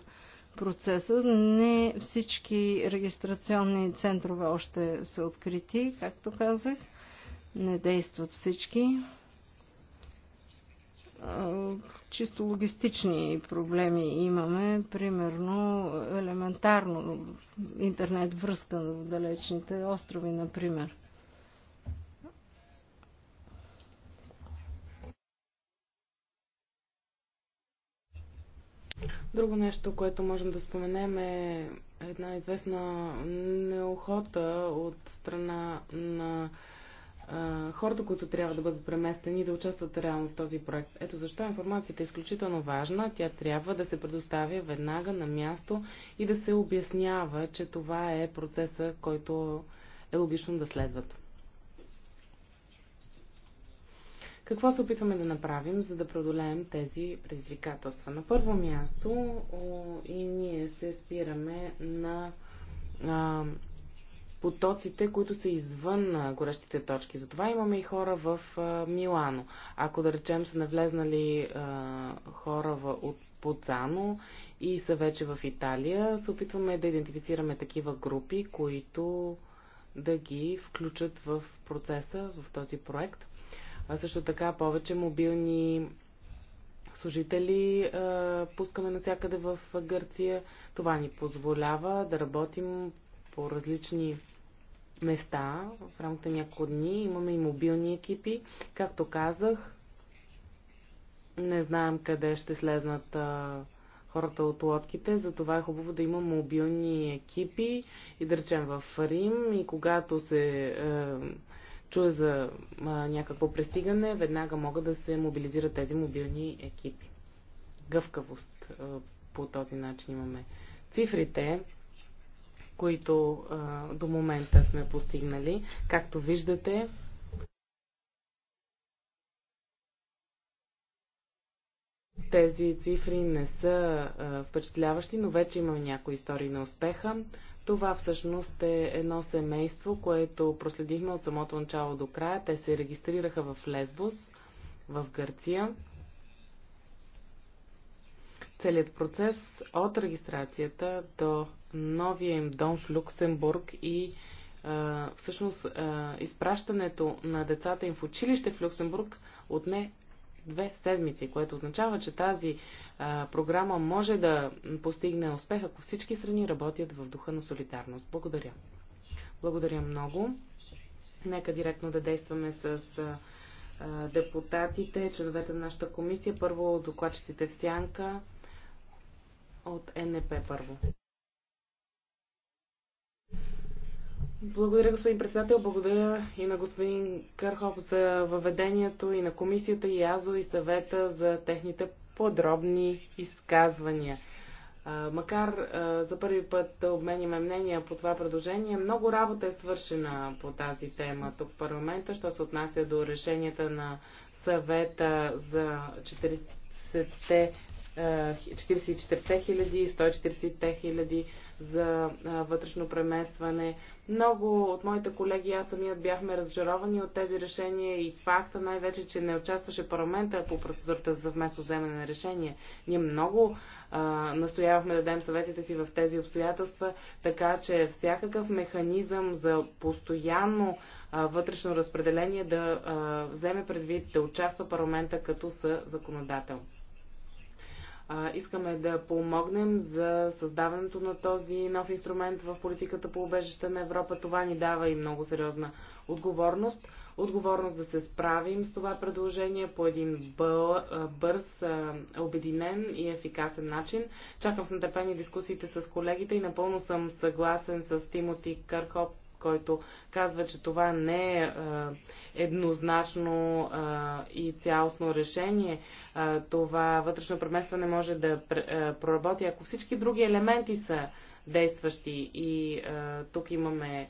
процеса. Не всички регистрационни центрове още са открити, както казах. Не действат всички. Чисто логистични проблеми имаме. Примерно, елементарно интернет връзка в далечните острови, например. Друго нещо, което можем да споменем е една известна неохота от страна на хората, които трябва да бъдат преместени и да участват реално в този проект. Ето защо информацията е изключително важна. Тя трябва да се предоставя веднага на място и да се обяснява, че това е процеса, който е логично да следват. Какво се опитваме да направим, за да преодолеем тези предизвикателства? На първо място о, и ние се спираме на а, потоците, които са извън а, горещите точки. Затова имаме и хора в а, Милано. Ако да речем са навлезнали а, хора в, от Поцано и са вече в Италия, се опитваме да идентифицираме такива групи, които да ги включат в процеса, в този проект – а също така повече мобилни служители а, пускаме навсякъде в Гърция. Това ни позволява да работим по различни места в рамките няколко дни. Имаме и мобилни екипи. Както казах, не знаем къде ще слезнат а, хората от лодките, затова е хубаво да има мобилни екипи и да речем в Рим и когато се а, е, чуя за а, някакво престигане, веднага могат да се мобилизират тези мобилни екипи. Гъвкавост а, по този начин имаме. Цифрите, които а, до момента сме постигнали, както виждате, тези цифри не са а, впечатляващи, но вече имаме някои истории на успеха. Това всъщност е едно семейство, което проследихме от самото начало до края. Те се регистрираха в Лесбос, в Гърция. Целият процес от регистрацията до новия им дом в Люксембург и всъщност изпращането на децата им в училище в Люксембург отне две седмици, което означава, че тази а, програма може да постигне успех, ако всички страни работят в духа на солидарност. Благодаря. Благодаря много. Нека директно да действаме с а, депутатите, членовете на нашата комисия. Първо докладчиците в сянка от НП първо. Благодаря, господин председател. Благодаря и на господин Кърхов за въведението и на комисията и Азо и съвета за техните подробни изказвания. Макар за първи път да обмениме мнения по това предложение, много работа е свършена по тази тема тук в парламента, що се отнася до решенията на съвета за 40-те 44 хиляди, 140 000 за вътрешно преместване. Много от моите колеги и аз самият бяхме разжаровани от тези решения и факта най-вече, че не участваше парламента по процедурата за вместо вземане на решение. Ние много а, настоявахме да дадем съветите си в тези обстоятелства, така че всякакъв механизъм за постоянно а, вътрешно разпределение да а, вземе предвид да участва парламента като съ законодател. А, искаме да помогнем за създаването на този нов инструмент в политиката по убежище на Европа. Това ни дава и много сериозна отговорност. Отговорност да се справим с това предложение по един бърз, обединен и ефикасен начин. Чакам с нетърпение дискусиите с колегите и напълно съм съгласен с Тимоти Кърхоп който казва, че това не е еднозначно и цялостно решение. Това вътрешно преместване може да проработи, ако всички други елементи са действащи. И тук имаме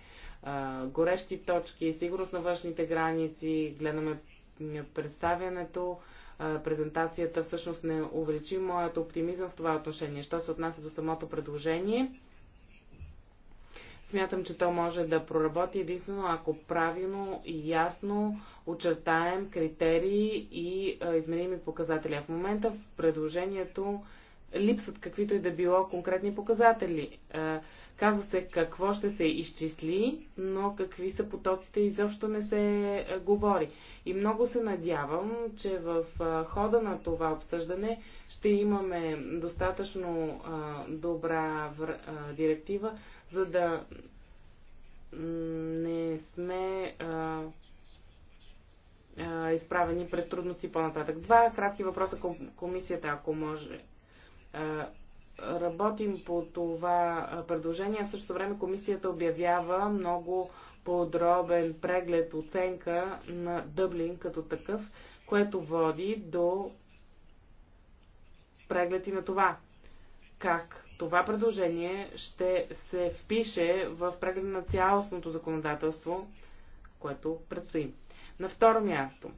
горещи точки, сигурност на външните граници, гледаме представянето презентацията всъщност не увеличи моят оптимизъм в това отношение. Що се отнася до самото предложение, Смятам, че то може да проработи единствено ако правилно и ясно очертаем критерии и а, изменими показатели. А в момента в предложението липсват каквито и да било конкретни показатели. А, казва се какво ще се изчисли, но какви са потоците изобщо не се говори. И много се надявам, че в хода на това обсъждане ще имаме достатъчно добра директива, за да не сме а, а, изправени пред трудности по-нататък. Два кратки въпроса към комисията, ако може. А, работим по това предложение. В същото време комисията обявява много подробен преглед, оценка на Дъблин като такъв, което води до преглед и на това как това предложение ще се впише в преглед на цялостното законодателство, което предстои. На второ място,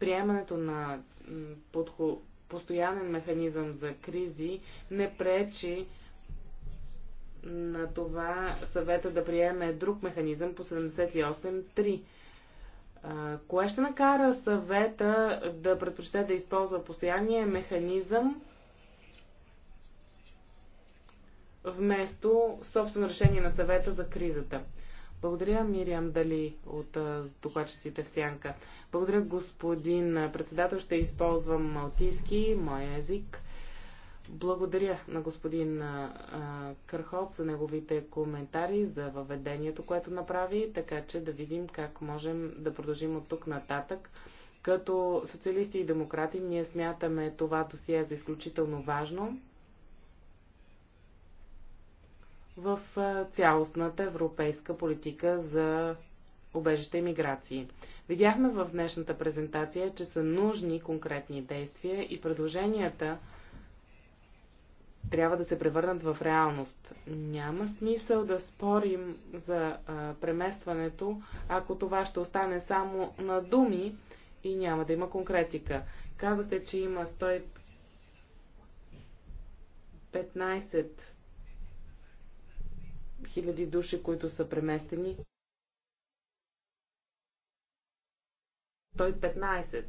приемането на подхо... постоянен механизъм за кризи не пречи на това съвета да приеме друг механизъм по 78.3. Кое ще накара съвета да предпочете да използва постоянния механизъм вместо собствено решение на съвета за кризата. Благодаря, Мириам Дали от докладчиците в Сянка. Благодаря, господин председател. Ще използвам малтийски, моя език. Благодаря на господин а, Кърхоп за неговите коментари, за въведението, което направи, така че да видим как можем да продължим от тук нататък. Като социалисти и демократи ние смятаме това досие за изключително важно в цялостната европейска политика за убежище и миграции. Видяхме в днешната презентация, че са нужни конкретни действия и предложенията трябва да се превърнат в реалност. Няма смисъл да спорим за а, преместването, ако това ще остане само на думи и няма да има конкретика. Казахте, че има 115 хиляди души, които са преместени. 115,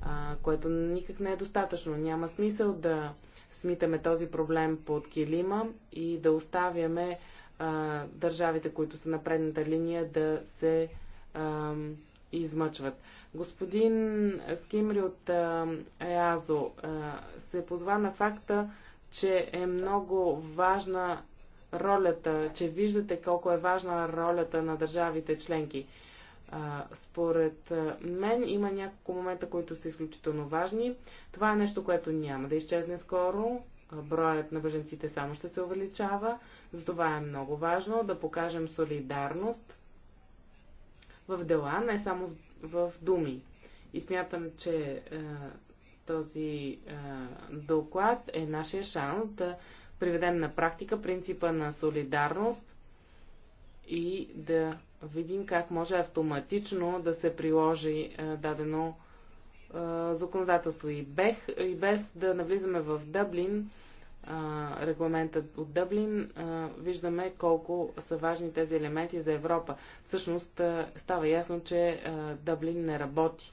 а, което никак не е достатъчно. Няма смисъл да смитаме този проблем под килима и да оставяме а, държавите, които са на предната линия, да се а, измъчват. Господин Скимри от а, ЕАЗО а, се позва на факта, че е много важна ролята, че виждате колко е важна ролята на държавите членки. Според мен има няколко момента, които са изключително важни. Това е нещо, което няма да изчезне скоро. Броят на бъженците само ще се увеличава. Затова е много важно да покажем солидарност в дела, не само в думи. И смятам, че този доклад е нашия шанс да приведем на практика принципа на солидарност и да видим как може автоматично да се приложи е, дадено е, законодателство. И, бех, и без да навлизаме в Дъблин, е, регламентът от Дъблин, виждаме колко са важни тези елементи за Европа. Всъщност става ясно, че Дъблин не работи.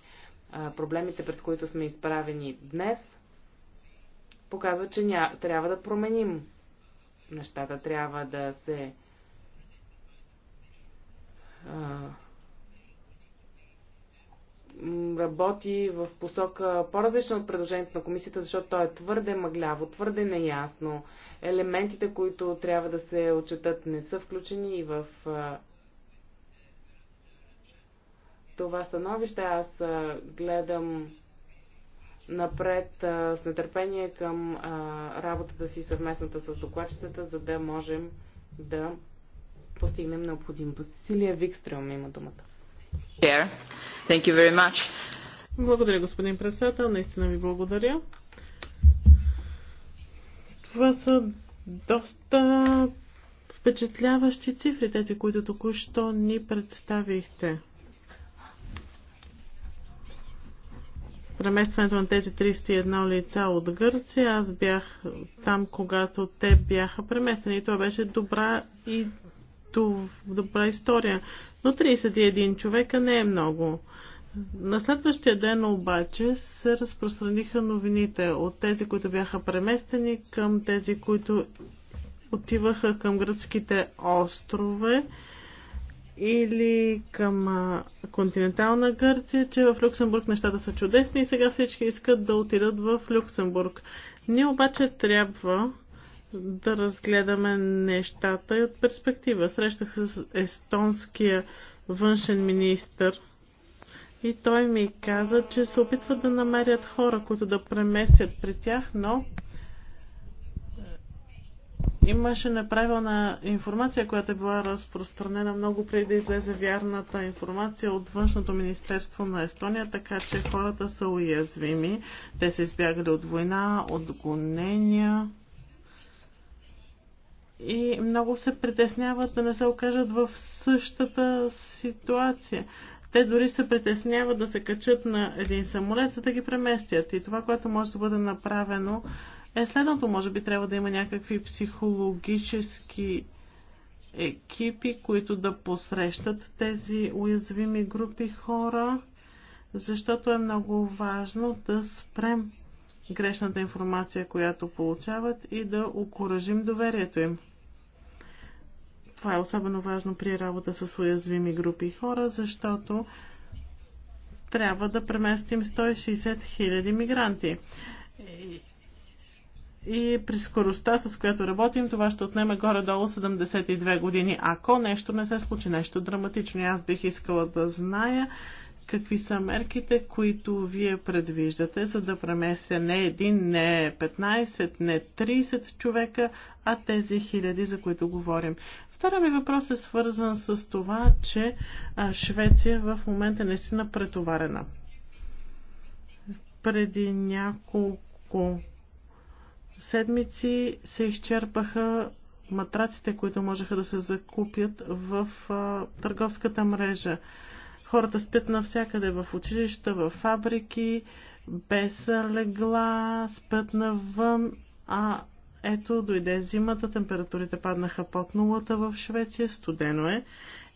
Проблемите, пред които сме изправени днес, показва, че ня... трябва да променим. Нещата трябва да се а, работи в посока по-различна от предложението на комисията, защото то е твърде мъгляво, твърде неясно. Елементите, които трябва да се отчетат, не са включени и в а, това становище. Аз гледам напред а, с нетърпение към а, работата си съвместната с докладчетата, за да можем да постигнем необходимото. Силия Викстрем има думата. Thank you very much. Благодаря, господин председател. Наистина ви благодаря. Това са доста впечатляващи цифри, тези, които току-що ни представихте. преместването на тези 301 лица от Гърция. Аз бях там, когато те бяха преместени. Това беше добра и добра история. Но 31 човека не е много. На следващия ден обаче се разпространиха новините от тези, които бяха преместени към тези, които отиваха към гръцките острове или към континентална Гърция, че в Люксембург нещата са чудесни и сега всички искат да отидат в Люксембург. Ние обаче трябва да разгледаме нещата и от перспектива. Срещах се с естонския външен министр и той ми каза, че се опитват да намерят хора, които да преместят при тях, но Имаше неправилна информация, която е била разпространена много преди да излезе вярната информация от Външното министерство на Естония, така че хората са уязвими. Те са избягали от война, от гонения и много се притесняват да не се окажат в същата ситуация. Те дори се притесняват да се качат на един самолет, за да ги преместят. И това, което може да бъде направено, е следното. Може би трябва да има някакви психологически екипи, които да посрещат тези уязвими групи хора, защото е много важно да спрем грешната информация, която получават и да окоръжим доверието им. Това е особено важно при работа с уязвими групи хора, защото трябва да преместим 160 000 мигранти и при скоростта, с която работим, това ще отнеме горе-долу 72 години, ако нещо не се случи, нещо драматично. Аз бих искала да зная какви са мерките, които вие предвиждате, за да преместя не един, не 15, не 30 човека, а тези хиляди, за които говорим. Втория ми въпрос е свързан с това, че Швеция в момента е наистина претоварена. Преди няколко седмици се изчерпаха матраците, които можеха да се закупят в а, търговската мрежа. Хората спят навсякъде, в училища, в фабрики, без легла, спят навън, а ето дойде зимата, температурите паднаха под нулата в Швеция, студено е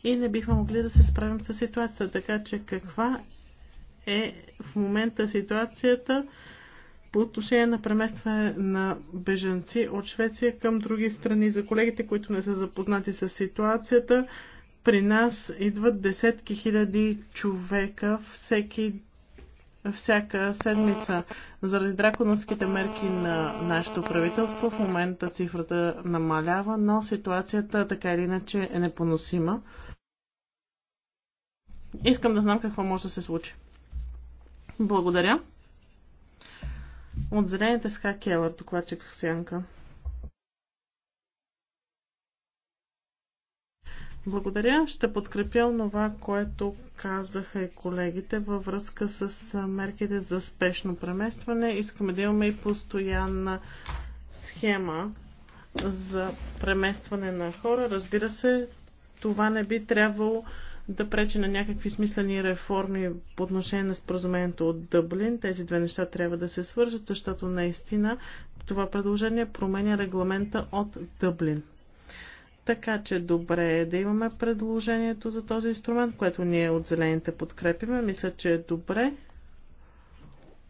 и не бихме могли да се справим с ситуацията. Така че каква е в момента ситуацията? по отношение на преместване на бежанци от Швеция към други страни. За колегите, които не са запознати с ситуацията, при нас идват десетки хиляди човека всеки, всяка седмица. Заради драконовските мерки на нашето правителство в момента цифрата намалява, но ситуацията така или иначе е непоносима. Искам да знам какво може да се случи. Благодаря. От зелените с Хакелър, докладчик в сянка. Благодаря. Ще подкрепя това, което казаха и колегите във връзка с мерките за спешно преместване. Искаме да имаме и постоянна схема за преместване на хора. Разбира се, това не би трябвало да пречи на някакви смислени реформи по отношение на споразумението от Дъблин. Тези две неща трябва да се свържат, защото наистина това предложение променя регламента от Дъблин. Така че добре е да имаме предложението за този инструмент, което ние от зелените подкрепиме. Мисля, че е добре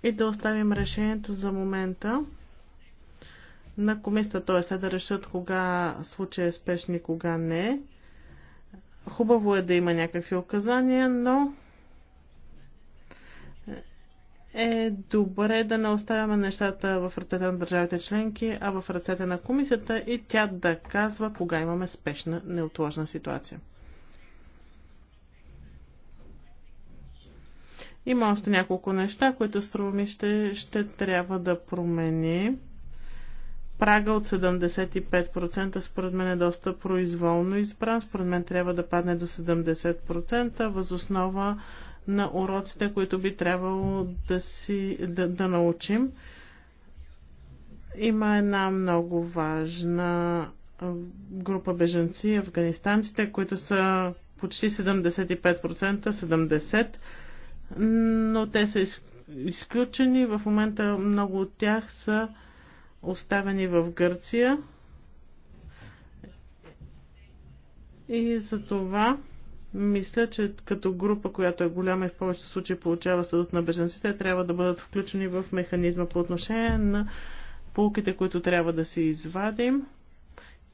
и да оставим решението за момента на комисията, т.е. да решат кога случай е спешни и кога не Хубаво е да има някакви указания, но е добре да не оставяме нещата в ръцете на държавите членки, а в ръцете на комисията и тя да казва кога имаме спешна, неотложна ситуация. Има още няколко неща, които струва ми ще, ще трябва да промени прага от 75% според мен е доста произволно избран. Според мен трябва да падне до 70% възоснова на уроците, които би трябвало да, си, да, да научим. Има една много важна група беженци, афганистанците, които са почти 75%, 70%, но те са изключени. В момента много от тях са оставени в Гърция. И за това мисля, че като група, която е голяма и в повечето случаи получава съдът на беженците, трябва да бъдат включени в механизма по отношение на полките, които трябва да се извадим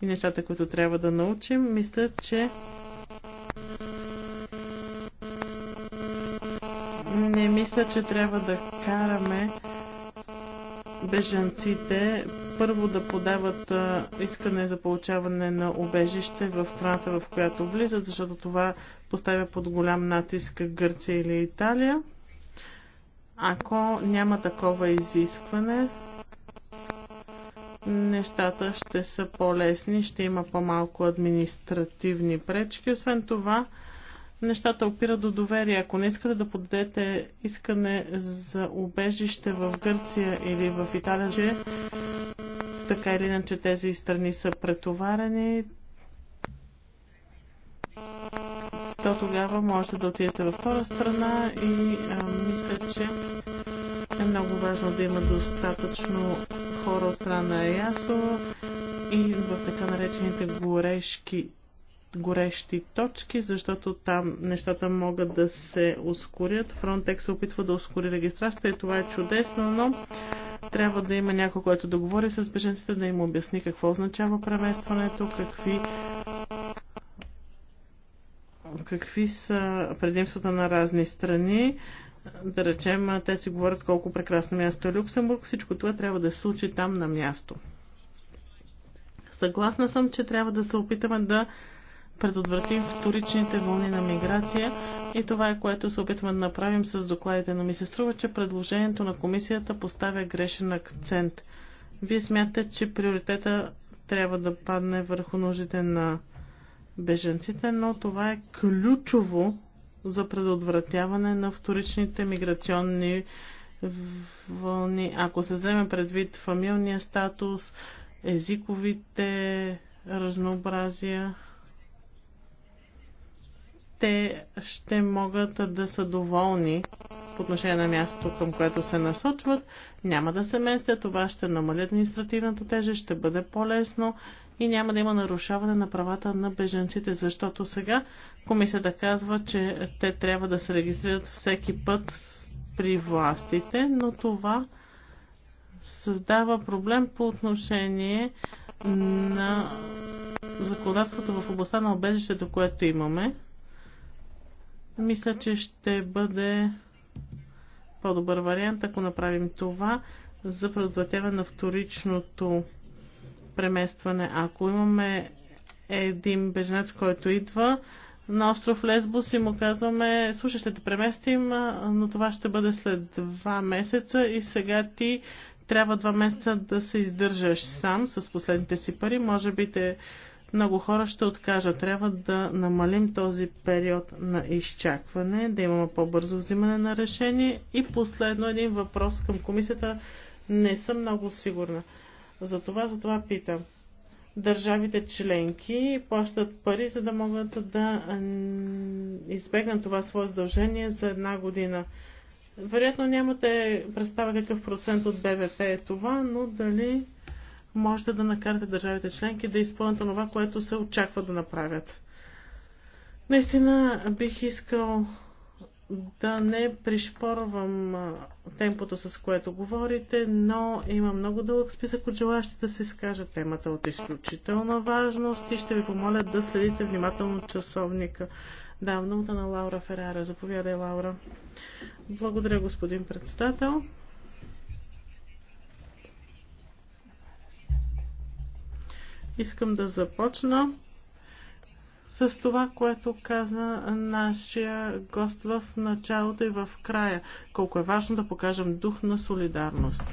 и нещата, които трябва да научим. Мисля, че не мисля, че трябва да караме бежанците първо да подават искане за получаване на обежище в страната, в която влизат, защото това поставя под голям натиск Гърция или Италия. Ако няма такова изискване, нещата ще са по-лесни, ще има по-малко административни пречки. Освен това, нещата опират до доверие. Ако не искате да подадете искане за убежище в Гърция или в Италия, че така или иначе тези страни са претоварени, то тогава можете да отидете във втора страна и а, мисля, че е много важно да има достатъчно хора от страна на ЕАСО и в така наречените горешки горещи точки, защото там нещата могат да се ускорят. Frontex се опитва да ускори регистрацията и това е чудесно, но трябва да има някой, който да говори с беженците, да им обясни какво означава преместването, какви какви са предимствата на разни страни. Да речем, те си говорят колко прекрасно място е Люксембург. Всичко това трябва да се случи там на място. Съгласна съм, че трябва да се опитаме да предотвратим вторичните вълни на миграция и това е което се опитваме да направим с докладите, но ми се струва, че предложението на комисията поставя грешен акцент. Вие смятате, че приоритета трябва да падне върху нуждите на беженците, но това е ключово за предотвратяване на вторичните миграционни вълни. Ако се вземе предвид фамилния статус, езиковите разнообразия, те ще могат да са доволни по отношение на мястото, към което се насочват, няма да се местят, това ще намали административната тежест, ще бъде по-лесно и няма да има нарушаване на правата на беженците, защото сега комисията казва, че те трябва да се регистрират всеки път при властите, но това създава проблем по отношение на законодателството в областта на обежището, което имаме. Мисля, че ще бъде по-добър вариант, ако направим това за предотвратяване на вторичното преместване. Ако имаме един беженец, който идва на остров Лесбос и му казваме, слушай, ще те преместим, но това ще бъде след два месеца и сега ти трябва два месеца да се издържаш сам с последните си пари. Може би те много хора ще откажат. Трябва да намалим този период на изчакване, да имаме по-бързо взимане на решение. И последно един въпрос към комисията. Не съм много сигурна. За това, за това питам. Държавите членки плащат пари, за да могат да избегнат това свое задължение за една година. Вероятно нямате представа какъв процент от БВП е това, но дали можете да накарате държавите членки да изпълнят това, което се очаква да направят. Наистина бих искал да не пришпорвам темпото, с което говорите, но има много дълъг списък от желащи да се изкажа темата е от изключителна важност и ще ви помоля да следите внимателно часовника. Давно на Лаура Ферара. Заповядай, Лаура. Благодаря, господин председател. Искам да започна с това, което каза нашия гост в началото и в края. Колко е важно да покажем дух на солидарност.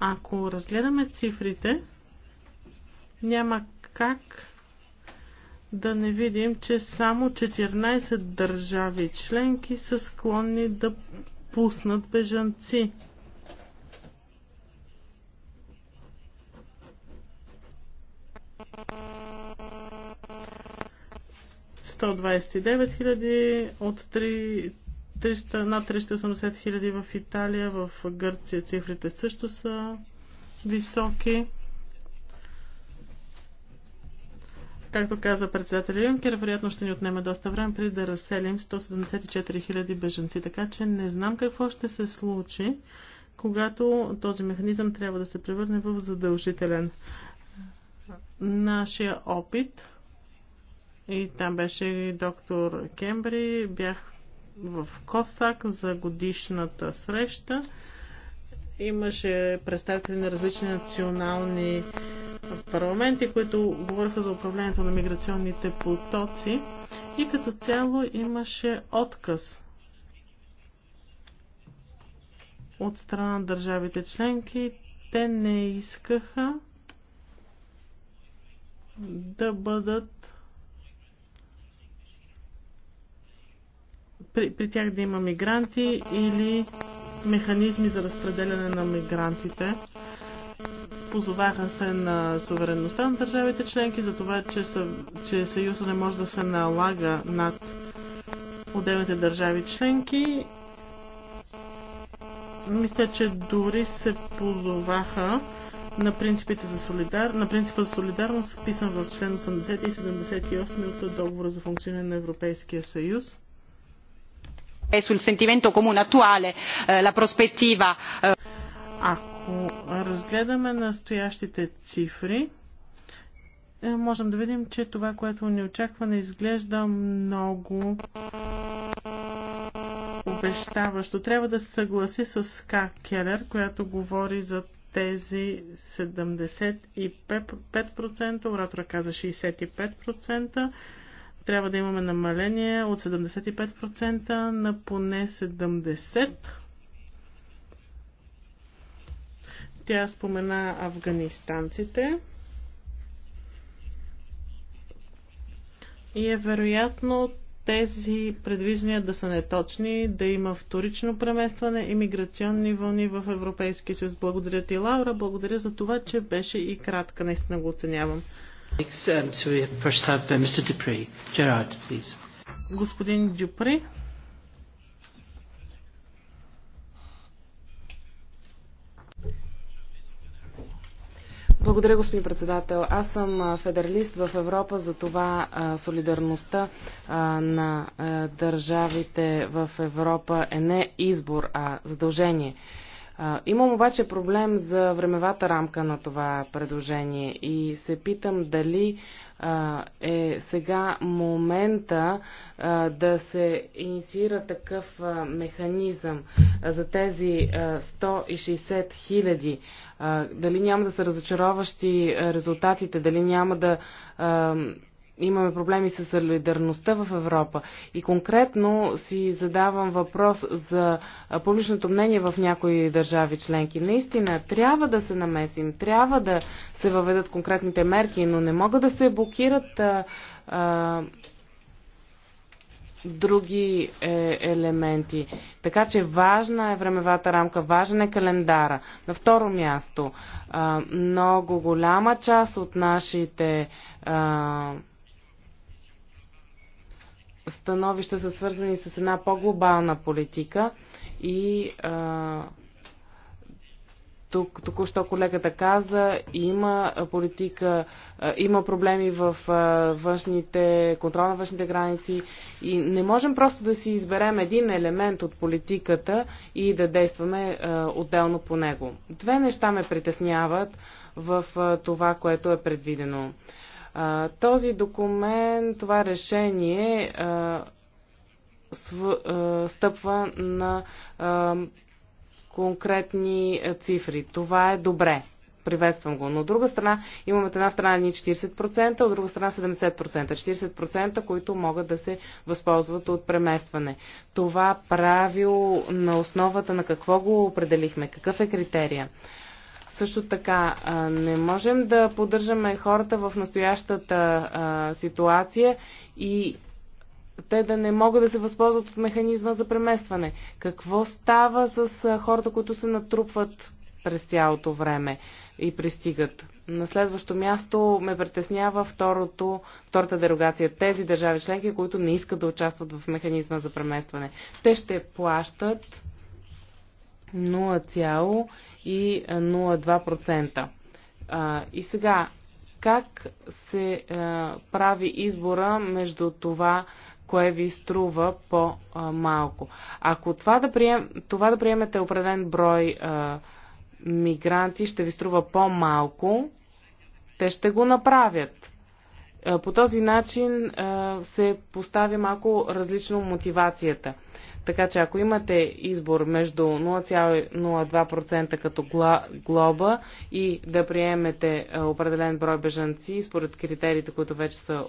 Ако разгледаме цифрите, няма как да не видим, че само 14 държави членки са склонни да пуснат бежанци. 129 хиляди от 3, 300, над 380 хиляди в Италия, в Гърция цифрите също са високи. Както каза председател Юнкер, вероятно ще ни отнеме доста време преди да разселим 174 хиляди беженци, така че не знам какво ще се случи, когато този механизъм трябва да се превърне в задължителен. Нашия опит и там беше доктор Кембри. Бях в Косак за годишната среща. Имаше представители на различни национални парламенти, които говориха за управлението на миграционните потоци и като цяло имаше отказ от страна на държавите членки. Те не искаха да бъдат при, при тях да има мигранти или механизми за разпределяне на мигрантите. Позоваха се на суверенността на държавите членки за това, че, съ, че Съюза не може да се налага над отделните държави членки. Мисля, че дори се позоваха на, принципите за солидар, на принципа за солидарност, вписан в член 80 и 78 от договора за функциониране на Европейския съюз e sul sentimento comune attuale eh, la prospettiva. Eh. Ако разгледаме настоящите цифри, е, можем да видим, че това, което ни очаква, не изглежда много обещаващо. Трябва да се съгласи с К. Келер, която говори за тези 75%, оратора каза 65% трябва да имаме намаление от 75% на поне 70%. Тя спомена афганистанците. И е вероятно тези предвиждания да са неточни, да има вторично преместване, миграционни вълни в Европейския съюз. Благодаря ти, Лаура. Благодаря за това, че беше и кратка. Наистина го оценявам. Uh, господин Дюпри. Благодаря, господин председател. Аз съм федералист в Европа, за това солидарността на държавите в Европа е не избор, а задължение. А, имам обаче проблем за времевата рамка на това предложение и се питам дали а, е сега момента а, да се инициира такъв а, механизъм а, за тези а, 160 хиляди. Дали няма да са разочароващи резултатите, дали няма да. А, имаме проблеми с солидарността в Европа. И конкретно си задавам въпрос за публичното мнение в някои държави членки. Наистина, трябва да се намесим, трябва да се въведат конкретните мерки, но не могат да се блокират а, а, други е, елементи. Така че важна е времевата рамка, важен е календара. На второ място, а, много голяма част от нашите а, становища са свързани с една по-глобална политика и а, тук, току-що колегата каза, има политика, има проблеми в външните, контрол на външните граници и не можем просто да си изберем един елемент от политиката и да действаме отделно по него. Две неща ме притесняват в това, което е предвидено. А, този документ, това решение а, св, а, стъпва на а, конкретни цифри. Това е добре. Приветствам го. Но от друга страна имаме от една страна ни 40%, от друга страна 70%. 40%, които могат да се възползват от преместване. Това правило на основата на какво го определихме, какъв е критерия. Също така, не можем да поддържаме хората в настоящата ситуация и те да не могат да се възползват от механизма за преместване. Какво става с хората, които се натрупват през цялото време и пристигат? На следващо място ме притеснява второто, втората дерогация. Тези държави членки, които не искат да участват в механизма за преместване. Те ще плащат 0,02%. И сега, как се прави избора между това, кое ви струва по-малко? Ако това да, прием, това да приемете определен брой мигранти ще ви струва по-малко, те ще го направят. Е, по този начин е, се поставя малко различно мотивацията. Така че ако имате избор между 0,02% като глоба и да приемете е, определен брой бежанци според критериите, които вече са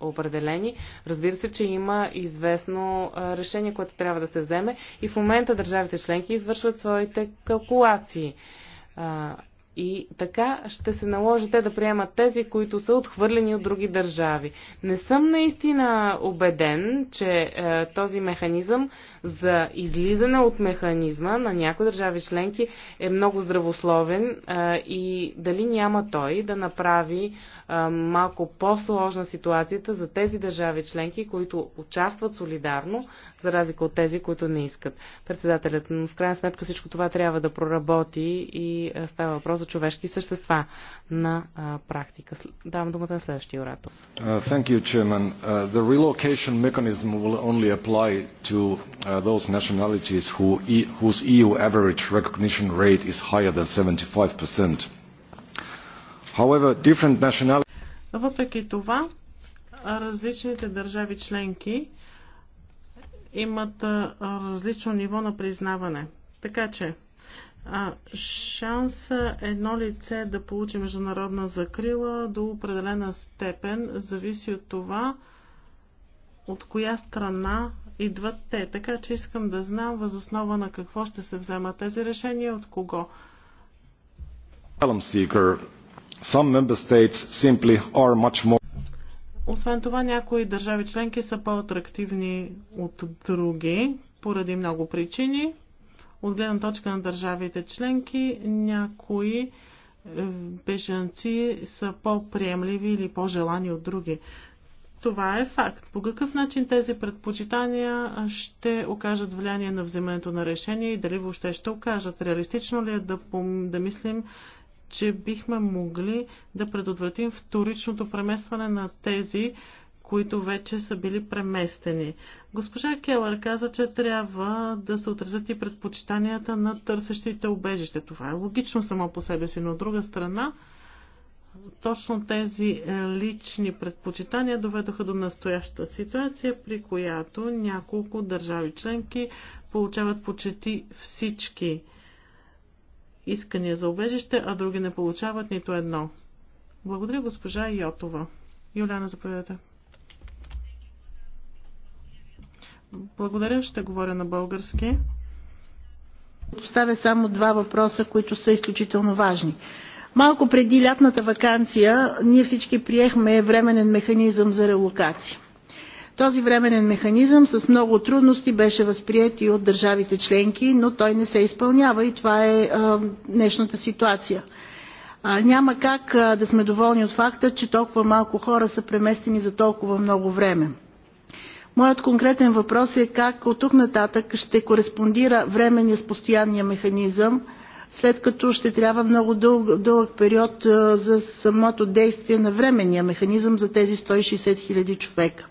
определени. Разбира се, че има известно решение, което трябва да се вземе и в момента държавите членки извършват своите калкулации. И така ще се наложи те да приемат тези, които са отхвърлени от други държави. Не съм наистина убеден, че е, този механизъм за излизане от механизма на някои държави членки е много здравословен е, и дали няма той да направи е, малко по-сложна ситуацията за тези държави членки, които участват солидарно, за разлика от тези, които не искат. Председателят, в крайна сметка всичко това трябва да проработи и е, става въпрос за човешки същества на а, практика. Давам думата на следващия оратор. Uh, However, different nationalities... Въпреки това, различните държави членки имат различно ниво на признаване. Така че, а, шанса едно лице да получи международна закрила до определена степен зависи от това от коя страна идват те. Така че искам да знам възоснова на какво ще се вземат тези решения, от кого. Освен това, някои държави членки са по-атрактивни от други, поради много причини от гледна точка на държавите членки някои е, бежанци са по-приемливи или по-желани от други. Това е факт. По какъв начин тези предпочитания ще окажат влияние на вземането на решение и дали въобще ще окажат? Реалистично ли е да, да мислим, че бихме могли да предотвратим вторичното преместване на тези, които вече са били преместени. Госпожа Келър каза, че трябва да се отразят и предпочитанията на търсещите убежище. Това е логично само по себе си, но от друга страна точно тези е, лични предпочитания доведоха до настоящата ситуация, при която няколко държави членки получават почети всички искания за убежище, а други не получават нито едно. Благодаря госпожа Йотова. Юляна, заповядайте. Благодаря, ще говоря на български. Поставя само два въпроса, които са изключително важни. Малко преди лятната вакансия ние всички приехме временен механизъм за релокация. Този временен механизъм с много трудности беше възприят и от държавите членки, но той не се изпълнява и това е а, днешната ситуация. А, няма как а, да сме доволни от факта, че толкова малко хора са преместени за толкова много време. Моят конкретен въпрос е как от тук нататък ще кореспондира временния с постоянния механизъм, след като ще трябва много дълъг, дълъг период за самото действие на временния механизъм за тези 160 хиляди човека.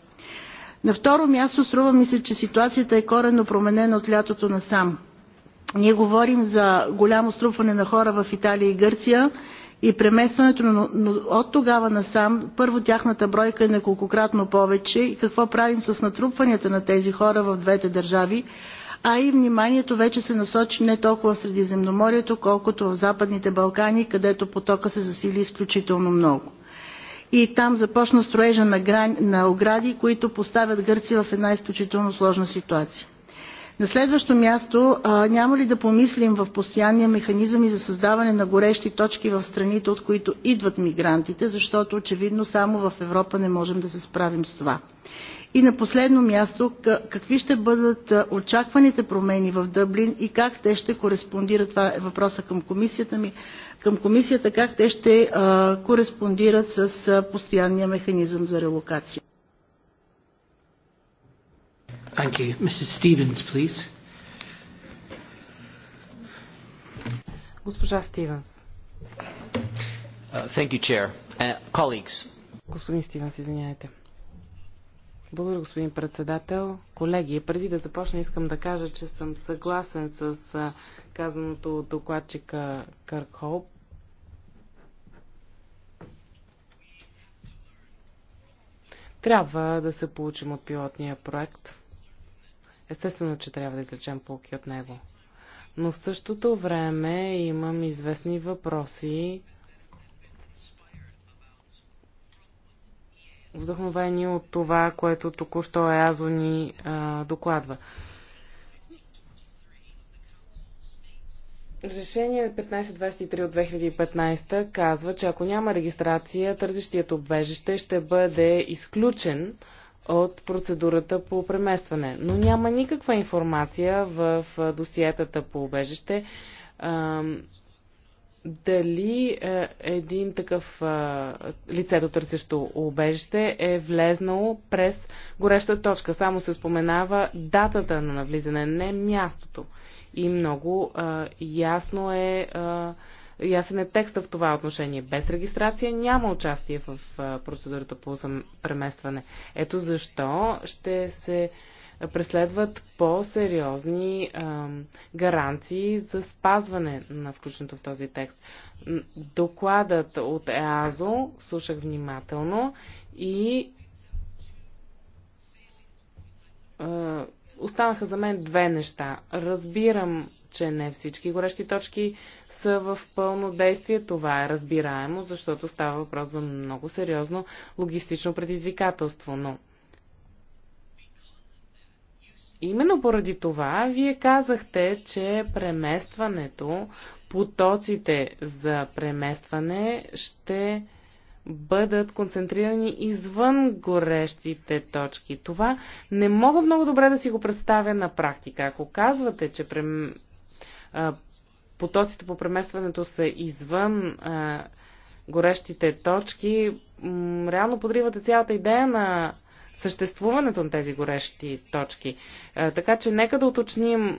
На второ място струва ми се, че ситуацията е коренно променена от лятото насам. Ние говорим за голямо струпване на хора в Италия и Гърция и преместването, но, но от тогава насам, първо тяхната бройка е неколкократно повече и какво правим с натрупванията на тези хора в двете държави, а и вниманието вече се насочи не толкова в Средиземноморието, колкото в Западните Балкани, където потока се засили изключително много. И там започна строежа на, грани, на огради, които поставят Гърция в една изключително сложна ситуация. На следващо място, няма ли да помислим в постоянния механизъм и за създаване на горещи точки в страните, от които идват мигрантите, защото очевидно само в Европа не можем да се справим с това? И на последно място, какви ще бъдат очакваните промени в Дъблин и как те ще кореспондират, това е въпроса към комисията ми, към комисията как те ще кореспондират с постоянния механизъм за релокация? Thank you. Mrs. Stevens, please. Госпожа Стивенс. Uh, thank you, Chair. Uh, colleagues. Господин Стивенс, извиняйте. Благодаря, господин председател. Колеги, преди да започна, искам да кажа, че съм съгласен с казаното от докладчика Кърк Холп. Трябва да се получим от пилотния проект. Естествено, че трябва да излечем полки от него. Но в същото време имам известни въпроси, вдъхновени от това, което току-що Еазо ни а, докладва. Решение 1523 от 2015 казва, че ако няма регистрация, търсещият обвежище ще бъде изключен от процедурата по преместване. Но няма никаква информация в досиетата по убежище дали е, един такъв лицето търсещо убежище е влезнало през гореща точка. Само се споменава датата на навлизане, не мястото. И много ясно е, е ясен е текста в това отношение. Без регистрация няма участие в процедурата по преместване. Ето защо ще се преследват по-сериозни гаранции за спазване на включеното в този текст. Докладът от ЕАЗО слушах внимателно и останаха за мен две неща. Разбирам, че не всички горещи точки са в пълно действие. Това е разбираемо, защото става въпрос за много сериозно логистично предизвикателство. Но именно поради това вие казахте, че преместването, потоците за преместване ще бъдат концентрирани извън горещите точки. Това не мога много добре да си го представя на практика. Ако казвате, че прем... потоците по преместването са извън а, горещите точки, реално подривате цялата идея на съществуването на тези горещи точки. А, така че нека да уточним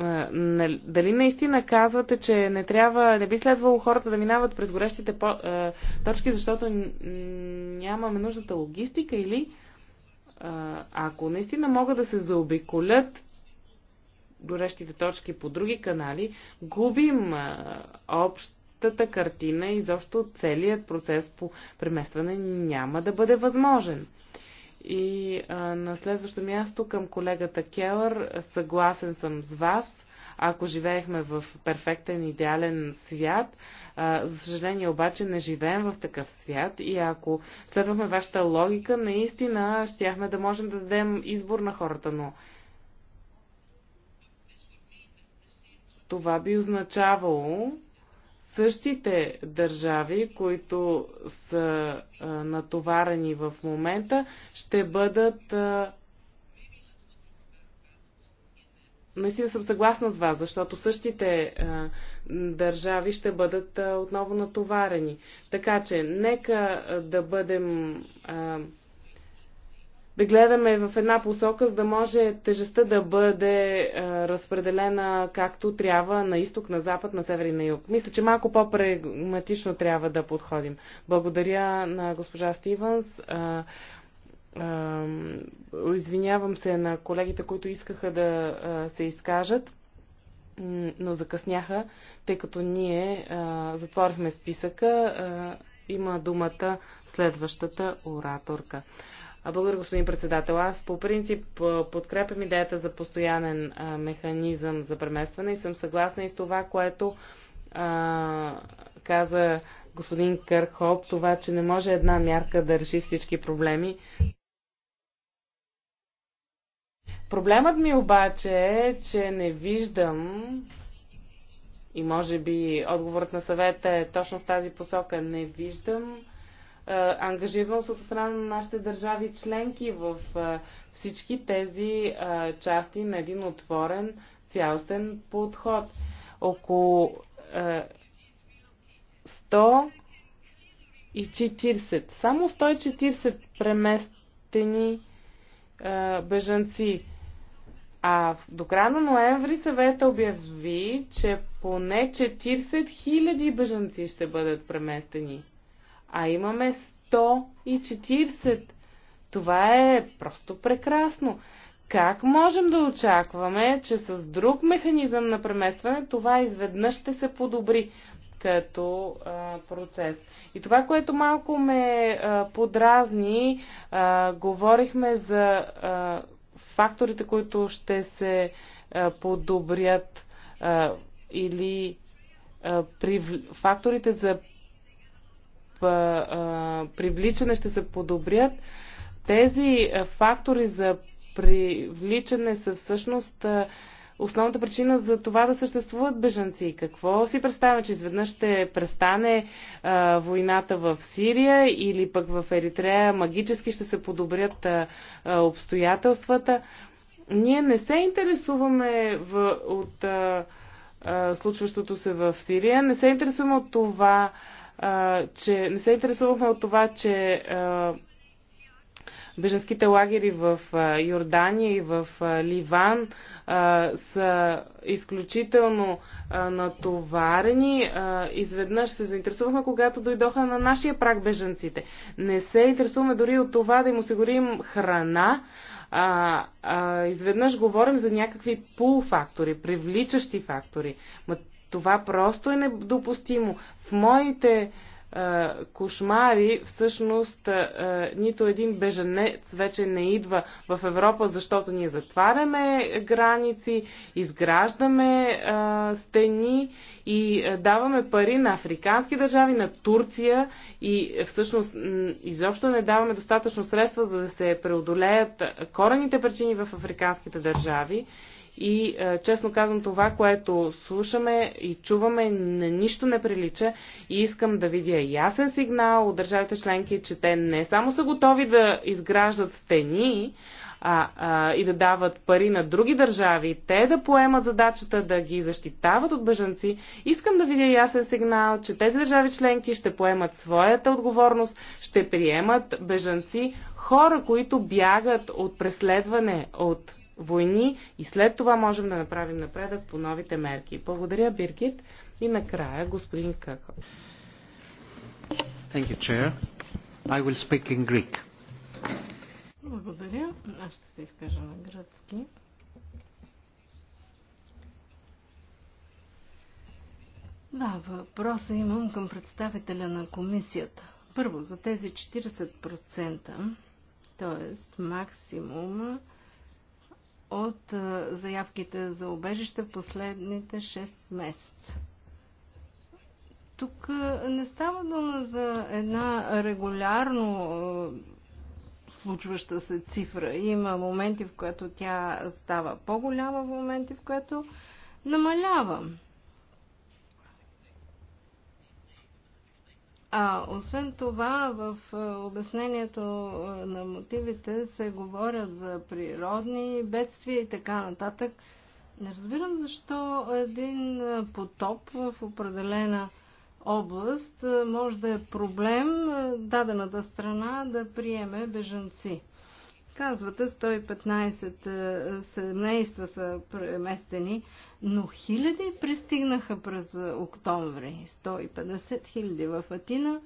е, дали наистина казвате, че не трябва, не би следвало хората да минават през горещите по, е, точки, защото нямаме нуждата логистика или е, ако наистина могат да се заобиколят горещите точки по други канали, губим е, общата картина и изобщо целият процес по преместване няма да бъде възможен. И а, на следващо място към колегата Келър, съгласен съм с вас. Ако живеехме в перфектен, идеален свят, а, за съжаление обаче не живеем в такъв свят и ако следвахме вашата логика, наистина щяхме да можем да дадем избор на хората, но това би означавало, същите държави, които са а, натоварени в момента, ще бъдат. А... Наистина съм съгласна с вас, защото същите а, държави ще бъдат а, отново натоварени. Така че, нека а, да бъдем. А, да гледаме в една посока, за да може тежестта да бъде а, е, разпределена както трябва на изток, на запад, на север и на юг. Мисля, че малко по-прагматично трябва да подходим. Благодаря на госпожа Стивенс. А, е, а, е, извинявам се на колегите, които искаха да а, се изкажат но закъсняха, тъй като ние а, затворихме списъка. А, има думата следващата ораторка. Благодаря, господин председател. Аз по принцип подкрепям идеята за постоянен механизъм за преместване и съм съгласна и с това, което а, каза господин Кърхоп, това, че не може една мярка да реши всички проблеми. Проблемът ми обаче е, че не виждам и може би отговорът на съвета е точно в тази посока. Не виждам е, ангажираност от страна на нашите държави членки в е, всички тези е, части на един отворен цялостен подход. Около 140, само 140 преместени бежанци. А до края на ноември съвета обяви, че поне 40 000 бежанци ще бъдат преместени а имаме 140. Това е просто прекрасно. Как можем да очакваме, че с друг механизъм на преместване това изведнъж ще се подобри като а, процес? И това, което малко ме а, подразни, а, говорихме за а, факторите, които ще се а, подобрят а, или а, прив... факторите за привличане ще се подобрят, тези фактори за привличане са всъщност основната причина за това да съществуват бежанци. Какво си представя, че изведнъж ще престане а, войната в Сирия или пък в Еритрея магически ще се подобрят а, а, обстоятелствата? Ние не се интересуваме в, от а, а, случващото се в Сирия, не се интересуваме от това, а, че не се интересувахме от това, че а, беженските лагери в а, Йордания и в а, Ливан а, са изключително а, натоварени. А, изведнъж се заинтересувахме, когато дойдоха на нашия прак беженците. Не се интересуваме дори от това да им осигурим храна. А, а, изведнъж говорим за някакви пул фактори, привличащи фактори. Ма това просто е недопустимо. В моите е, кошмари, всъщност, е, нито един беженец вече не идва в Европа, защото ние затваряме граници, изграждаме е, стени и даваме пари на африкански държави, на Турция и всъщност изобщо не даваме достатъчно средства, за да се преодолеят корените причини в африканските държави. И е, честно казвам, това, което слушаме и чуваме, на нищо не прилича. И искам да видя ясен сигнал от държавите членки, че те не само са готови да изграждат стени, а, а, и да дават пари на други държави, те да поемат задачата да ги защитават от бежанци, искам да видя ясен сигнал, че тези държави членки ще поемат своята отговорност, ще приемат бежанци, хора, които бягат от преследване, от войни и след това можем да направим напредък по новите мерки. Благодаря, Биргит. И накрая, господин Къкъл. Thank you, Chair. I will speak in Greek. Благодаря. Аз ще се изкажа на гръцки. Да, въпроса имам към представителя на комисията. Първо, за тези 40%, т.е. максимума, от заявките за обежище в последните 6 месеца. Тук не става дума за една регулярно случваща се цифра. Има моменти, в които тя става по-голяма, в моменти, в които намалява. А освен това, в обяснението на мотивите се говорят за природни бедствия и така нататък. Не разбирам защо един потоп в определена област може да е проблем дадената страна да приеме бежанци. Казвате, 115 е, семейства са преместени, но хиляди пристигнаха през октомври. 150 хиляди в Атина.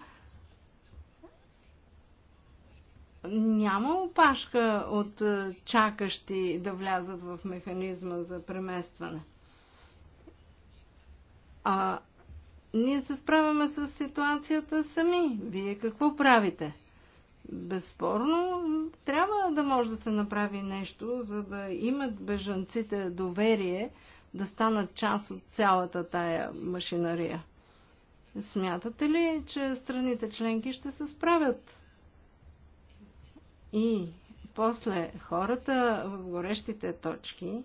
Няма опашка от е, чакащи да влязат в механизма за преместване. А ние се справяме с ситуацията сами. Вие какво правите? Безспорно, трябва да може да се направи нещо, за да имат бежанците доверие да станат част от цялата тая машинария. Смятате ли, че страните членки ще се справят? И после хората в горещите точки,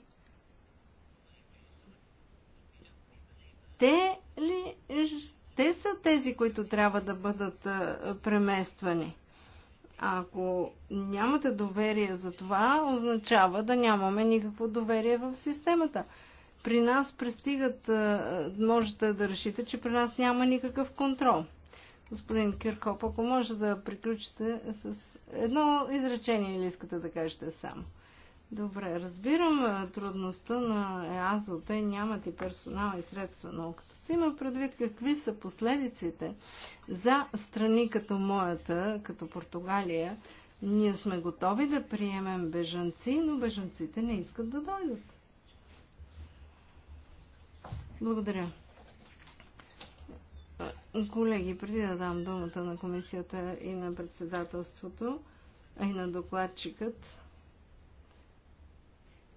те ли те са тези, които трябва да бъдат премествани? А ако нямате доверие за това, означава да нямаме никакво доверие в системата. При нас пристигат, можете да решите, че при нас няма никакъв контрол. Господин Киркоп, ако може да приключите с едно изречение или искате да кажете само. Добре, разбирам е, трудността на ЕАЗО. Те нямат и персонал и средства, но като се има предвид какви са последиците за страни като моята, като Португалия, ние сме готови да приемем бежанци, но бежанците не искат да дойдат. Благодаря. Колеги, преди да дам думата на комисията и на председателството, а и на докладчикът,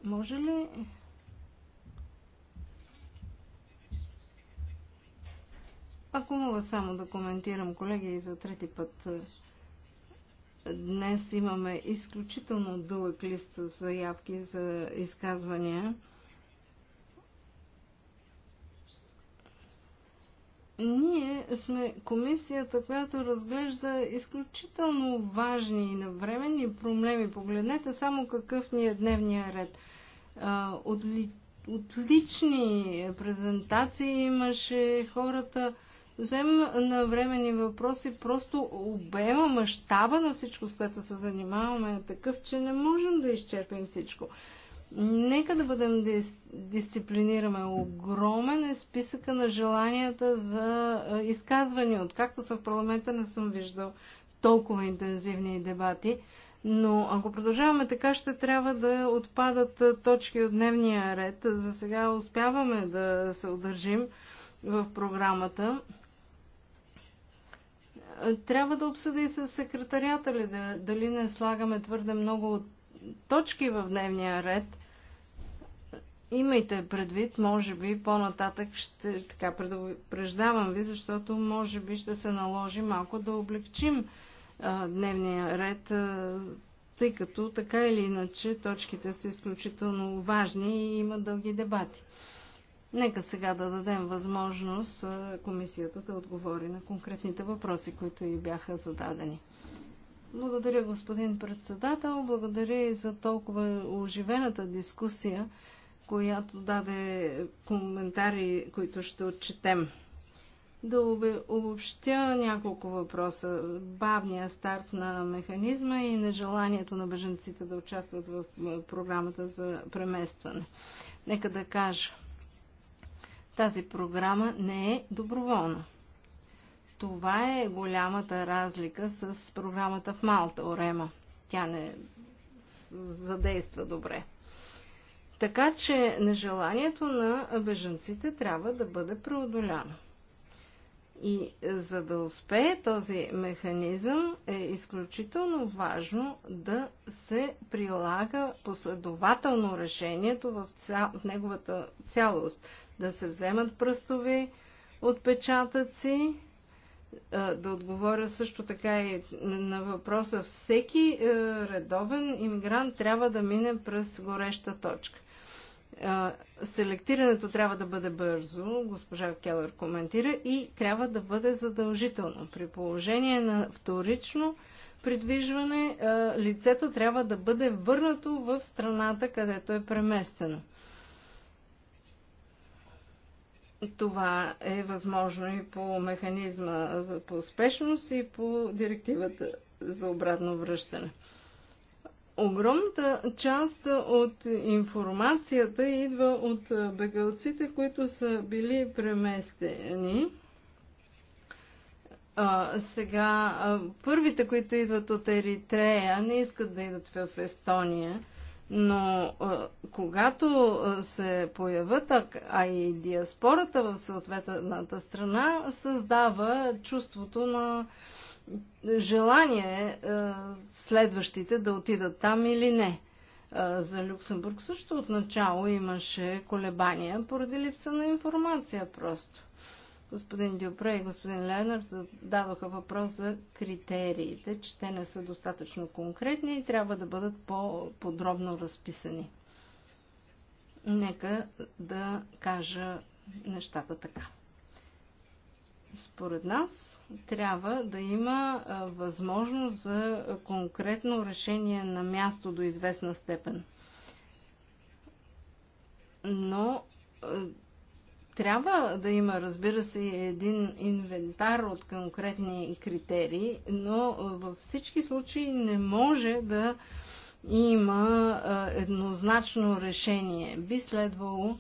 може ли Ако мога само да коментирам, колеги, и за трети път. Е, днес имаме изключително дълъг лист с заявки за изказвания. Ние сме комисията, която разглежда изключително важни и навременни проблеми. Погледнете само какъв ни е дневния ред – Отли, отлични презентации имаше хората. Взема на времени въпроси просто обема, мащаба на всичко, с което се занимаваме е такъв, че не можем да изчерпим всичко. Нека да бъдем дис, дисциплинираме. Огромен е списъка на желанията за изказвания. Откакто съм в парламента не съм виждал толкова интензивни дебати. Но ако продължаваме така, ще трябва да отпадат точки от дневния ред. За сега успяваме да се удържим в програмата. Трябва да обсъди с секретарията ли, дали не слагаме твърде много точки в дневния ред. Имайте предвид, може би по-нататък ще така предупреждавам ви, защото може би ще се наложи малко да облегчим дневния ред, тъй като така или иначе точките са изключително важни и има дълги дебати. Нека сега да дадем възможност комисията да отговори на конкретните въпроси, които и бяха зададени. Благодаря, господин председател. Благодаря и за толкова оживената дискусия, която даде коментари, които ще отчетем да обобщя няколко въпроса. Бавния старт на механизма и нежеланието на беженците да участват в е, програмата за преместване. Нека да кажа, тази програма не е доброволна. Това е голямата разлика с програмата в Малта, Орема. Тя не задейства добре. Така че нежеланието на беженците трябва да бъде преодоляно. И е, за да успее този механизъм е изключително важно да се прилага последователно решението в, ця... в неговата цялост. Да се вземат пръстови отпечатъци, е, да отговоря също така и на въпроса. Всеки е, редовен иммигрант трябва да мине през гореща точка. Селектирането трябва да бъде бързо, госпожа Келър коментира, и трябва да бъде задължително. При положение на вторично придвижване, лицето трябва да бъде върнато в страната, където е преместено. Това е възможно и по механизма за по успешност и по директивата за обратно връщане огромната част от информацията идва от бегалците, които са били преместени. А, сега, първите, които идват от Еритрея, не искат да идат в Естония, но а, когато се появят, а, а и диаспората в съответната страна, създава чувството на а, желание е, следващите да отидат там или не. Е, за Люксембург също отначало имаше колебания поради липса на информация просто. Господин Дюпре и господин Ленар дадоха въпрос за критериите, че те не са достатъчно конкретни и трябва да бъдат по-подробно разписани. Нека да кажа нещата така. Според нас трябва да има възможност за конкретно решение на място до известна степен. Но трябва да има, разбира се, един инвентар от конкретни критерии, но във всички случаи не може да има еднозначно решение. Би следвало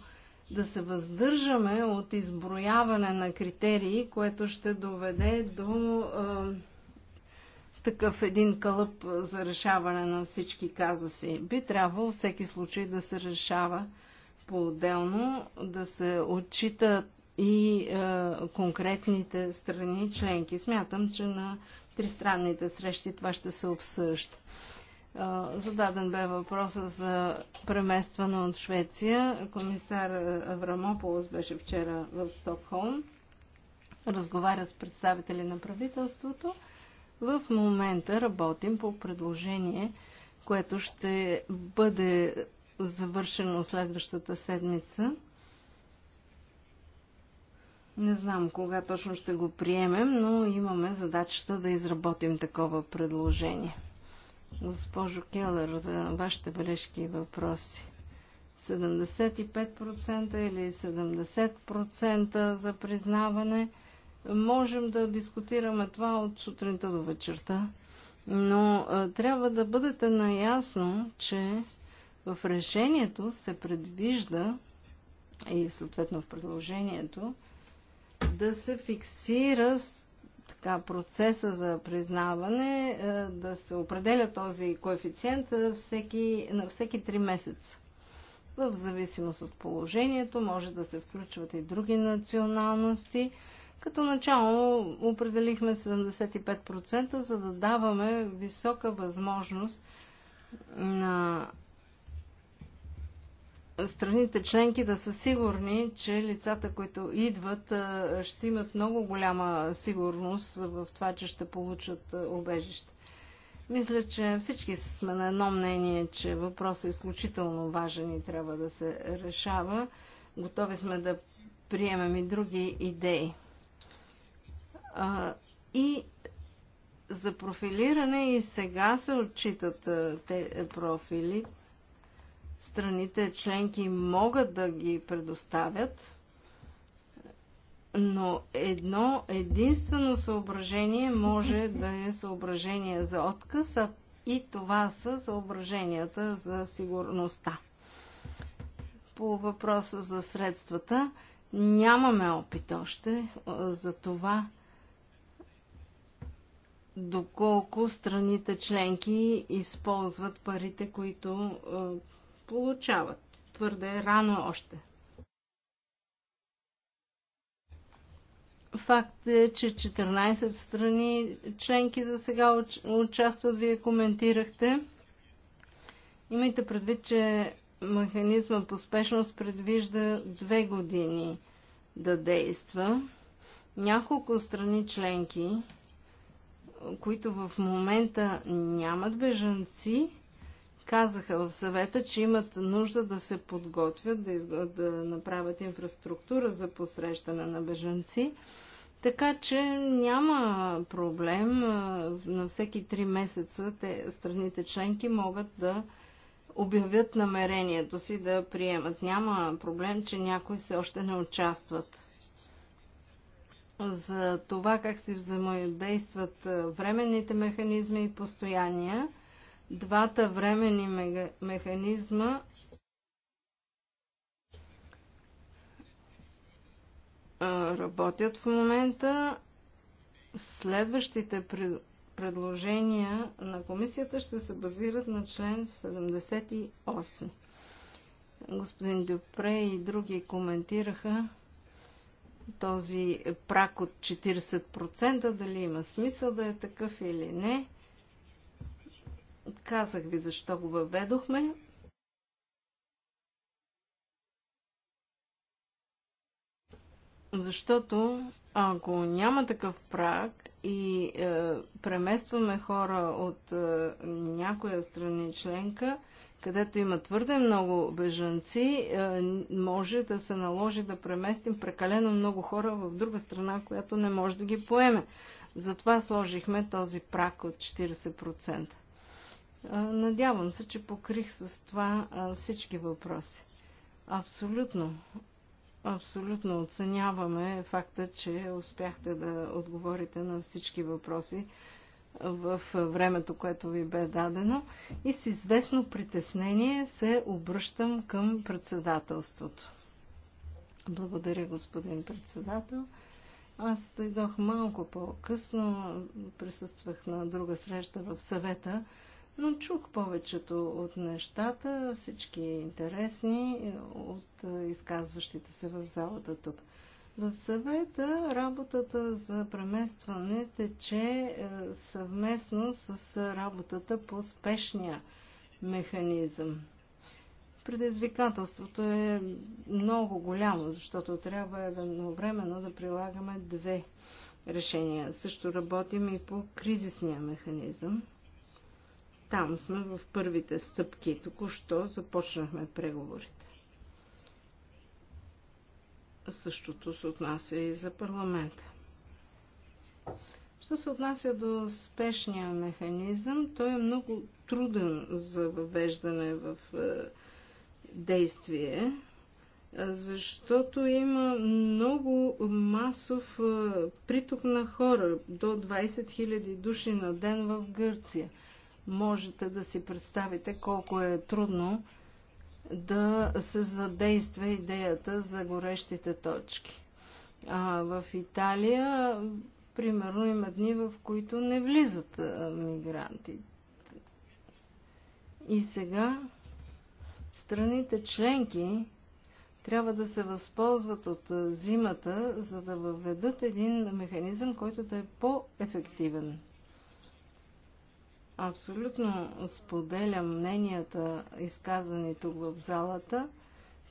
да се въздържаме от изброяване на критерии, което ще доведе до е, такъв един кълъп за решаване на всички казуси. Би трябвало всеки случай да се решава по-отделно, да се отчитат и е, конкретните страни членки. Смятам, че на тристранните срещи това ще се обсъжда. Зададен бе въпроса за преместване от Швеция. Комисар Аврамополос беше вчера в Стокхолм. Разговаря с представители на правителството. В момента работим по предложение, което ще бъде завършено следващата седмица. Не знам кога точно ще го приемем, но имаме задачата да изработим такова предложение госпожо Келър, за вашите бележки и въпроси. 75% или 70% за признаване. Можем да дискутираме това от сутринта до вечерта, но трябва да бъдете наясно, че в решението се предвижда и съответно в предложението да се фиксира така, процеса за признаване, е, да се определя този коефициент е, всеки, на всеки 3 месеца. В зависимост от положението може да се включват и други националности. Като начало определихме 75%, за да даваме висока възможност на страните членки да са сигурни, че лицата, които идват, ще имат много голяма сигурност в това, че ще получат убежище. Мисля, че всички сме на едно мнение, че въпросът е изключително важен и трябва да се решава. Готови сме да приемем и други идеи. А, и за профилиране и сега се отчитат те профили страните членки могат да ги предоставят, но едно единствено съображение може да е съображение за отказ, а и това са съображенията за сигурността. По въпроса за средствата нямаме опит още за това доколко страните членки използват парите, които получават. Твърде е рано още. Факт е, че 14 страни членки за сега участват, вие коментирахте. Имайте предвид, че механизма по спешност предвижда две години да действа. Няколко страни членки, които в момента нямат бежанци, казаха в съвета, че имат нужда да се подготвят, да, изго... да направят инфраструктура за посрещане на бежанци. Така че няма проблем. На всеки три месеца те, страните членки могат да обявят намерението си да приемат. Няма проблем, че някои все още не участват. За това как си взаимодействат временните механизми и постояния двата времени механизма работят в момента. Следващите предложения на комисията ще се базират на член 78. Господин Дюпре и други коментираха този прак от 40%, дали има смисъл да е такъв или не. Казах ви защо го въведохме. Защото ако няма такъв прак и е, преместваме хора от е, някоя страни членка, където има твърде много бежанци, е, може да се наложи да преместим прекалено много хора в друга страна, която не може да ги поеме. Затова сложихме този прак от 40%. Надявам се, че покрих с това всички въпроси. Абсолютно. Абсолютно оценяваме факта, че успяхте да отговорите на всички въпроси в времето, което ви бе дадено. И с известно притеснение се обръщам към председателството. Благодаря, господин председател. Аз дойдох малко по-късно, присъствах на друга среща в съвета но чух повечето от нещата, всички интересни от изказващите се в залата тук. В съвета работата за преместване тече е, съвместно с работата по спешния механизъм. Предизвикателството е много голямо, защото трябва едновременно да прилагаме две решения. Също работим и по кризисния механизъм. Там сме в първите стъпки. Току-що започнахме преговорите. Същото се отнася и за парламента. Що се отнася до спешния механизъм, той е много труден за въвеждане в е, действие, защото има много масов е, приток на хора, до 20 000 души на ден в Гърция – Можете да си представите колко е трудно да се задейства идеята за горещите точки. А в Италия, примерно, има дни, в които не влизат мигранти. И сега страните членки трябва да се възползват от зимата, за да въведат един механизъм, който да е по-ефективен. Абсолютно споделям мненията, изказани тук в залата,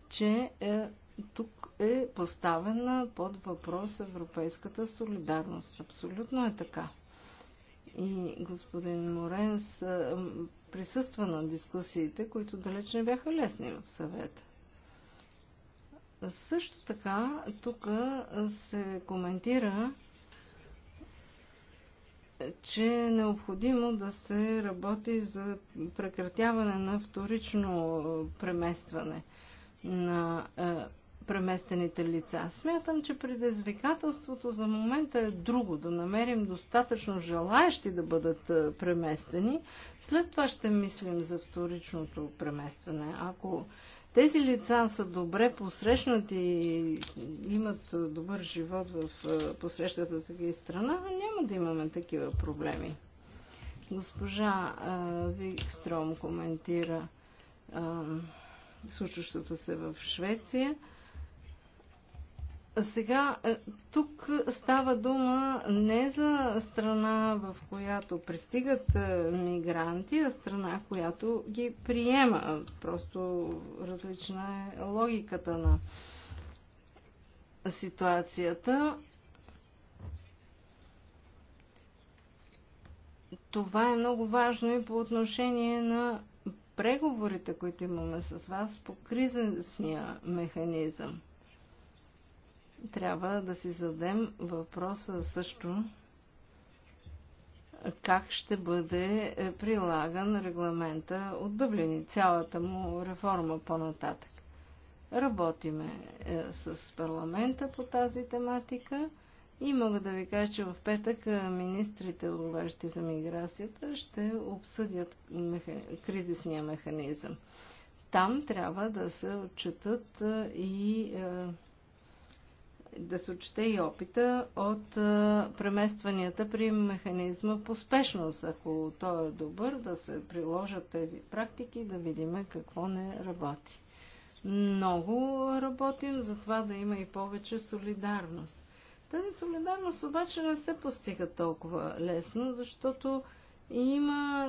че е, тук е поставена под въпрос европейската солидарност. Абсолютно е така. И господин Моренс е, присъства на дискусиите, които далеч не бяха лесни в съвета. Също така, тук се коментира че е необходимо да се работи за прекратяване на вторично е, преместване на е, преместените лица. Смятам, че предизвикателството за момента е друго да намерим достатъчно желаящи да бъдат е, преместени. След това ще мислим за вторичното преместване. Ако тези лица са добре посрещнати и имат добър живот в посрещата и страна, няма да имаме такива проблеми. Госпожа Викстром коментира случващото се в Швеция. Сега е, тук става дума не за страна, в която пристигат е, мигранти, а страна, която ги приема. Просто различна е логиката на ситуацията. Това е много важно и по отношение на преговорите, които имаме с вас по кризисния механизъм трябва да си зададем въпроса също как ще бъде е, прилаган регламента от Дъблини, цялата му реформа по-нататък. Работиме е, с парламента по тази тематика и мога да ви кажа, че в петък е, министрите, отговарящи за миграцията, ще обсъдят меха... кризисния механизъм. Там трябва да се отчитат и да се отчете и опита от преместванията при механизма по спешност. Ако той е добър, да се приложат тези практики, да видим какво не работи. Много работим за това да има и повече солидарност. Тази солидарност обаче не се постига толкова лесно, защото има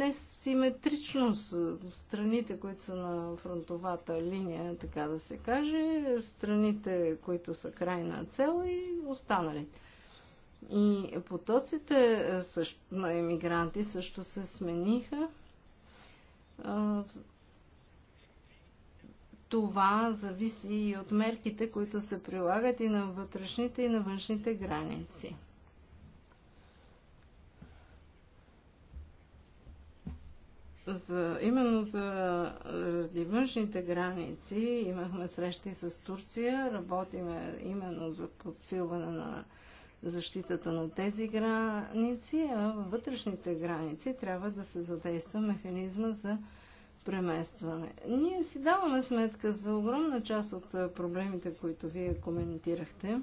несиметричност в страните, които са на фронтовата линия, така да се каже, страните, които са крайна цел и останалите. И потоците също, на емигранти също се смениха. Това зависи и от мерките, които се прилагат и на вътрешните, и на външните граници. за, именно за е, външните граници имахме срещи с Турция, работиме именно за подсилване на защитата на тези граници, а във вътрешните граници трябва да се задейства механизма за преместване. Ние си даваме сметка за огромна част от е, проблемите, които вие коментирахте.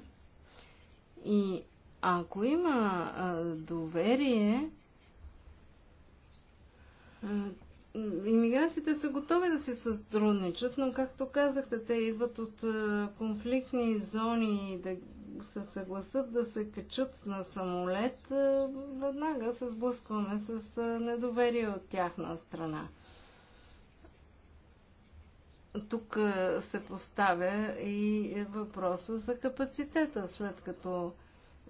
И ако има е, доверие, Имигрантите са готови да си сътрудничат, но както казахте, те идват от конфликтни зони и да се съгласат да се качат на самолет, веднага се сблъскваме с недоверие от тяхна страна. Тук се поставя и въпроса за капацитета, след като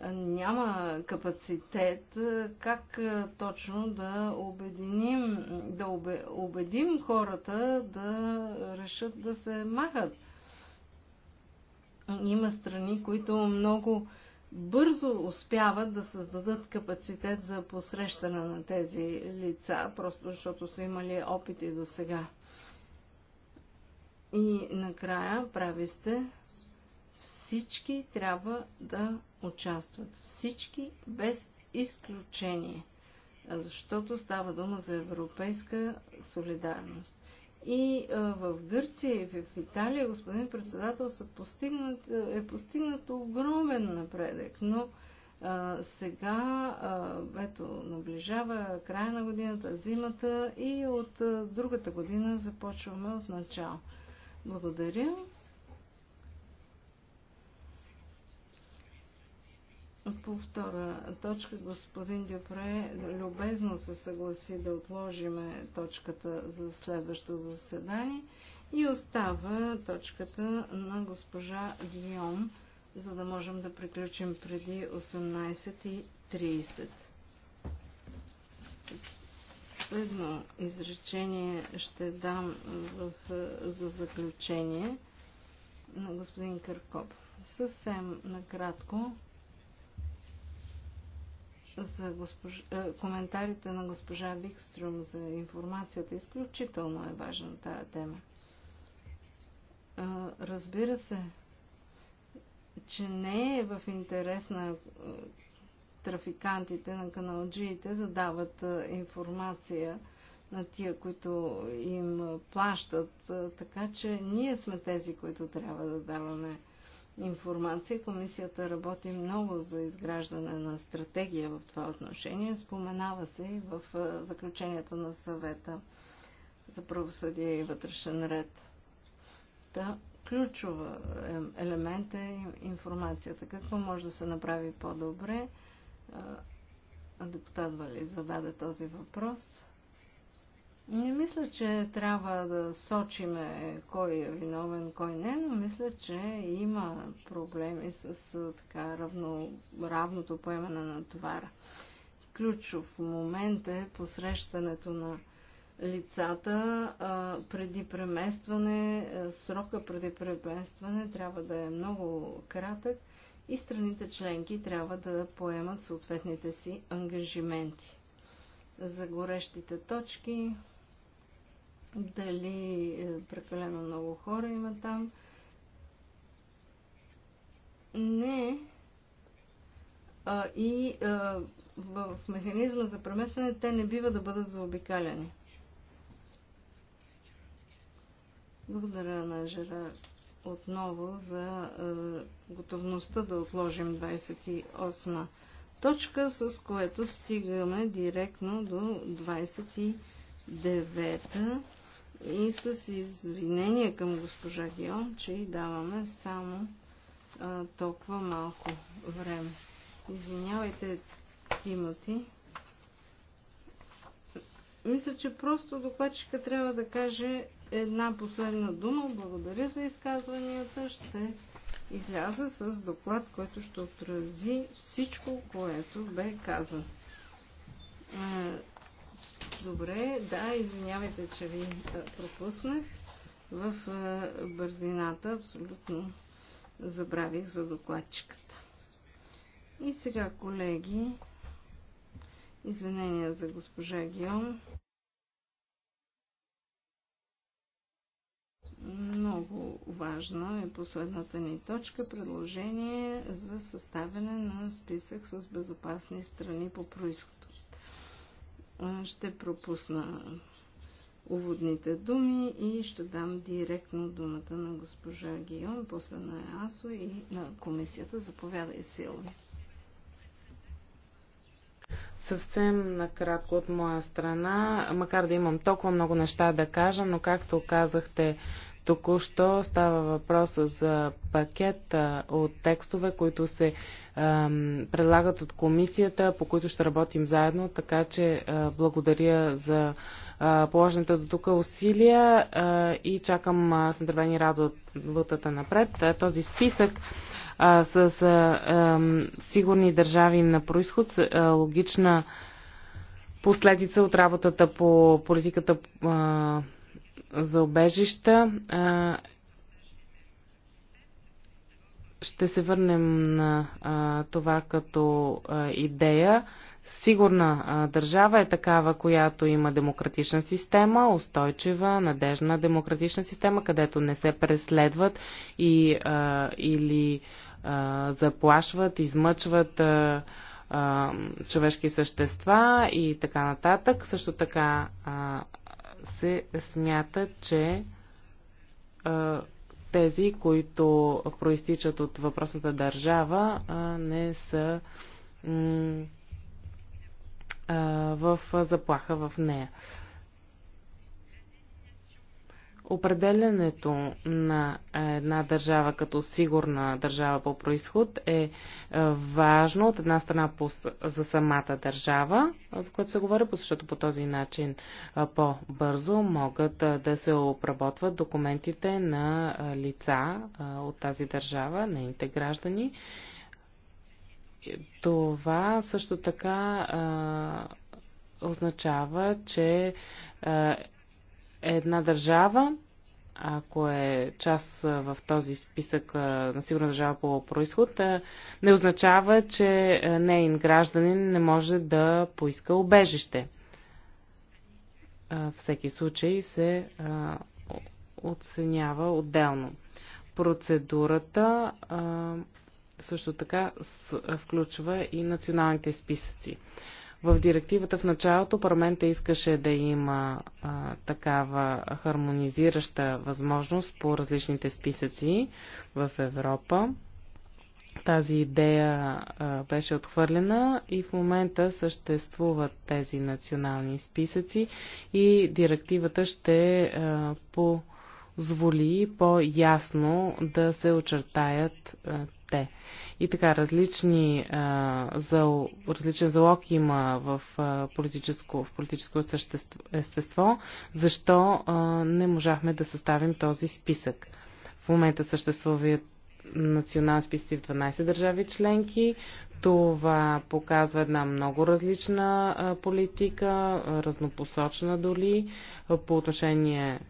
няма капацитет, как точно да обединим, да обе, убедим хората да решат да се махат. Има страни, които много бързо успяват да създадат капацитет за посрещане на тези лица, просто защото са имали опити до сега. И накрая прави сте, всички трябва да участват. Всички без изключение. Защото става дума за европейска солидарност. И в Гърция и в Италия, господин председател, са постигнат, е постигнат огромен напредък, но а, сега, а, ето, наближава края на годината, зимата и от а, другата година започваме от начало. Благодаря. По втора точка господин Дюпре любезно се съгласи да отложиме точката за следващо заседание и остава точката на госпожа Гион, за да можем да приключим преди 18.30. Последно изречение ще дам в, за заключение на господин Кърков. Съвсем накратко за госпож... Е, коментарите на госпожа Бикстрюм за информацията. Изключително е важна тая тема. Е, разбира се, че не е в интерес на е, трафикантите, на каналджиите да дават информация на тия, които им плащат. Така че ние сме тези, които трябва да даваме информация. Комисията работи много за изграждане на стратегия в това отношение. Споменава се и в заключенията на съвета за правосъдие и вътрешен ред. Та ключова е, елемент е информацията. Какво може да се направи по-добре? Депутат Вали зададе този въпрос. Не мисля, че трябва да сочиме кой е виновен, кой не, но мисля, че има проблеми с така равно, равното поемане на товара. Ключов момент е посрещането на лицата а, преди преместване, а, срока преди преместване трябва да е много кратък и страните членки трябва да поемат съответните си ангажименти. За горещите точки дали е, прекалено много хора има там. Не. А, и а, е, в механизма за преместване те не бива да бъдат заобикаляни. Благодаря на Жера отново за е, готовността да отложим 28 точка, с което стигаме директно до 29. -та. И с извинение към госпожа Дион, че й даваме само а, толкова малко време. Извинявайте, Тимоти. Мисля, че просто докладчика трябва да каже една последна дума. Благодаря за изказванията. Ще изляза с доклад, който ще отрази всичко, което бе казано. Е, Добре, да, извинявайте, че ви пропуснах. В бързината абсолютно забравих за докладчиката. И сега, колеги, извинения за госпожа Гион. много важна е последната ни точка предложение за съставяне на списък с безопасни страни по происход ще пропусна уводните думи и ще дам директно думата на госпожа Гион, после на ЕАСО и на комисията. Заповядай, Силви. Съвсем накратко от моя страна, макар да имам толкова много неща да кажа, но както казахте Току-що става въпрос за пакет от текстове, които се предлагат от комисията, по които ще работим заедно, така че благодаря за е, положените до тук усилия и чакам е, с нетърпение работата напред. този списък а, с а, сигурни държави на происход, а, логична последица от работата по политиката а, за обежища. Ще се върнем на това като идея. Сигурна държава е такава, която има демократична система, устойчива, надежна демократична система, където не се преследват и, а, или а, заплашват, измъчват а, а, човешки същества и така нататък. Също така а, се смята, че а, тези, които проистичат от въпросната държава, а, не са в заплаха в нея. Определенето на една държава като сигурна държава по происход е, е важно от една страна за самата държава, за която се говори, защото по този начин е, по-бързо могат е, да се обработват документите на лица от тази държава, нейните граждани. Това също така означава, че Една държава, ако е част в този списък на сигурна държава по происход, не означава, че нейн гражданин не може да поиска обежище. Всеки случай се оценява отделно. Процедурата също така включва и националните списъци. В директивата в началото парламента искаше да има а, такава хармонизираща възможност по различните списъци в Европа. Тази идея а, беше отхвърлена и в момента съществуват тези национални списъци и директивата ще а, позволи по-ясно да се очертаят а, те и така различни, а, зал, различен залог има в, а, политическо, в политическо естество, защо а, не можахме да съставим този списък. В момента съществуват национални списъци в 12 държави членки. Това показва една много различна политика, разнопосочна доли по отношение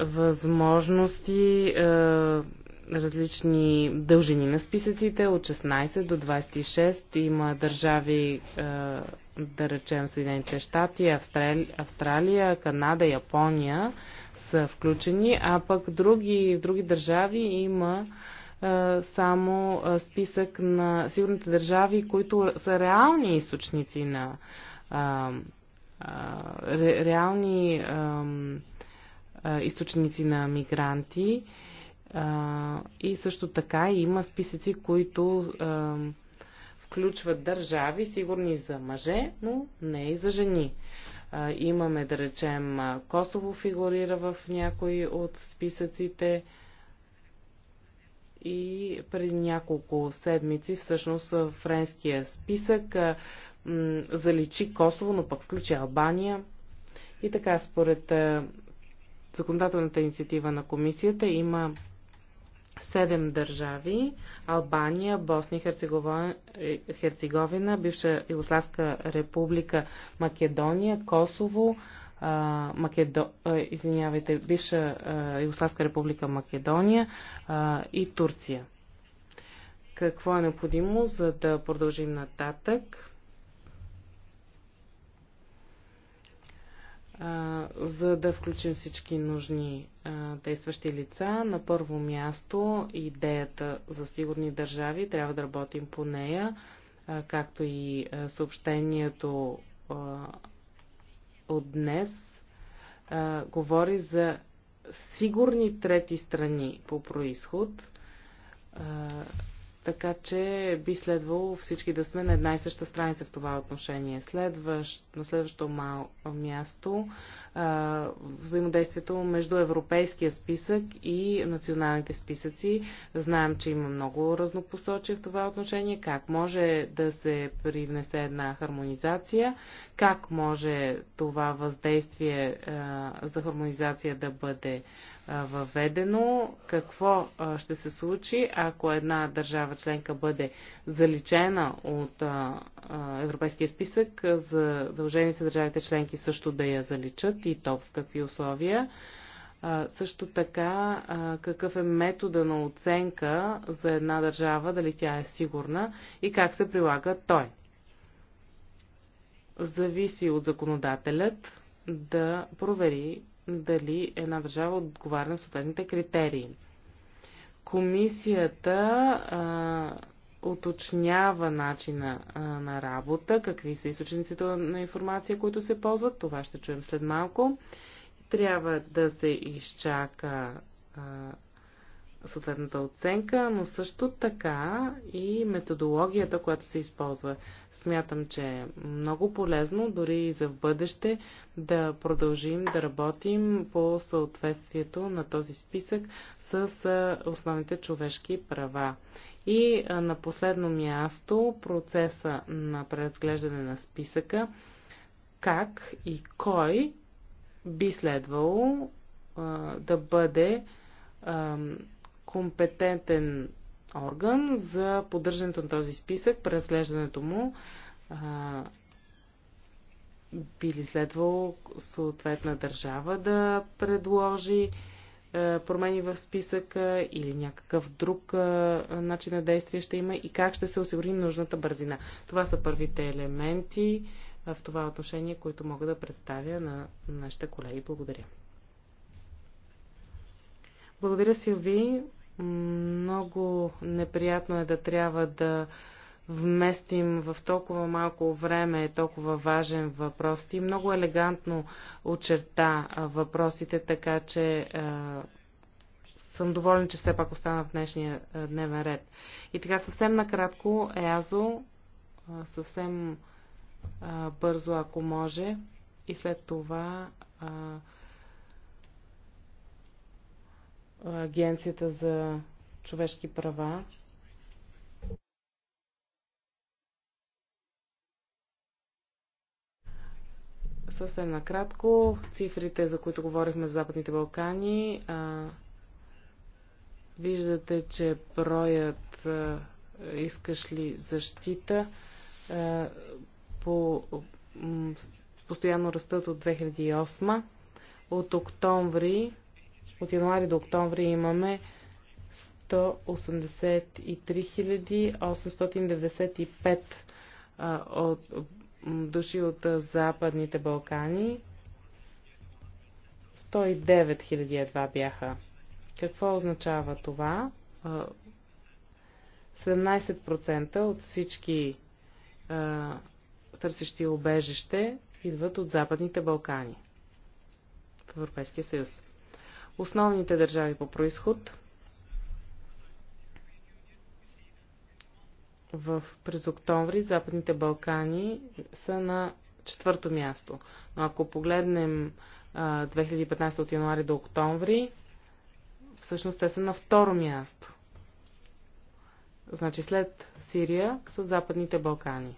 възможности, различни дължини на списъците от 16 до 26. Има държави, да речем Съединените щати, Австрали... Австралия, Канада, Япония са включени, а пък други, в други държави има само списък на сигурните държави, които са реални източници на ре, реални източници на мигранти. И също така има списъци, които включват държави, сигурни за мъже, но не и за жени. Имаме, да речем, Косово фигурира в някои от списъците и преди няколко седмици всъщност френския списък заличи Косово, но пък включи Албания. И така, според законодателната инициатива на комисията има седем държави Албания, Босния и е, Херцеговина, бивша Югославска република Македония, Косово, а, Македо... извинявайте, бивша Югославска република Македония а, и Турция. Какво е необходимо, за да продължим нататък? за да включим всички нужни действащи лица. На първо място идеята за сигурни държави, трябва да работим по нея, както и съобщението от днес говори за сигурни трети страни по происход така че би следвало всички да сме на една и съща страница в това отношение. Следващ, на следващо мал, място а, взаимодействието между европейския списък и националните списъци. Знаем, че има много разнопосочие в това отношение. Как може да се привнесе една хармонизация? Как може това въздействие а, за хармонизация да бъде въведено, какво ще се случи, ако една държава членка бъде заличена от европейския списък, задължени са държавите членки също да я заличат и то в какви условия. Също така, какъв е метода на оценка за една държава, дали тя е сигурна и как се прилага той. Зависи от законодателят да провери дали една държава отговаря на съответните критерии. Комисията а, уточнява начина а, на работа, какви са източниците на информация, които се ползват. Това ще чуем след малко. Трябва да се изчака а, съответната оценка, но също така и методологията, която се използва. Смятам, че е много полезно, дори и за в бъдеще, да продължим да работим по съответствието на този списък с основните човешки права. И на последно място процеса на преразглеждане на списъка, как и кой би следвало да бъде компетентен орган за поддържането на този списък, преразглеждането му, би ли следвало съответна държава да предложи промени в списъка или някакъв друг начин на действие ще има и как ще се осигури нужната бързина. Това са първите елементи в това отношение, които мога да представя на нашите колеги. Благодаря. Благодаря, Силви. Много неприятно е да трябва да вместим в толкова малко време толкова важен въпрос. Ти много елегантно очерта въпросите, така че е, съм доволен, че все пак остана в днешния е, дневен ред. И така съвсем накратко, ЕАЗО, е, съвсем е, бързо, ако може, и след това. Е, Агенцията за човешки права. Съвсем накратко, цифрите, за които говорихме за Западните Балкани, а, виждате, че броят а, искаш ли защита а, по, постоянно растат от 2008. От октомври от януари до октомври имаме 183 895 от, души от Западните Балкани. 109 000 едва бяха. Какво означава това? 17% от всички търсещи обежище идват от Западните Балкани в Европейския съюз основните държави по происход. В, през октомври Западните Балкани са на четвърто място. Но ако погледнем 2015 от януари до октомври, всъщност те са на второ място. Значи след Сирия са Западните Балкани.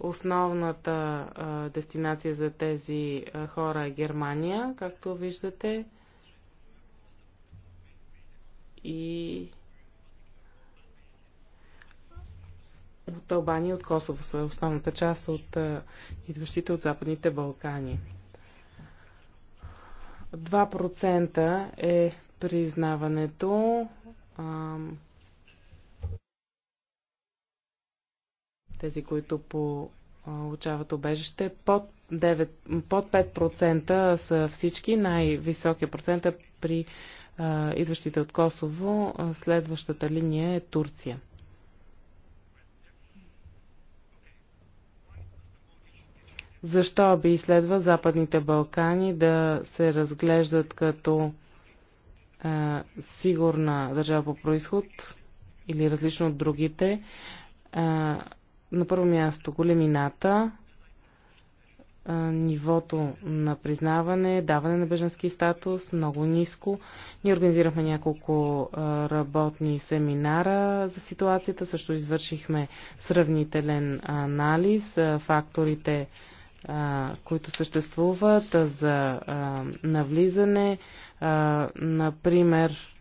Основната а, дестинация за тези а, хора е Германия, както виждате и от Албания и от Косово са основната част от идващите от Западните Балкани. 2% е признаването. Тези, които получават обежище, под, 9, под 5% са всички. Най-високия процент е при идващите от Косово, следващата линия е Турция. Защо би следва Западните Балкани да се разглеждат като а, сигурна държава по происход или различно от другите? А, на първо място големината, нивото на признаване, даване на беженски статус много ниско. Ние организирахме няколко работни семинара за ситуацията, също извършихме сравнителен анализ, факторите, които съществуват за навлизане. например,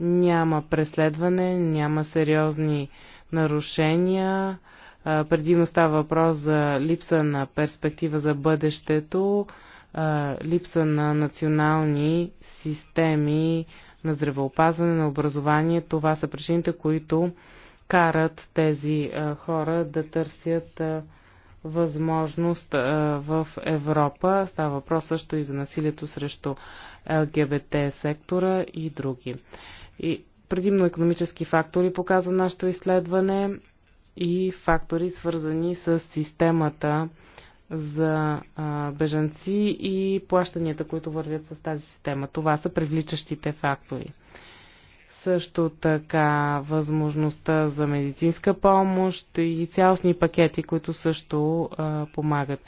няма преследване, няма сериозни нарушения. Предимно става въпрос за липса на перспектива за бъдещето, липса на национални системи на здравеопазване, на образование. Това са причините, които карат тези хора да търсят възможност в Европа. Става въпрос също и за насилието срещу ЛГБТ сектора и други. И предимно економически фактори показва нашето изследване и фактори, свързани с системата за а, бежанци и плащанията, които вървят с тази система. Това са привличащите фактори. Също така възможността за медицинска помощ и цялостни пакети, които също а, помагат.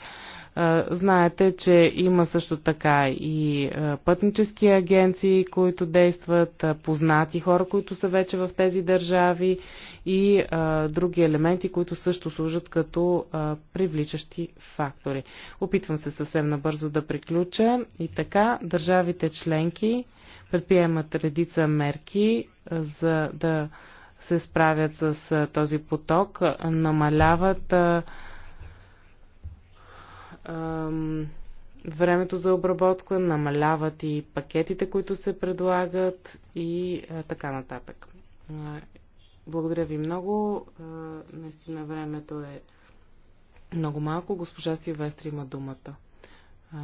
Знаете, че има също така и пътнически агенции, които действат, познати хора, които са вече в тези държави и други елементи, които също служат като привличащи фактори. Опитвам се съвсем набързо да приключа. И така, държавите членки предприемат редица мерки за да се справят с този поток, намаляват ам, времето за обработка, намаляват и пакетите, които се предлагат и а, така нататък. А, благодаря ви много. А, наистина времето е много малко. Госпожа Силвестри има думата. А,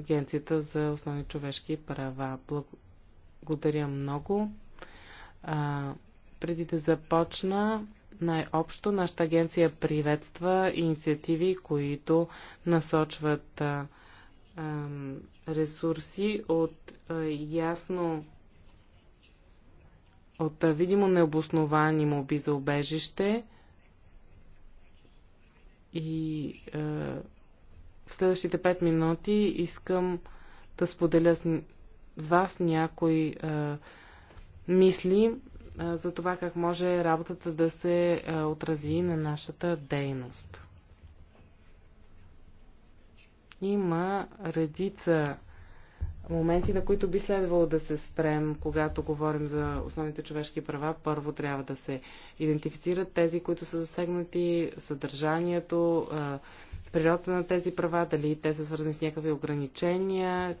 Агенцията за основни човешки права. Благодаря много. А, преди да започна, най-общо нашата агенция приветства инициативи, които насочват а, а, ресурси от а, ясно от а, видимо необосновани моби за обежище и а, в следващите 5 минути искам да споделя с, с вас някои а, мисли за това как може работата да се отрази на нашата дейност. Има редица моменти, на които би следвало да се спрем, когато говорим за основните човешки права. Първо трябва да се идентифицират тези, които са засегнати, съдържанието, природата на тези права, дали те са свързани с някакви ограничения,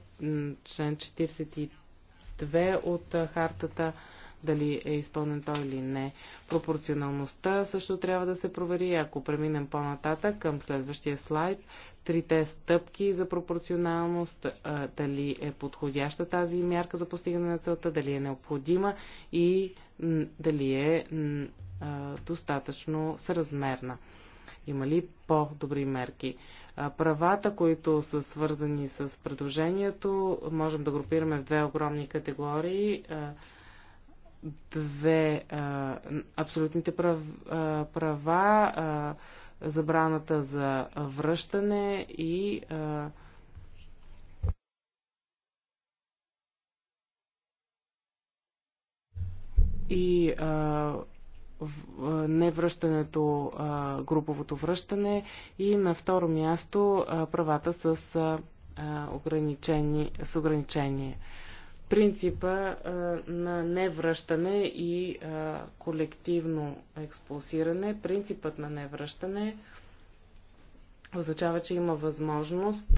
член 42 от хартата дали е изпълнен той или не. Пропорционалността също трябва да се провери. Ако преминем по-нататък към следващия слайд, трите стъпки за пропорционалност, дали е подходяща тази мярка за постигане на целта, дали е необходима и дали е достатъчно съразмерна. Има ли по-добри мерки? Правата, които са свързани с предложението, можем да групираме в две огромни категории две а, абсолютните прав, а, права, а, забраната за връщане и а, и а, невръщането, а, груповото връщане и на второ място а, правата с а, ограничени, с ограничение принципа а, на невръщане и а, колективно експулсиране. Принципът на невръщане означава, че има възможност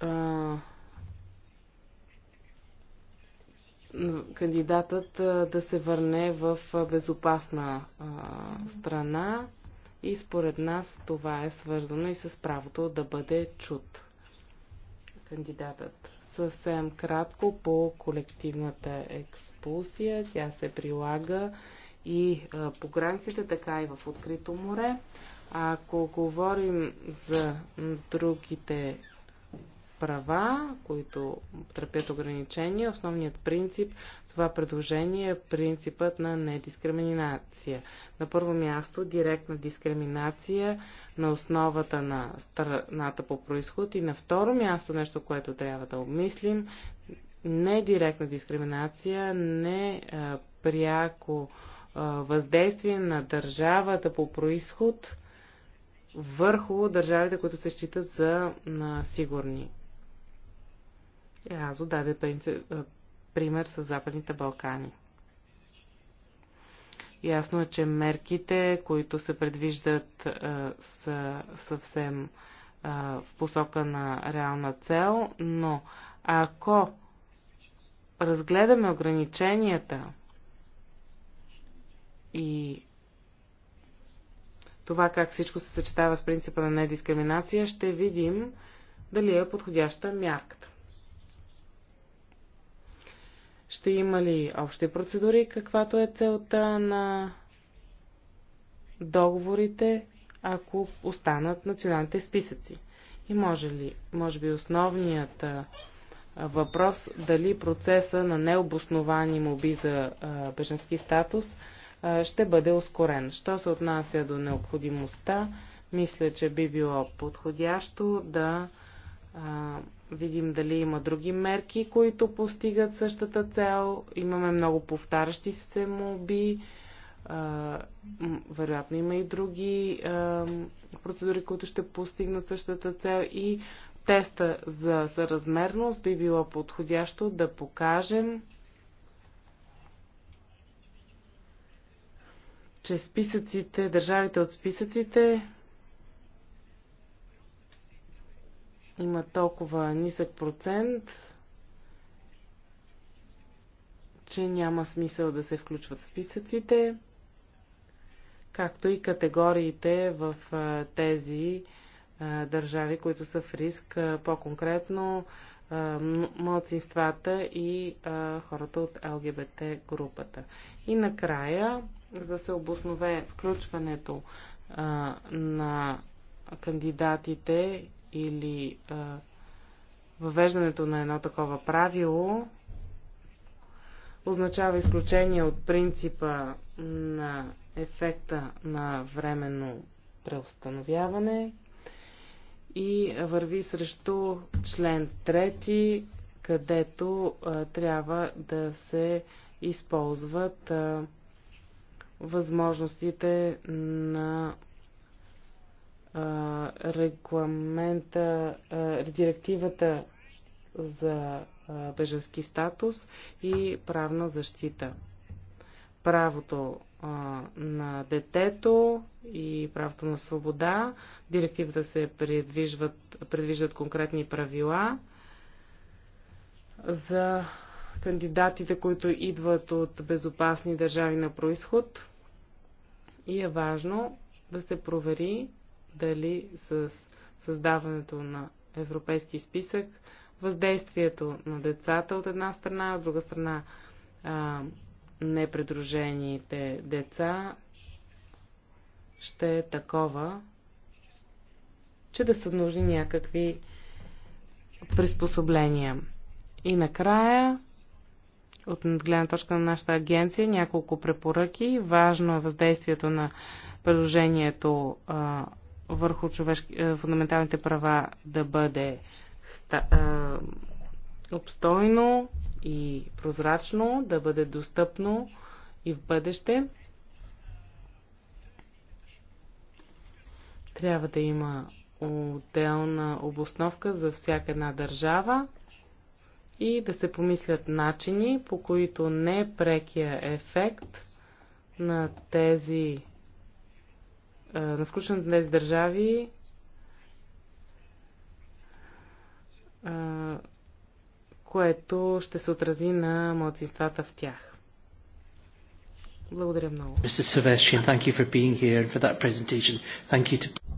а, кандидатът да се върне в безопасна а, страна и според нас това е свързано и с правото да бъде чут кандидатът. Съвсем кратко по колективната експулсия. Тя се прилага и по границите, така и в открито море. Ако говорим за другите права, които търпят ограничения. Основният принцип, това предложение е принципът на недискриминация. На първо място директна дискриминация на основата на страната по происход и на второ място нещо, което трябва да обмислим, не директна дискриминация, не а, пряко а, въздействие на държавата по происход – върху държавите, които се считат за сигурни. Разо даде пример с Западните Балкани. Ясно е, че мерките, които се предвиждат, са съвсем в посока на реална цел, но ако разгледаме ограниченията и това как всичко се съчетава с принципа на недискриминация, ще видим дали е подходяща мярката. Ще има ли общи процедури, каквато е целта на договорите, ако останат националните списъци? И може ли, може би основният въпрос, дали процеса на необосновани моби за беженски статус ще бъде ускорен. Що се отнася до необходимостта, мисля, че би било подходящо да видим дали има други мерки, които постигат същата цел. Имаме много повтарящи се моби. Вероятно има и други процедури, които ще постигнат същата цел. И теста за съразмерност би било подходящо да покажем че списъците, държавите от списъците има толкова нисък процент, че няма смисъл да се включват списъците, както и категориите в тези държави, които са в риск, по-конкретно младсинствата и хората от ЛГБТ групата. И накрая, за да се обоснове включването на кандидатите или а, въвеждането на едно такова правило означава изключение от принципа на ефекта на временно преустановяване и върви срещу член 3, където а, трябва да се използват а, възможностите на регламента, директивата за беженски статус и правна защита. Правото на детето и правото на свобода. Директивата се предвижват, предвиждат конкретни правила за кандидатите, които идват от безопасни държави на происход. И е важно да се провери дали с създаването на европейски списък, въздействието на децата от една страна, от друга страна а, непредружените деца ще е такова, че да са нужни някакви приспособления. И накрая, от гледна точка на нашата агенция, няколко препоръки. Важно е въздействието на предложението а, върху човешки, е, фундаменталните права да бъде ста, е, обстойно и прозрачно, да бъде достъпно и в бъдеще. Трябва да има отделна обосновка за всяка една държава и да се помислят начини, по които непрекия ефект на тези е, на днес държави е, което ще се отрази на младсинствата в тях. Благодаря много.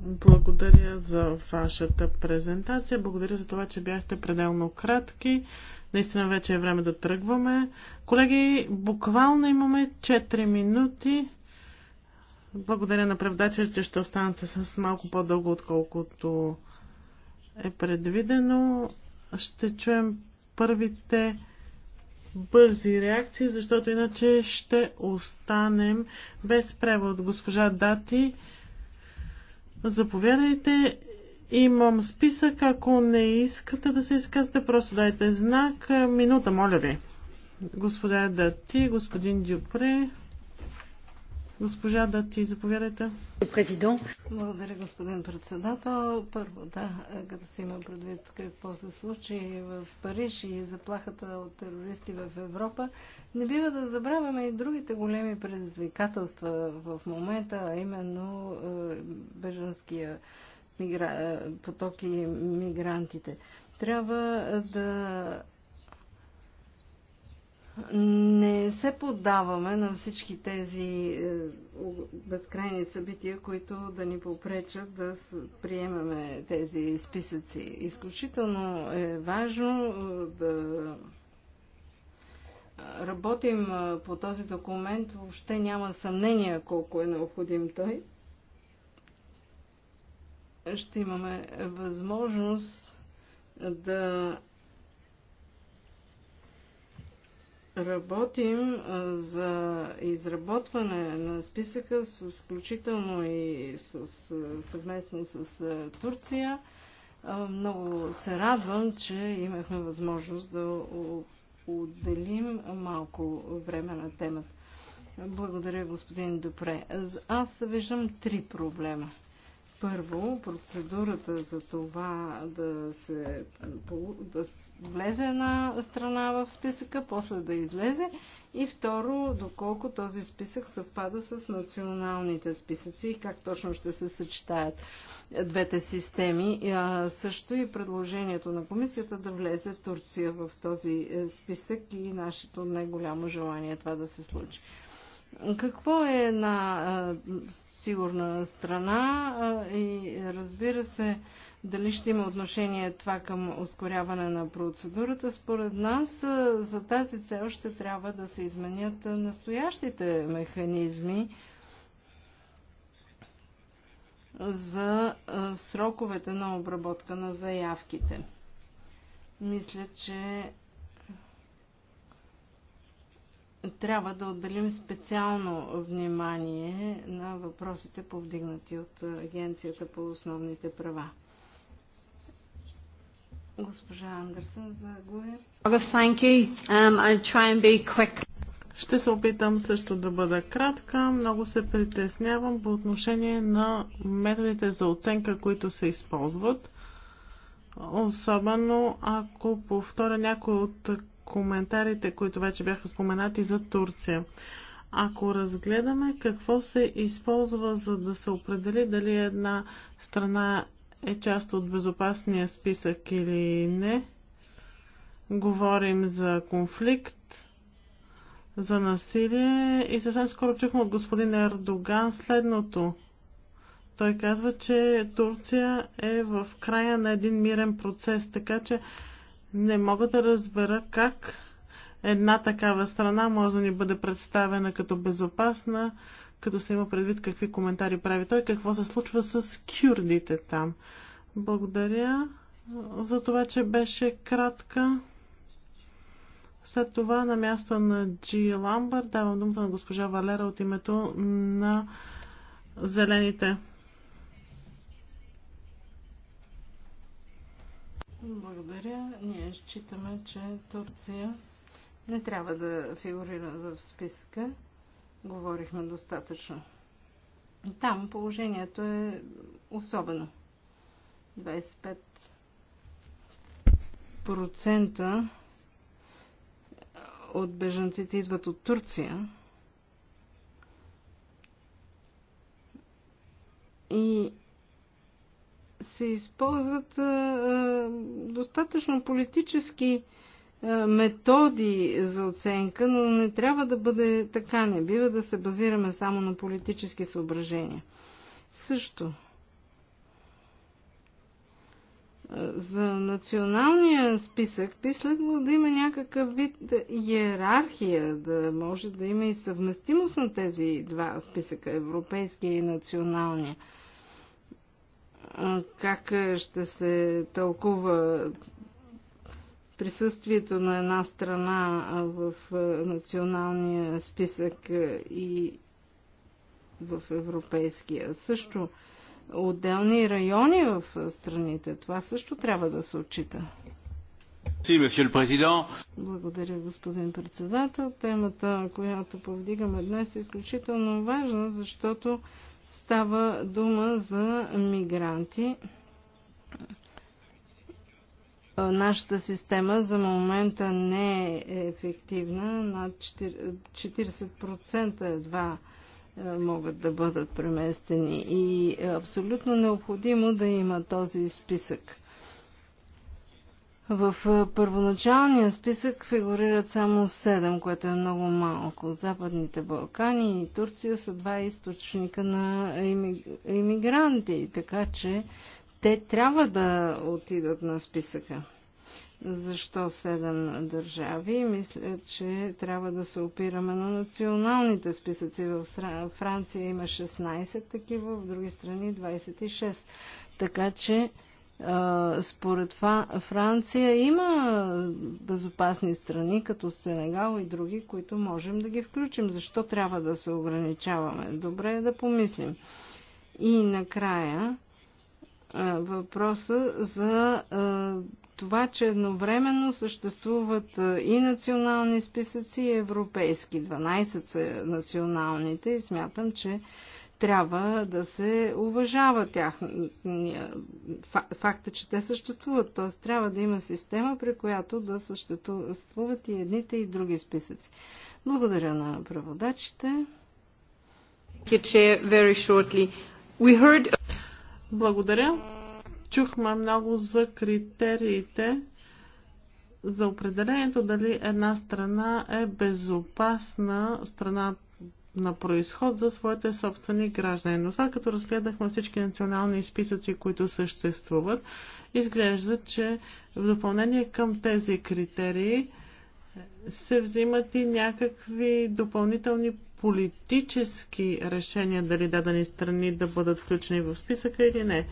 Благодаря за вашата презентация. Благодаря за това, че бяхте пределно кратки. Наистина вече е време да тръгваме. Колеги, буквално имаме 4 минути. Благодаря на превдачите, ще останат с малко по-дълго, отколкото е предвидено. Ще чуем първите бързи реакции, защото иначе ще останем без превод. Госпожа Дати, заповядайте. Имам списък. Ако не искате да се изказвате, просто дайте знак. Минута, моля ви. Господа Дати, господин Дюпре. Госпожа Дати, заповядайте. Президент. Благодаря, господин председател. Първо, да, като се има предвид какво се случи в Париж и заплахата от терористи в Европа, не бива да забравяме и другите големи предизвикателства в момента, а именно е, беженския мигра... Е, поток и мигрантите. Трябва да не се поддаваме на всички тези е, безкрайни събития, които да ни попречат да приемеме тези списъци. Изключително е важно е, да работим по този документ. Въобще няма съмнение колко е необходим той. Ще имаме възможност да работим за изработване на списъка, включително и с, съвместно с Турция. Много се радвам, че имахме възможност да отделим малко време на темата. Благодаря, господин Допре. Аз виждам три проблема. Първо, процедурата за това да се да влезе една страна в списъка, после да излезе и второ, доколко този списък съвпада с националните списъци и как точно ще се съчетаят двете системи. А, също и предложението на комисията да влезе Турция в този е, списък и нашето най-голямо желание е това да се случи. Какво е една сигурна страна и разбира се, дали ще има отношение това към ускоряване на процедурата, според нас за тази цел ще трябва да се изменят настоящите механизми за сроковете на обработка на заявките. Мисля, че трябва да отделим специално внимание на въпросите, повдигнати от Агенцията по основните права. Госпожа Андерсен за Гуе. Um, Ще се опитам също да бъда кратка. Много се притеснявам по отношение на методите за оценка, които се използват. Особено ако повторя някои от коментарите, които вече бяха споменати за Турция. Ако разгледаме какво се използва, за да се определи дали една страна е част от безопасния списък или не, говорим за конфликт, за насилие и съвсем скоро чухме от господин Ердоган следното. Той казва, че Турция е в края на един мирен процес, така че не мога да разбера как една такава страна може да ни бъде представена като безопасна, като се има предвид какви коментари прави той, какво се случва с кюрдите там. Благодаря за това, че беше кратка. След това на място на Джи Ламбър давам думата на госпожа Валера от името на Зелените. Благодаря. Ние считаме, че Турция не трябва да фигурира в списка. Говорихме достатъчно. Там положението е особено. 25% от бежанците идват от Турция. И се използват достатъчно политически методи за оценка, но не трябва да бъде така. Не бива да се базираме само на политически съображения. Също. За националния списък би следвало да има някакъв вид иерархия, да може да има и съвместимост на тези два списъка, европейския и националния как е, ще се тълкува присъствието на една страна в националния списък и в европейския. Също отделни райони в страните. Това също трябва да се отчита. Благодаря, господин председател. Темата, която повдигаме днес е изключително важна, защото Става дума за мигранти. Нашата система за момента не е ефективна. Над 40% едва могат да бъдат преместени. И е абсолютно необходимо да има този списък. В първоначалния списък фигурират само 7, което е много малко. Западните Балкани и Турция са два източника на иммигранти, така че те трябва да отидат на списъка. Защо 7 държави? Мисля, че трябва да се опираме на националните списъци. В Франция има 16 такива, в други страни 26. Така че според това, Франция има безопасни страни, като Сенегал и други, които можем да ги включим. Защо трябва да се ограничаваме? Добре е да помислим. И накрая въпроса за това, че едновременно съществуват и национални списъци, и европейски. 12 са националните и смятам, че трябва да се уважава тях. Факта, че те съществуват. Т.е. трябва да има система, при която да съществуват и едните и други списъци. Благодаря на преводачите. Благодаря. Чухме много за критериите за определението дали една страна е безопасна страна на происход за своите собствени граждани. Но след като разгледахме всички национални списъци, които съществуват, изглежда, че в допълнение към тези критерии се взимат и някакви допълнителни политически решения дали дадени страни да бъдат включени в списъка или не.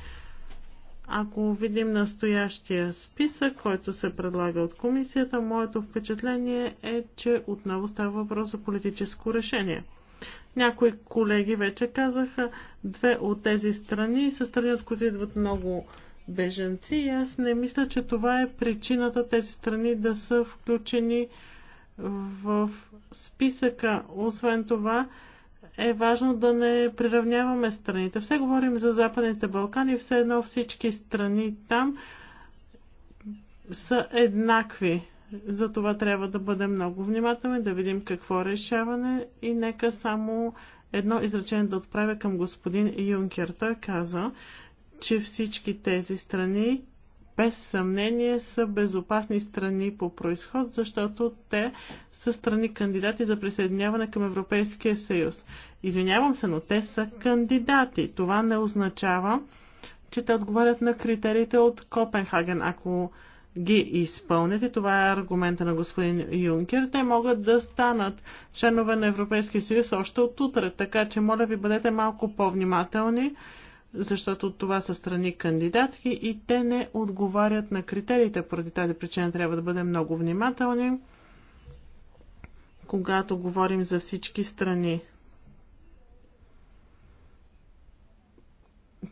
Ако видим настоящия списък, който се предлага от комисията, моето впечатление е, че отново става въпрос за политическо решение. Някои колеги вече казаха, две от тези страни са страни, от които идват много беженци и аз не мисля, че това е причината тези страни да са включени в списъка. Освен това, е важно да не приравняваме страните. Все говорим за Западните Балкани, все едно всички страни там са еднакви. За това трябва да бъдем много внимателни, да видим какво решаване и нека само едно изречение да отправя към господин Юнкер. Той каза, че всички тези страни без съмнение са безопасни страни по происход, защото те са страни кандидати за присъединяване към Европейския съюз. Извинявам се, но те са кандидати. Това не означава, че те отговарят на критериите от Копенхаген. Ако ги изпълните, това е аргумента на господин Юнкер, те могат да станат членове на Европейския съюз още от утре. Така че, моля ви, бъдете малко по-внимателни, защото това са страни кандидатки и те не отговарят на критериите. Поради тази причина трябва да бъдем много внимателни, когато говорим за всички страни.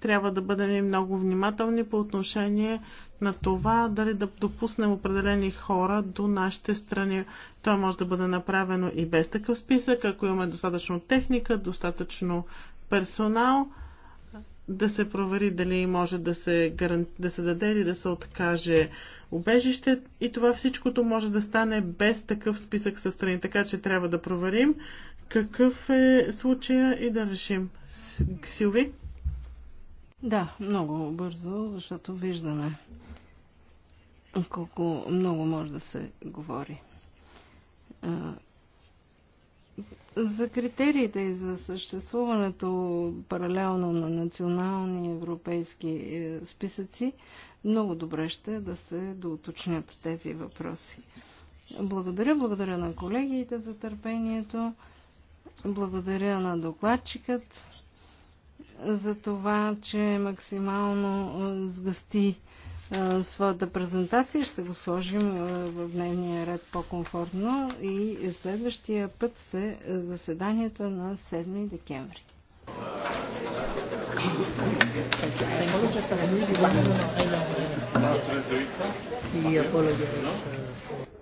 трябва да бъдем много внимателни по отношение на това дали да допуснем определени хора до нашите страни. Това може да бъде направено и без такъв списък, ако имаме достатъчно техника, достатъчно персонал, да се провери дали може да се, гарант... да се даде или да се откаже убежище и това всичкото може да стане без такъв списък със страни. Така че трябва да проверим какъв е случая и да решим. Силви? Да, много бързо, защото виждаме колко много може да се говори. За критериите и за съществуването паралелно на национални европейски е, списъци, много добре ще е да се доуточнят тези въпроси. Благодаря, благодаря на колегите за търпението, благодаря на докладчикът за това, че максимално сгъсти своята презентация. Ще го сложим в дневния ред по-комфортно и следващия път се заседанието на 7 декември. Thank you.